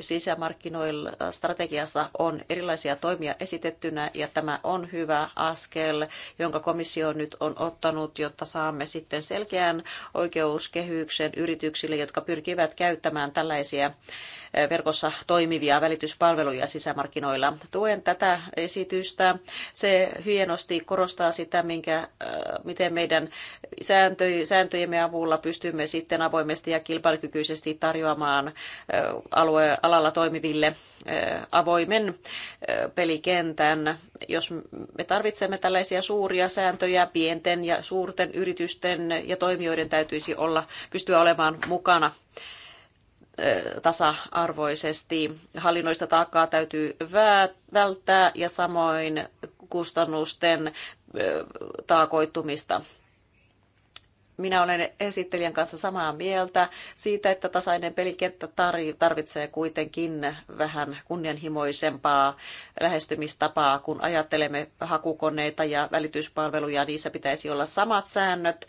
sisämarkkinoilla strategiassa on erilaisia toimia esitettynä ja tämä on hyvä askel, jonka komissio nyt on ottanut, jotta saamme sitten selkeän oikeuskehyksen yrityksille, jotka pyrkivät käyttämään tällaisia eh, verkossa toimivia välityspalveluja sisämarkkinoilla. Tuen tätä esitystä. Se hienosti korostaa sitä, minkä, eh, miten meidän sääntöjemme avulla pystymme sitten avoimesti ja kilpailukykyisesti tarjoamaan eh, alalla toimiville avoimen pelikentän. Jos me tarvitsemme tällaisia suuria sääntöjä, pienten ja suurten yritysten ja toimijoiden täytyisi olla, pystyä olemaan mukana tasa-arvoisesti. Hallinnoista taakkaa täytyy välttää ja samoin kustannusten taakoittumista. Minä olen esittelijän kanssa samaa mieltä siitä, että tasainen pelikenttä tarvitsee kuitenkin vähän kunnianhimoisempaa lähestymistapaa, kun ajattelemme hakukoneita ja välityspalveluja. Niissä pitäisi olla samat säännöt,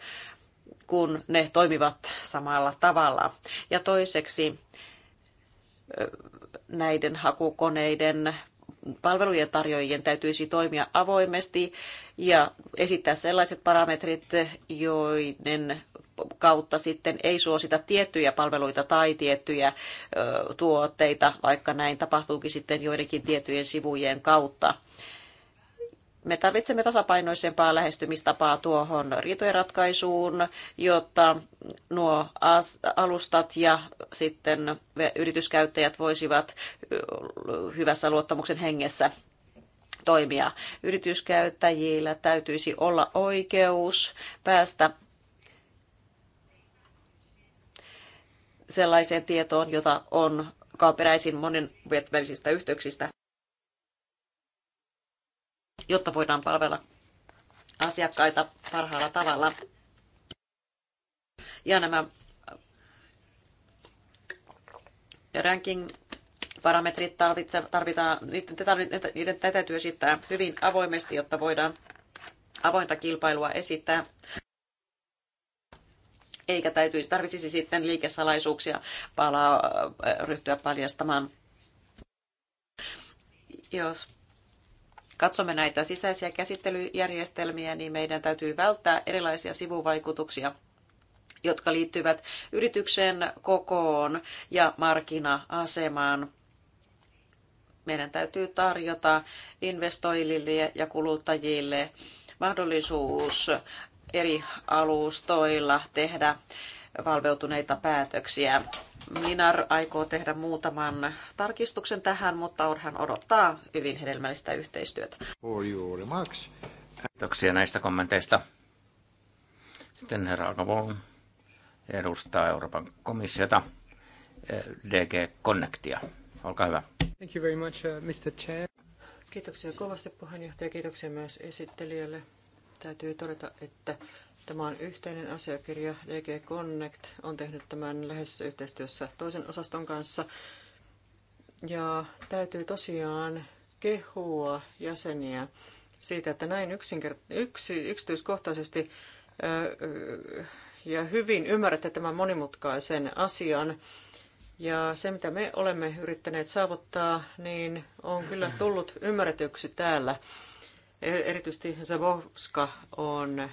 kun ne toimivat samalla tavalla. Ja toiseksi näiden hakukoneiden palvelujen tarjoajien täytyisi toimia avoimesti ja esittää sellaiset parametrit, joiden kautta sitten ei suosita tiettyjä palveluita tai tiettyjä tuotteita, vaikka näin tapahtuukin sitten joidenkin tiettyjen sivujen kautta me tarvitsemme tasapainoisempaa lähestymistapaa tuohon riitojen ratkaisuun, jotta nuo alustat ja sitten yrityskäyttäjät voisivat hyvässä luottamuksen hengessä toimia. Yrityskäyttäjillä täytyisi olla oikeus päästä sellaiseen tietoon, jota on kaaperäisin monen välisistä yhteyksistä jotta voidaan palvella asiakkaita parhaalla tavalla. Ja nämä ranking parametrit tarvitaan, niiden, niiden täytyy esittää hyvin avoimesti, jotta voidaan avointa kilpailua esittää eikä täytyisi, tarvitsisi sitten liikesalaisuuksia palaa, ryhtyä paljastamaan. Jos katsomme näitä sisäisiä käsittelyjärjestelmiä, niin meidän täytyy välttää erilaisia sivuvaikutuksia jotka liittyvät yrityksen kokoon ja markkina-asemaan. Meidän täytyy tarjota investoijille ja kuluttajille mahdollisuus eri alustoilla tehdä valveutuneita päätöksiä. Minar aikoo tehdä muutaman tarkistuksen tähän, mutta Orhan odottaa hyvin hedelmällistä yhteistyötä. Kiitoksia näistä kommenteista. Sitten herra Agavon edustaa Euroopan komissiota eh, DG Connectia. Olkaa hyvä. Thank you very much, uh, Mr. Chair. Kiitoksia kovasti puheenjohtaja, kiitoksia myös esittelijälle. Täytyy todeta, että Tämä on yhteinen asiakirja. DG Connect on tehnyt tämän läheisessä yhteistyössä toisen osaston kanssa. Ja täytyy tosiaan kehua jäseniä siitä, että näin yksinkert- yksi, yksityiskohtaisesti ja hyvin ymmärrätte tämän monimutkaisen asian. Ja se, mitä me olemme yrittäneet saavuttaa, niin on kyllä tullut ymmärretyksi täällä. E- erityisesti Zabowska on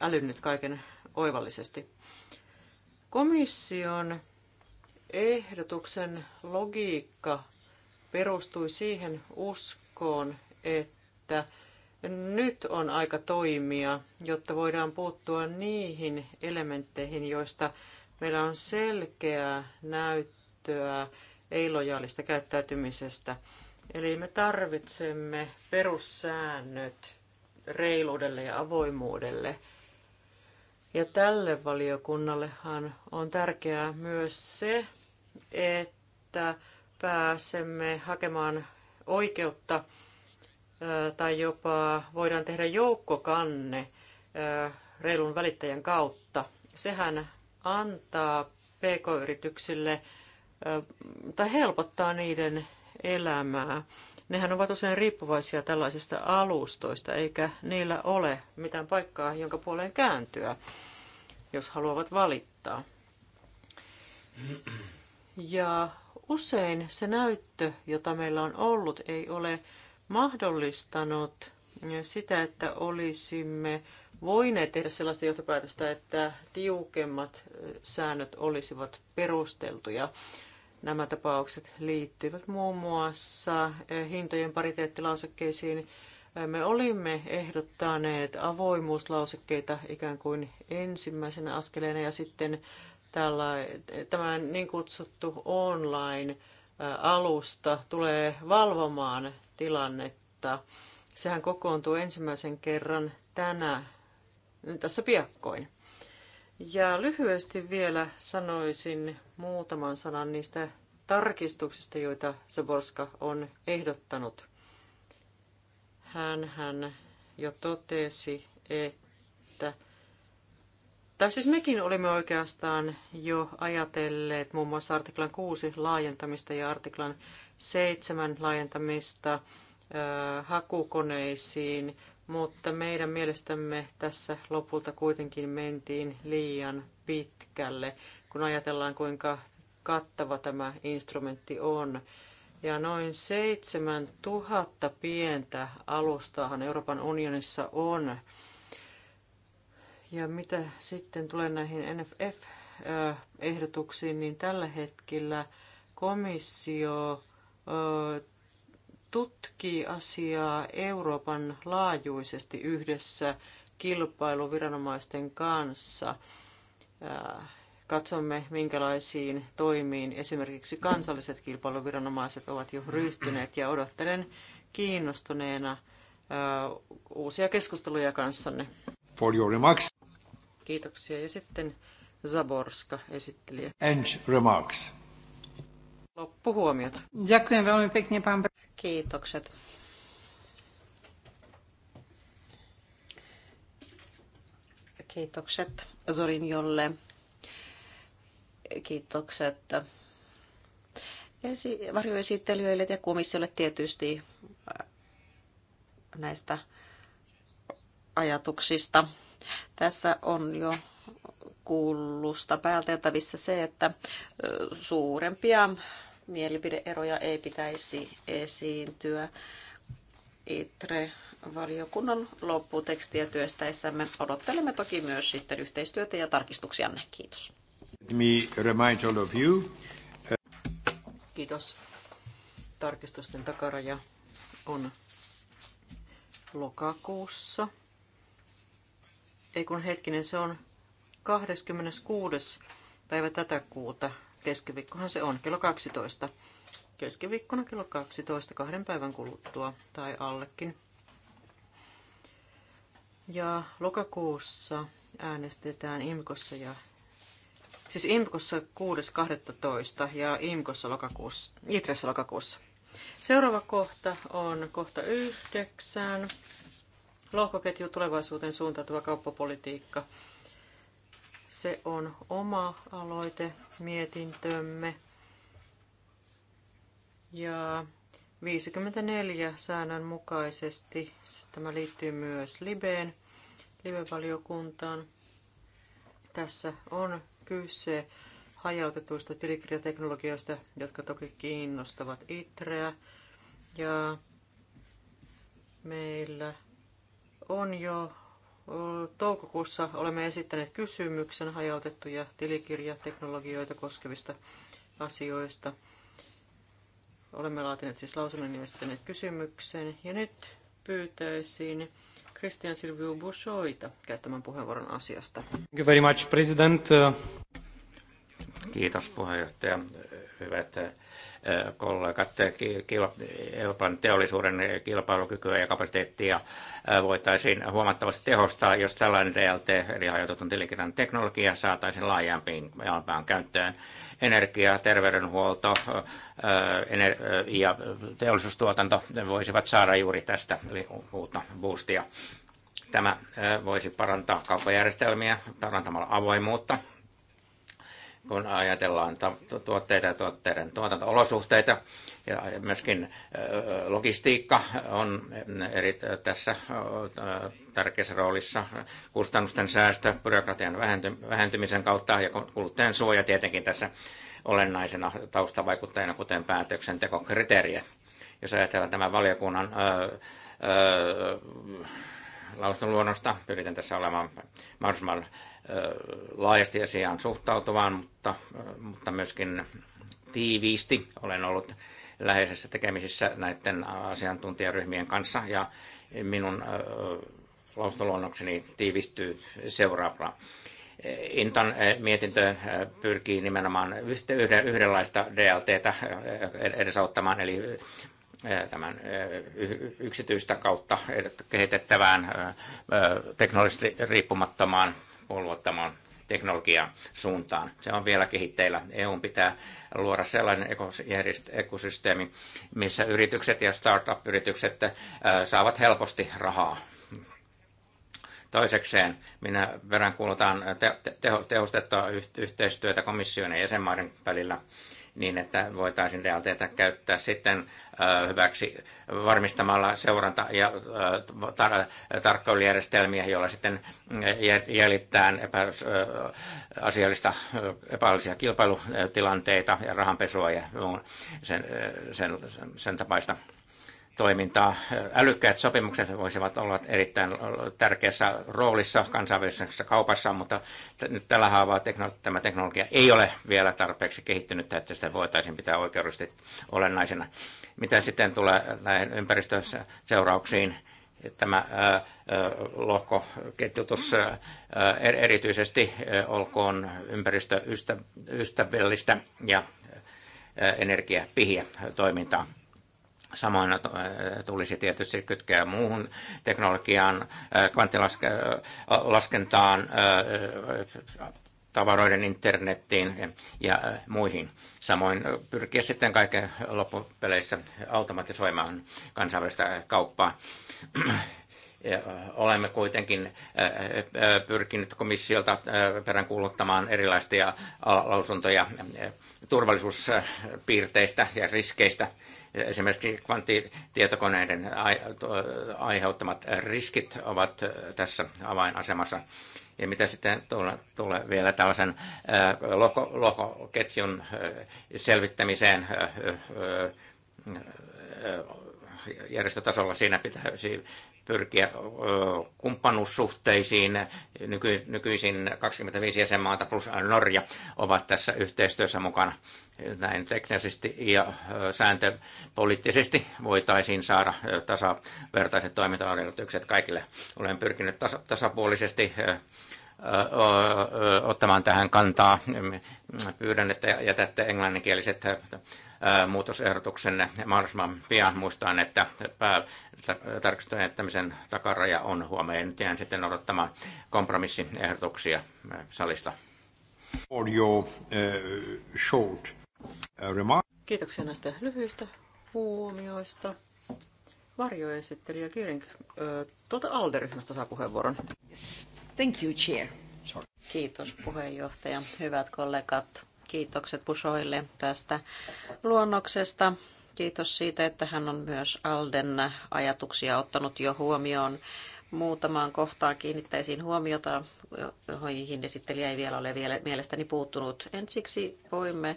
älynnyt kaiken oivallisesti. Komission ehdotuksen logiikka perustui siihen uskoon, että nyt on aika toimia, jotta voidaan puuttua niihin elementteihin, joista meillä on selkeää näyttöä ei-lojaalista käyttäytymisestä. Eli me tarvitsemme perussäännöt reiluudelle ja avoimuudelle – ja tälle valiokunnallehan on tärkeää myös se, että pääsemme hakemaan oikeutta tai jopa voidaan tehdä joukkokanne reilun välittäjän kautta. Sehän antaa pk-yrityksille tai helpottaa niiden elämää. Nehän ovat usein riippuvaisia tällaisista alustoista, eikä niillä ole mitään paikkaa, jonka puoleen kääntyä, jos haluavat valittaa. Ja usein se näyttö, jota meillä on ollut, ei ole mahdollistanut sitä, että olisimme voineet tehdä sellaista johtopäätöstä, että tiukemmat säännöt olisivat perusteltuja. Nämä tapaukset liittyvät muun muassa eh, hintojen pariteettilausekkeisiin. Eh, me olimme ehdottaneet avoimuuslausekkeita ikään kuin ensimmäisenä askeleena ja sitten tällä, eh, tämä niin kutsuttu online-alusta tulee valvomaan tilannetta. Sehän kokoontuu ensimmäisen kerran tänä, tässä piakkoin. Ja lyhyesti vielä sanoisin muutaman sanan niistä tarkistuksista, joita Saborska on ehdottanut. Hän jo totesi, että tai siis mekin olimme oikeastaan jo ajatelleet muun muassa artiklan 6 laajentamista ja artiklan 7 laajentamista ö, hakukoneisiin, mutta meidän mielestämme tässä lopulta kuitenkin mentiin liian pitkälle kun ajatellaan kuinka kattava tämä instrumentti on. Ja noin 7000 pientä alustaahan Euroopan unionissa on. Ja mitä sitten tulee näihin NFF-ehdotuksiin, niin tällä hetkellä komissio tutkii asiaa Euroopan laajuisesti yhdessä kilpailuviranomaisten kanssa Katsomme, minkälaisiin toimiin esimerkiksi kansalliset kilpailuviranomaiset ovat jo ryhtyneet ja odottelen kiinnostuneena uusia keskusteluja kanssanne. For your remarks. Kiitoksia. Ja sitten Zaborska esittelijä. End remarks. Loppuhuomiot. Ďakujem Kiitokset. Kiitokset jolle. Kiitokset Esi- varjoesittelijöille ja komissiolle tietysti äh, näistä ajatuksista. Tässä on jo kuullusta päälteltävissä se, että äh, suurempia mielipideeroja ei pitäisi esiintyä. ITRE-valiokunnan lopputekstiä työstäessämme odottelemme toki myös sitten yhteistyötä ja tarkistuksianne. Kiitos. Uh, Kiitos. Tarkistusten takaraja on lokakuussa. Ei kun hetkinen, se on 26. päivä tätä kuuta. Keskiviikkohan se on, kello 12. Keskiviikkona kello 12, kahden päivän kuluttua tai allekin. Ja lokakuussa äänestetään IMKossa ja Siis IMKossa 6.12. ja IMKossa lokakuussa, ITRESSä lokakuussa. Seuraava kohta on kohta yhdeksän. Lohkoketju tulevaisuuteen suuntautuva kauppapolitiikka. Se on oma aloite mietintömme. Ja 54 säännön mukaisesti tämä liittyy myös Libeen, Live-valiokuntaan. Tässä on kyse hajautetuista tilikirjateknologioista, jotka toki kiinnostavat ITREä. Ja meillä on jo toukokuussa olemme esittäneet kysymyksen hajautettuja tilikirjateknologioita koskevista asioista. Olemme laatineet siis lausunnon ja esittäneet kysymyksen. Ja nyt pyytäisin Christian Silvio Bushoita käyttämään puheenvuoron asiasta. Thank you very much, President. Kiitos puheenjohtaja. Hyvät kollegat Euroopan teollisuuden kilpailukykyä ja kapasiteettia voitaisiin huomattavasti tehostaa, jos tällainen DLT eli hajautetun tilikirjan teknologia saataisiin laajempaan käyttöön. Energia, terveydenhuolto ja teollisuustuotanto voisivat saada juuri tästä eli uutta boostia. Tämä voisi parantaa kauppajärjestelmiä parantamalla avoimuutta kun ajatellaan tuotteiden ja tuotteiden tuotanto-olosuhteita ja myöskin logistiikka on eri, tässä tärkeässä roolissa kustannusten säästö byrokratian vähentymisen kautta ja kuluttajan suoja tietenkin tässä olennaisena taustavaikuttajana, kuten päätöksentekokriteeriä. Jos ajatellaan tämän valiokunnan luonnosta, pyritän tässä olemaan mahdollisimman laajasti asiaan suhtautuvaan, mutta, mutta myöskin tiiviisti. Olen ollut läheisessä tekemisissä näiden asiantuntijaryhmien kanssa ja minun lausuntoluonnokseni tiivistyy seuraavaan. Intan mietintö pyrkii nimenomaan yhdenlaista DLTtä edesauttamaan, eli tämän yksityistä kautta kehitettävään teknologisesti riippumattomaan ulvottamaan teknologiaa suuntaan. Se on vielä kehitteillä. EU pitää luoda sellainen ekosysteemi, missä yritykset ja startup-yritykset äh, saavat helposti rahaa. Toisekseen minä peräänkuulutan te- te- tehostettua yhteistyötä komission ja jäsenmaiden välillä niin että voitaisiin realiteetä käyttää sitten hyväksi varmistamalla seuranta- ja tar- tarkkailujärjestelmiä, joilla sitten mm, jäljittää epä- asiallista epäallisia kilpailutilanteita ja rahanpesua ja sen, sen, sen, sen tapaista toimintaa. Älykkäät sopimukset voisivat olla erittäin tärkeässä roolissa kansainvälisessä kaupassa, mutta nyt tällä haavaa tämä teknologia ei ole vielä tarpeeksi kehittynyt, että sitä voitaisiin pitää oikeudellisesti olennaisena. Mitä sitten tulee näihin ympäristöseurauksiin, tämä lohkoketjutus erityisesti olkoon ympäristöystävällistä ja energiapihiä toimintaa Samoin eh, tulisi tietysti kytkeä muuhun teknologiaan, eh, kvanttilaskentaan, eh, tavaroiden internettiin ja muihin. Samoin pyrkiä sitten kaiken loppupeleissä automatisoimaan kansainvälistä kauppaa. Ja olemme kuitenkin pyrkineet komissiolta peräänkuuluttamaan erilaisia lausuntoja turvallisuuspiirteistä ja riskeistä Esimerkiksi kvanttitietokoneiden aiheuttamat riskit ovat tässä avainasemassa. Ja mitä sitten tulee, vielä tällaisen lohkoketjun selvittämiseen järjestötasolla, siinä pitäisi pyrkiä kumppanuussuhteisiin. Nyky, nykyisin 25 jäsenmaata plus Norja ovat tässä yhteistyössä mukana näin teknisesti ja sääntöpoliittisesti voitaisiin saada tasavertaiset toimintaedellytykset kaikille. Olen pyrkinyt tasapuolisesti ottamaan tähän kantaa. Pyydän, että jätätte englanninkieliset muutosehdotuksenne mahdollisimman pian. Muistan, että päätarkistujen jättämisen takaraja on huomenna. Nyt jään sitten odottamaan kompromissiehdotuksia salista. For your, uh, short Kiitoksia näistä lyhyistä huomioista. Varjoesittelijä Kiring tuolta ALDE-ryhmästä saa puheenvuoron. Yes. Thank you, Chair. Sorry. Kiitos puheenjohtaja. Hyvät kollegat, kiitokset Pusoille tästä luonnoksesta. Kiitos siitä, että hän on myös Alden ajatuksia ottanut jo huomioon. Muutamaan kohtaan kiinnittäisiin huomiota, joihin esittelijä ei vielä ole vielä mielestäni puuttunut. Ensiksi voimme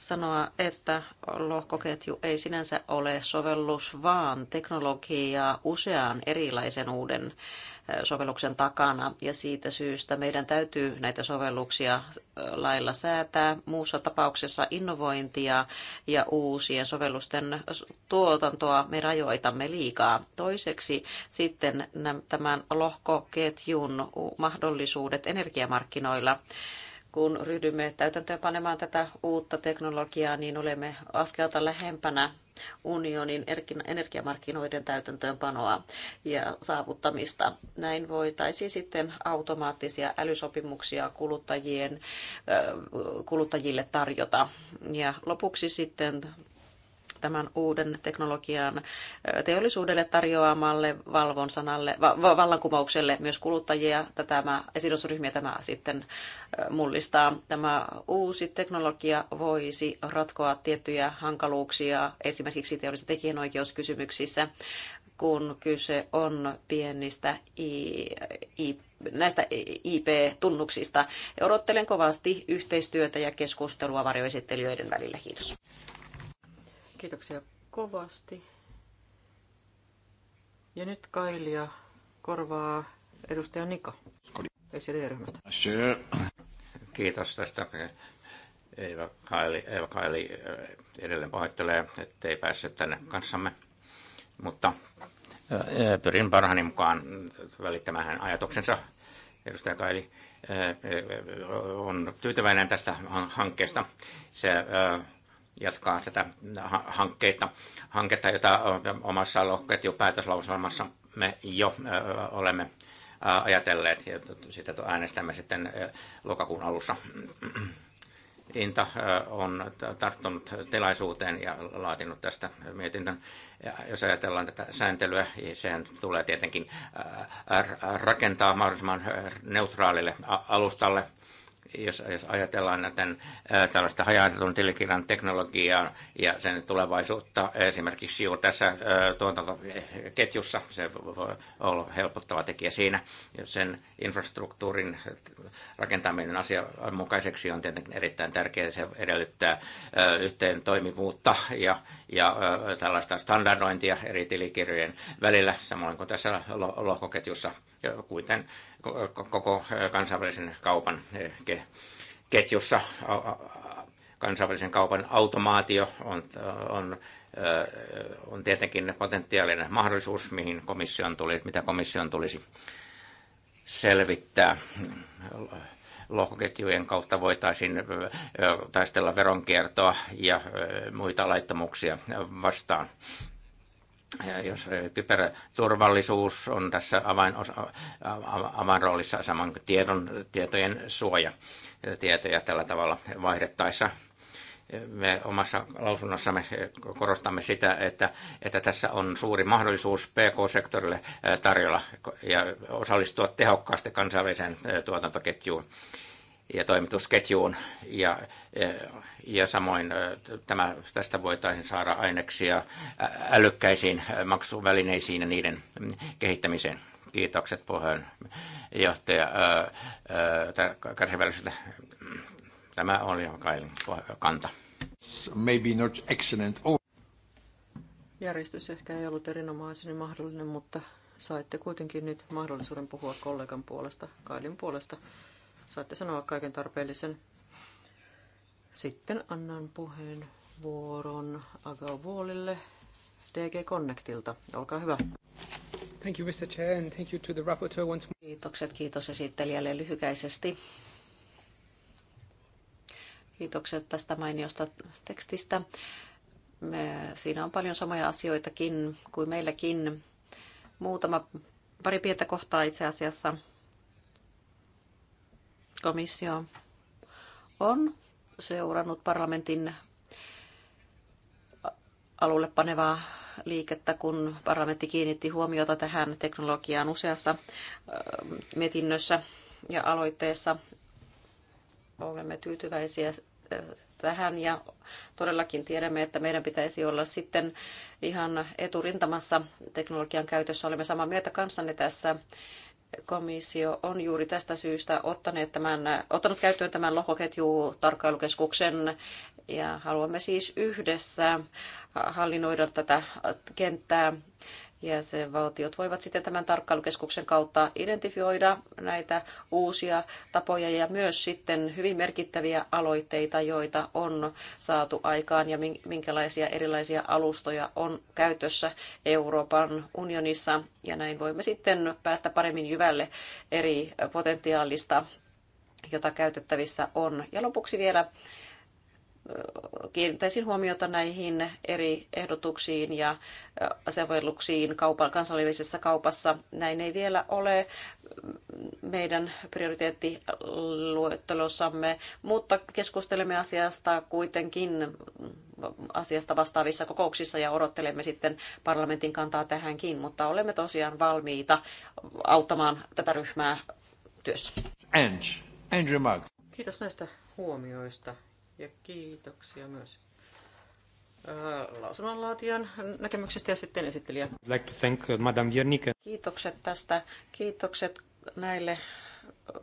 sanoa, että lohkoketju ei sinänsä ole sovellus, vaan teknologiaa useaan erilaisen uuden sovelluksen takana. Ja siitä syystä meidän täytyy näitä sovelluksia lailla säätää. Muussa tapauksessa innovointia ja uusien sovellusten tuotantoa me rajoitamme liikaa. Toiseksi sitten tämän lohkoketjun mahdollisuudet energiamarkkinoilla kun ryhdymme täytäntöönpanemaan tätä uutta teknologiaa, niin olemme askelta lähempänä unionin energiamarkkinoiden täytäntöönpanoa ja saavuttamista. Näin voitaisiin sitten automaattisia älysopimuksia kuluttajien, kuluttajille tarjota. Ja lopuksi sitten tämän uuden teknologian teollisuudelle tarjoamalle valvon sanalle, va- vallankumoukselle myös kuluttajia tämä, ja tämä sitten mullistaa. Tämä uusi teknologia voisi ratkoa tiettyjä hankaluuksia esimerkiksi teollisen tekijänoikeuskysymyksissä, kun kyse on pienistä i, i, näistä IP-tunnuksista. Odottelen kovasti yhteistyötä ja keskustelua varjoesittelijöiden välillä. Kiitos. Kiitoksia kovasti. Ja nyt Kailia korvaa edustaja Nika ECD-ryhmästä. Kiitos tästä. Eeva Kaili, Eeva Kaili eh, edelleen pahoittelee, ettei päässyt tänne kanssamme, mutta eh, pyrin parhaani mukaan välittämään hänen ajatuksensa. Edustaja Kaili eh, on tyytyväinen tästä hankkeesta. Se jatkaa tätä hankkeita, hanketta, jota omassa päätöslauselmassa me jo olemme ajatelleet ja sitä äänestämme sitten lokakuun alussa. Inta on tarttunut tilaisuuteen ja laatinut tästä mietinnön. Ja jos ajatellaan tätä sääntelyä, niin sehän tulee tietenkin rakentaa mahdollisimman neutraalille alustalle – jos, jos ajatellaan tämän, tällaista hajautetun tilikirjan teknologiaa ja sen tulevaisuutta esimerkiksi juuri tässä tuotantoketjussa, se voi olla helpottava tekijä siinä. Sen infrastruktuurin rakentaminen asianmukaiseksi on tietenkin erittäin tärkeää, se edellyttää yhteen toimivuutta ja ja tällaista standardointia eri tilikirjojen välillä, samoin kuin tässä lohkoketjussa, kuiten koko kansainvälisen kaupan ketjussa kansainvälisen kaupan automaatio on, on, on tietenkin potentiaalinen mahdollisuus, mihin komission tuli, mitä komission tulisi selvittää lohkoketjujen kautta voitaisiin taistella veronkiertoa ja muita laittomuuksia vastaan jos kyberturvallisuus on tässä avainosa, avainroolissa saman kuin tiedon, tietojen suoja, tietoja tällä tavalla vaihdettaessa me omassa lausunnossamme eh, korostamme sitä, että, että tässä on suuri mahdollisuus PK-sektorille eh, tarjolla ja osallistua tehokkaasti kansainväliseen eh, tuotantoketjuun ja toimitusketjuun. Ja, ja, samoin tämä, tästä voitaisiin saada aineksia älykkäisiin maksuvälineisiin ja niiden kehittämiseen. Kiitokset puheenjohtaja kärsivällisyyttä Tämä oli Kailin kanta. Maybe not excellent. Oh. Järjestys ehkä ei ollut erinomaisen mahdollinen, mutta saitte kuitenkin nyt mahdollisuuden puhua kollegan puolesta, Kailin puolesta. Saitte sanoa kaiken tarpeellisen. Sitten annan vuoron Aga Vuolille DG Connectilta. Olkaa hyvä. Thank you, Mr. Chair, and thank you to the rapporteur once more. Kiitokset, kiitos esittelijälle lyhykäisesti. Kiitokset tästä mainiosta tekstistä. Me, siinä on paljon samoja asioitakin kuin meilläkin. Muutama, pari pientä kohtaa itse asiassa. Komissio on seurannut parlamentin alulle panevaa liikettä, kun parlamentti kiinnitti huomiota tähän teknologiaan useassa mietinnössä ja aloitteessa. Olemme tyytyväisiä tähän ja todellakin tiedämme, että meidän pitäisi olla sitten ihan eturintamassa teknologian käytössä. Olemme samaa mieltä kanssanne tässä. Komissio on juuri tästä syystä ottanut, tämän, ottanut käyttöön tämän tarkkailukeskuksen ja haluamme siis yhdessä hallinnoida tätä kenttää jäsenvaltiot voivat sitten tämän tarkkailukeskuksen kautta identifioida näitä uusia tapoja ja myös sitten hyvin merkittäviä aloitteita, joita on saatu aikaan ja minkälaisia erilaisia alustoja on käytössä Euroopan unionissa. Ja näin voimme sitten päästä paremmin jyvälle eri potentiaalista, jota käytettävissä on. Ja lopuksi vielä kiinnittäisin huomiota näihin eri ehdotuksiin ja asevoiluksiin kaupan, kansainvälisessä kaupassa. Näin ei vielä ole meidän prioriteettiluettelossamme, mutta keskustelemme asiasta kuitenkin asiasta vastaavissa kokouksissa ja odottelemme sitten parlamentin kantaa tähänkin, mutta olemme tosiaan valmiita auttamaan tätä ryhmää työssä. Andrew Ange Kiitos näistä huomioista ja kiitoksia myös lausunnonlaatijan näkemyksestä ja sitten esittelijä. Like to thank uh, Madame Kiitokset tästä. Kiitokset näille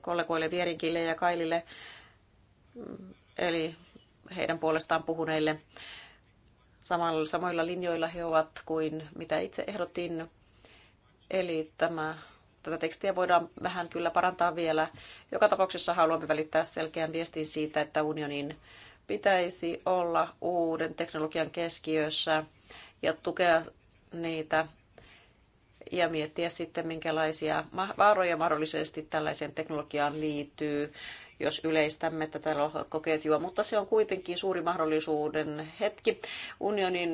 kollegoille Vierinkille ja Kailille, eli heidän puolestaan puhuneille. Samoilla linjoilla he ovat kuin mitä itse ehdotin. Eli tämä tätä tekstiä voidaan vähän kyllä parantaa vielä. Joka tapauksessa haluamme välittää selkeän viestin siitä, että unionin pitäisi olla uuden teknologian keskiössä ja tukea niitä ja miettiä sitten, minkälaisia vaaroja mahdollisesti tällaiseen teknologiaan liittyy, jos yleistämme tätä lohkoketjua. Mutta se on kuitenkin suuri mahdollisuuden hetki unionin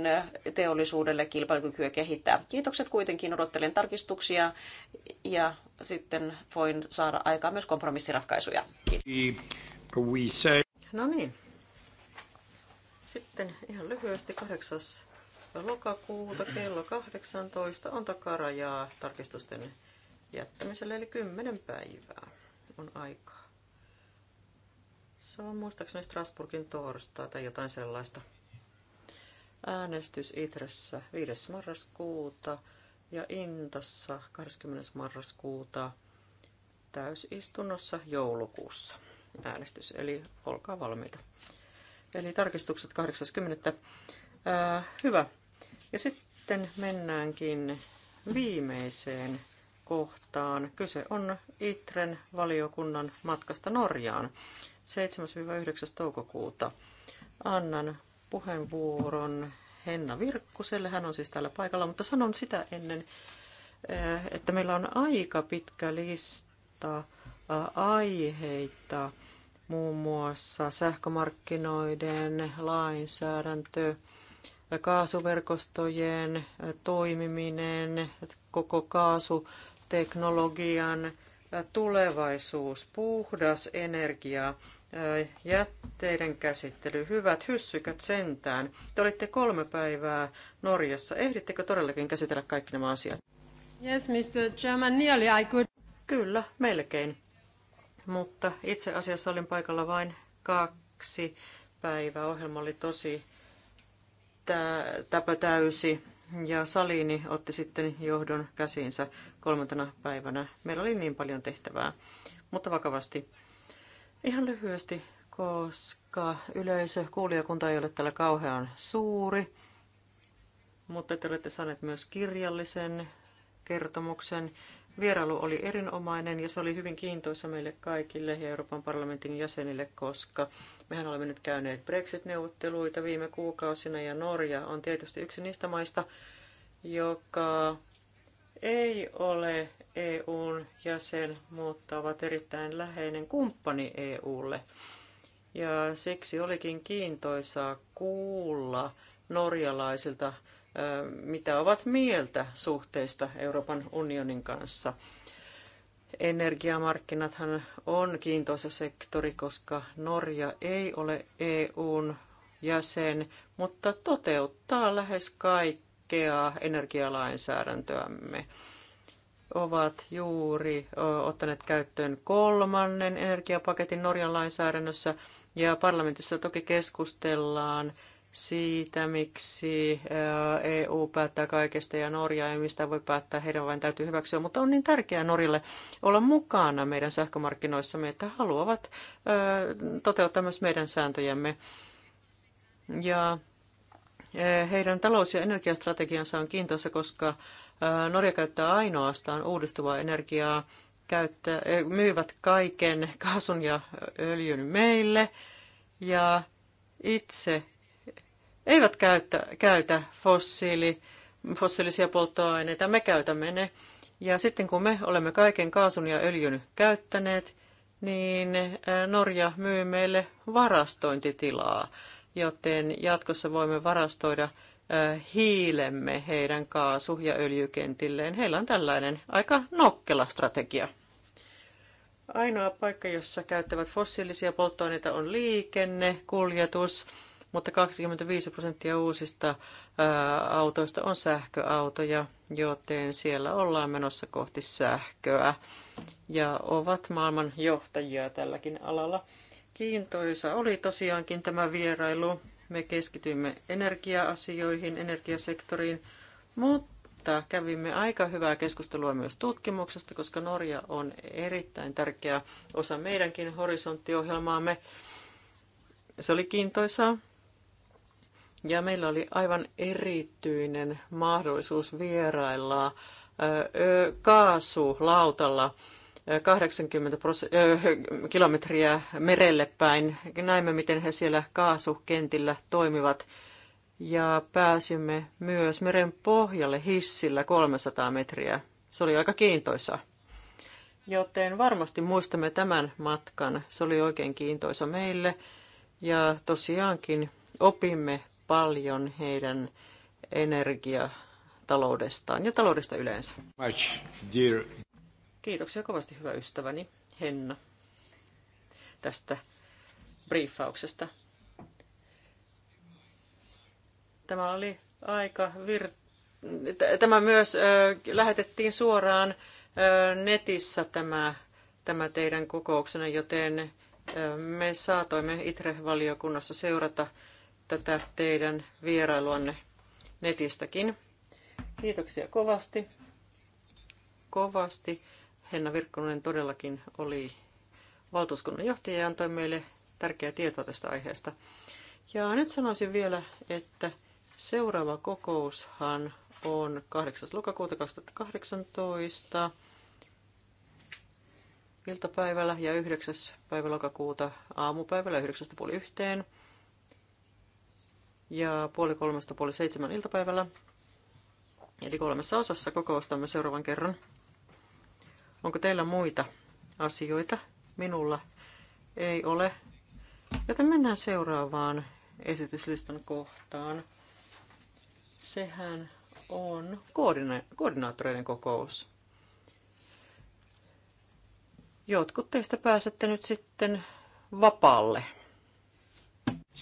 teollisuudelle kilpailukykyä kehittää. Kiitokset kuitenkin, odottelen tarkistuksia ja sitten voin saada aikaan myös kompromissiratkaisuja. Kiitos. No niin, sitten ihan lyhyesti 8. lokakuuta kello 18 on takarajaa tarkistusten jättämiselle, eli 10 päivää on aikaa. Se on muistaakseni Strasburgin torstai tai jotain sellaista. Äänestys Itressä 5. marraskuuta ja Intassa 20. marraskuuta täysistunnossa joulukuussa äänestys, eli olkaa valmiita. Eli tarkistukset 80. Ää, äh, hyvä. Ja sitten mennäänkin viimeiseen kohtaan. Kyse on ITREN valiokunnan matkasta Norjaan 7-9. toukokuuta. Annan puheenvuoron Henna Virkkuselle. Hän on siis täällä paikalla, mutta sanon sitä ennen, äh, että meillä on aika pitkä lista äh, aiheita muun muassa sähkömarkkinoiden lainsäädäntö, kaasuverkostojen toimiminen, koko kaasuteknologian tulevaisuus, puhdas energia, jätteiden käsittely, hyvät hyssykät sentään. Te olitte kolme päivää Norjassa. Ehdittekö todellakin käsitellä kaikki nämä asiat? Yes, Mr. Chairman, nearly I could. Kyllä, melkein mutta itse asiassa olin paikalla vain kaksi päivää. Ohjelma oli tosi täpötäysi ja Salini otti sitten johdon käsiinsä kolmantena päivänä. Meillä oli niin paljon tehtävää, mutta vakavasti. Ihan lyhyesti, koska yleisö, kuulijakunta ei ole täällä kauhean suuri, mutta te olette saaneet myös kirjallisen kertomuksen Vierailu oli erinomainen ja se oli hyvin kiintoisa meille kaikille ja Euroopan parlamentin jäsenille, koska mehän olemme nyt käyneet Brexit-neuvotteluita viime kuukausina ja Norja on tietysti yksi niistä maista, joka ei ole EUn jäsen, mutta ovat erittäin läheinen kumppani EUlle. Ja siksi olikin kiintoisaa kuulla norjalaisilta mitä ovat mieltä suhteista Euroopan unionin kanssa. Energiamarkkinathan on kiintoisa sektori, koska Norja ei ole EUn jäsen, mutta toteuttaa lähes kaikkea energialainsäädäntöämme. Ovat juuri ottaneet käyttöön kolmannen energiapaketin Norjan lainsäädännössä ja parlamentissa toki keskustellaan siitä, miksi EU päättää kaikesta ja Norja ei mistä voi päättää, heidän vain täytyy hyväksyä, mutta on niin tärkeää Norille olla mukana meidän sähkömarkkinoissamme, että haluavat toteuttaa myös meidän sääntöjämme. Ja heidän talous- ja energiastrategiansa on kiintoisa, koska Norja käyttää ainoastaan uudistuvaa energiaa, käyttää, myyvät kaiken kaasun ja öljyn meille ja itse eivät käytä, käytä fossiili, fossiilisia polttoaineita, me käytämme ne. Ja sitten kun me olemme kaiken kaasun ja öljyn käyttäneet, niin Norja myy meille varastointitilaa, joten jatkossa voimme varastoida hiilemme heidän kaasu- ja öljykentilleen. Heillä on tällainen aika nokkela strategia. Ainoa paikka, jossa käyttävät fossiilisia polttoaineita on liikenne, kuljetus, mutta 25 prosenttia uusista autoista on sähköautoja, joten siellä ollaan menossa kohti sähköä ja ovat maailman johtajia tälläkin alalla. Kiintoisa oli tosiaankin tämä vierailu. Me keskityimme energia-asioihin, energiasektoriin, mutta kävimme aika hyvää keskustelua myös tutkimuksesta, koska Norja on erittäin tärkeä osa meidänkin horisonttiohjelmaamme. Se oli kiintoisaa. Ja meillä oli aivan erityinen mahdollisuus vierailla kaasulautalla 80 kilometriä merelle päin. Näimme, miten he siellä kaasukentillä toimivat. Ja pääsimme myös meren pohjalle hissillä 300 metriä. Se oli aika kiintoisa. Joten varmasti muistamme tämän matkan. Se oli oikein kiintoisa meille. Ja tosiaankin opimme paljon heidän energiataloudestaan ja taloudesta yleensä. Much, dear. Kiitoksia kovasti hyvä ystäväni Henna tästä briefauksesta. Tämä oli aika vir... Tämä myös äh, lähetettiin suoraan äh, netissä tämä, tämä teidän kokouksena, joten äh, me saatoimme ITRE-valiokunnassa seurata tätä teidän vierailuanne netistäkin. Kiitoksia kovasti. Kovasti. Henna Virkkonen todellakin oli valtuuskunnan johtaja ja antoi meille tärkeää tietoa tästä aiheesta. Ja nyt sanoisin vielä, että seuraava kokoushan on 8. lokakuuta 2018 iltapäivällä ja 9. päivä lokakuuta aamupäivällä 9.30 yhteen ja puoli kolmesta puoli seitsemän iltapäivällä. Eli kolmessa osassa kokoustamme seuraavan kerran. Onko teillä muita asioita? Minulla ei ole. Joten mennään seuraavaan esityslistan kohtaan. Sehän on koordina- koordinaattoreiden kokous. Jotkut teistä pääsette nyt sitten vapaalle.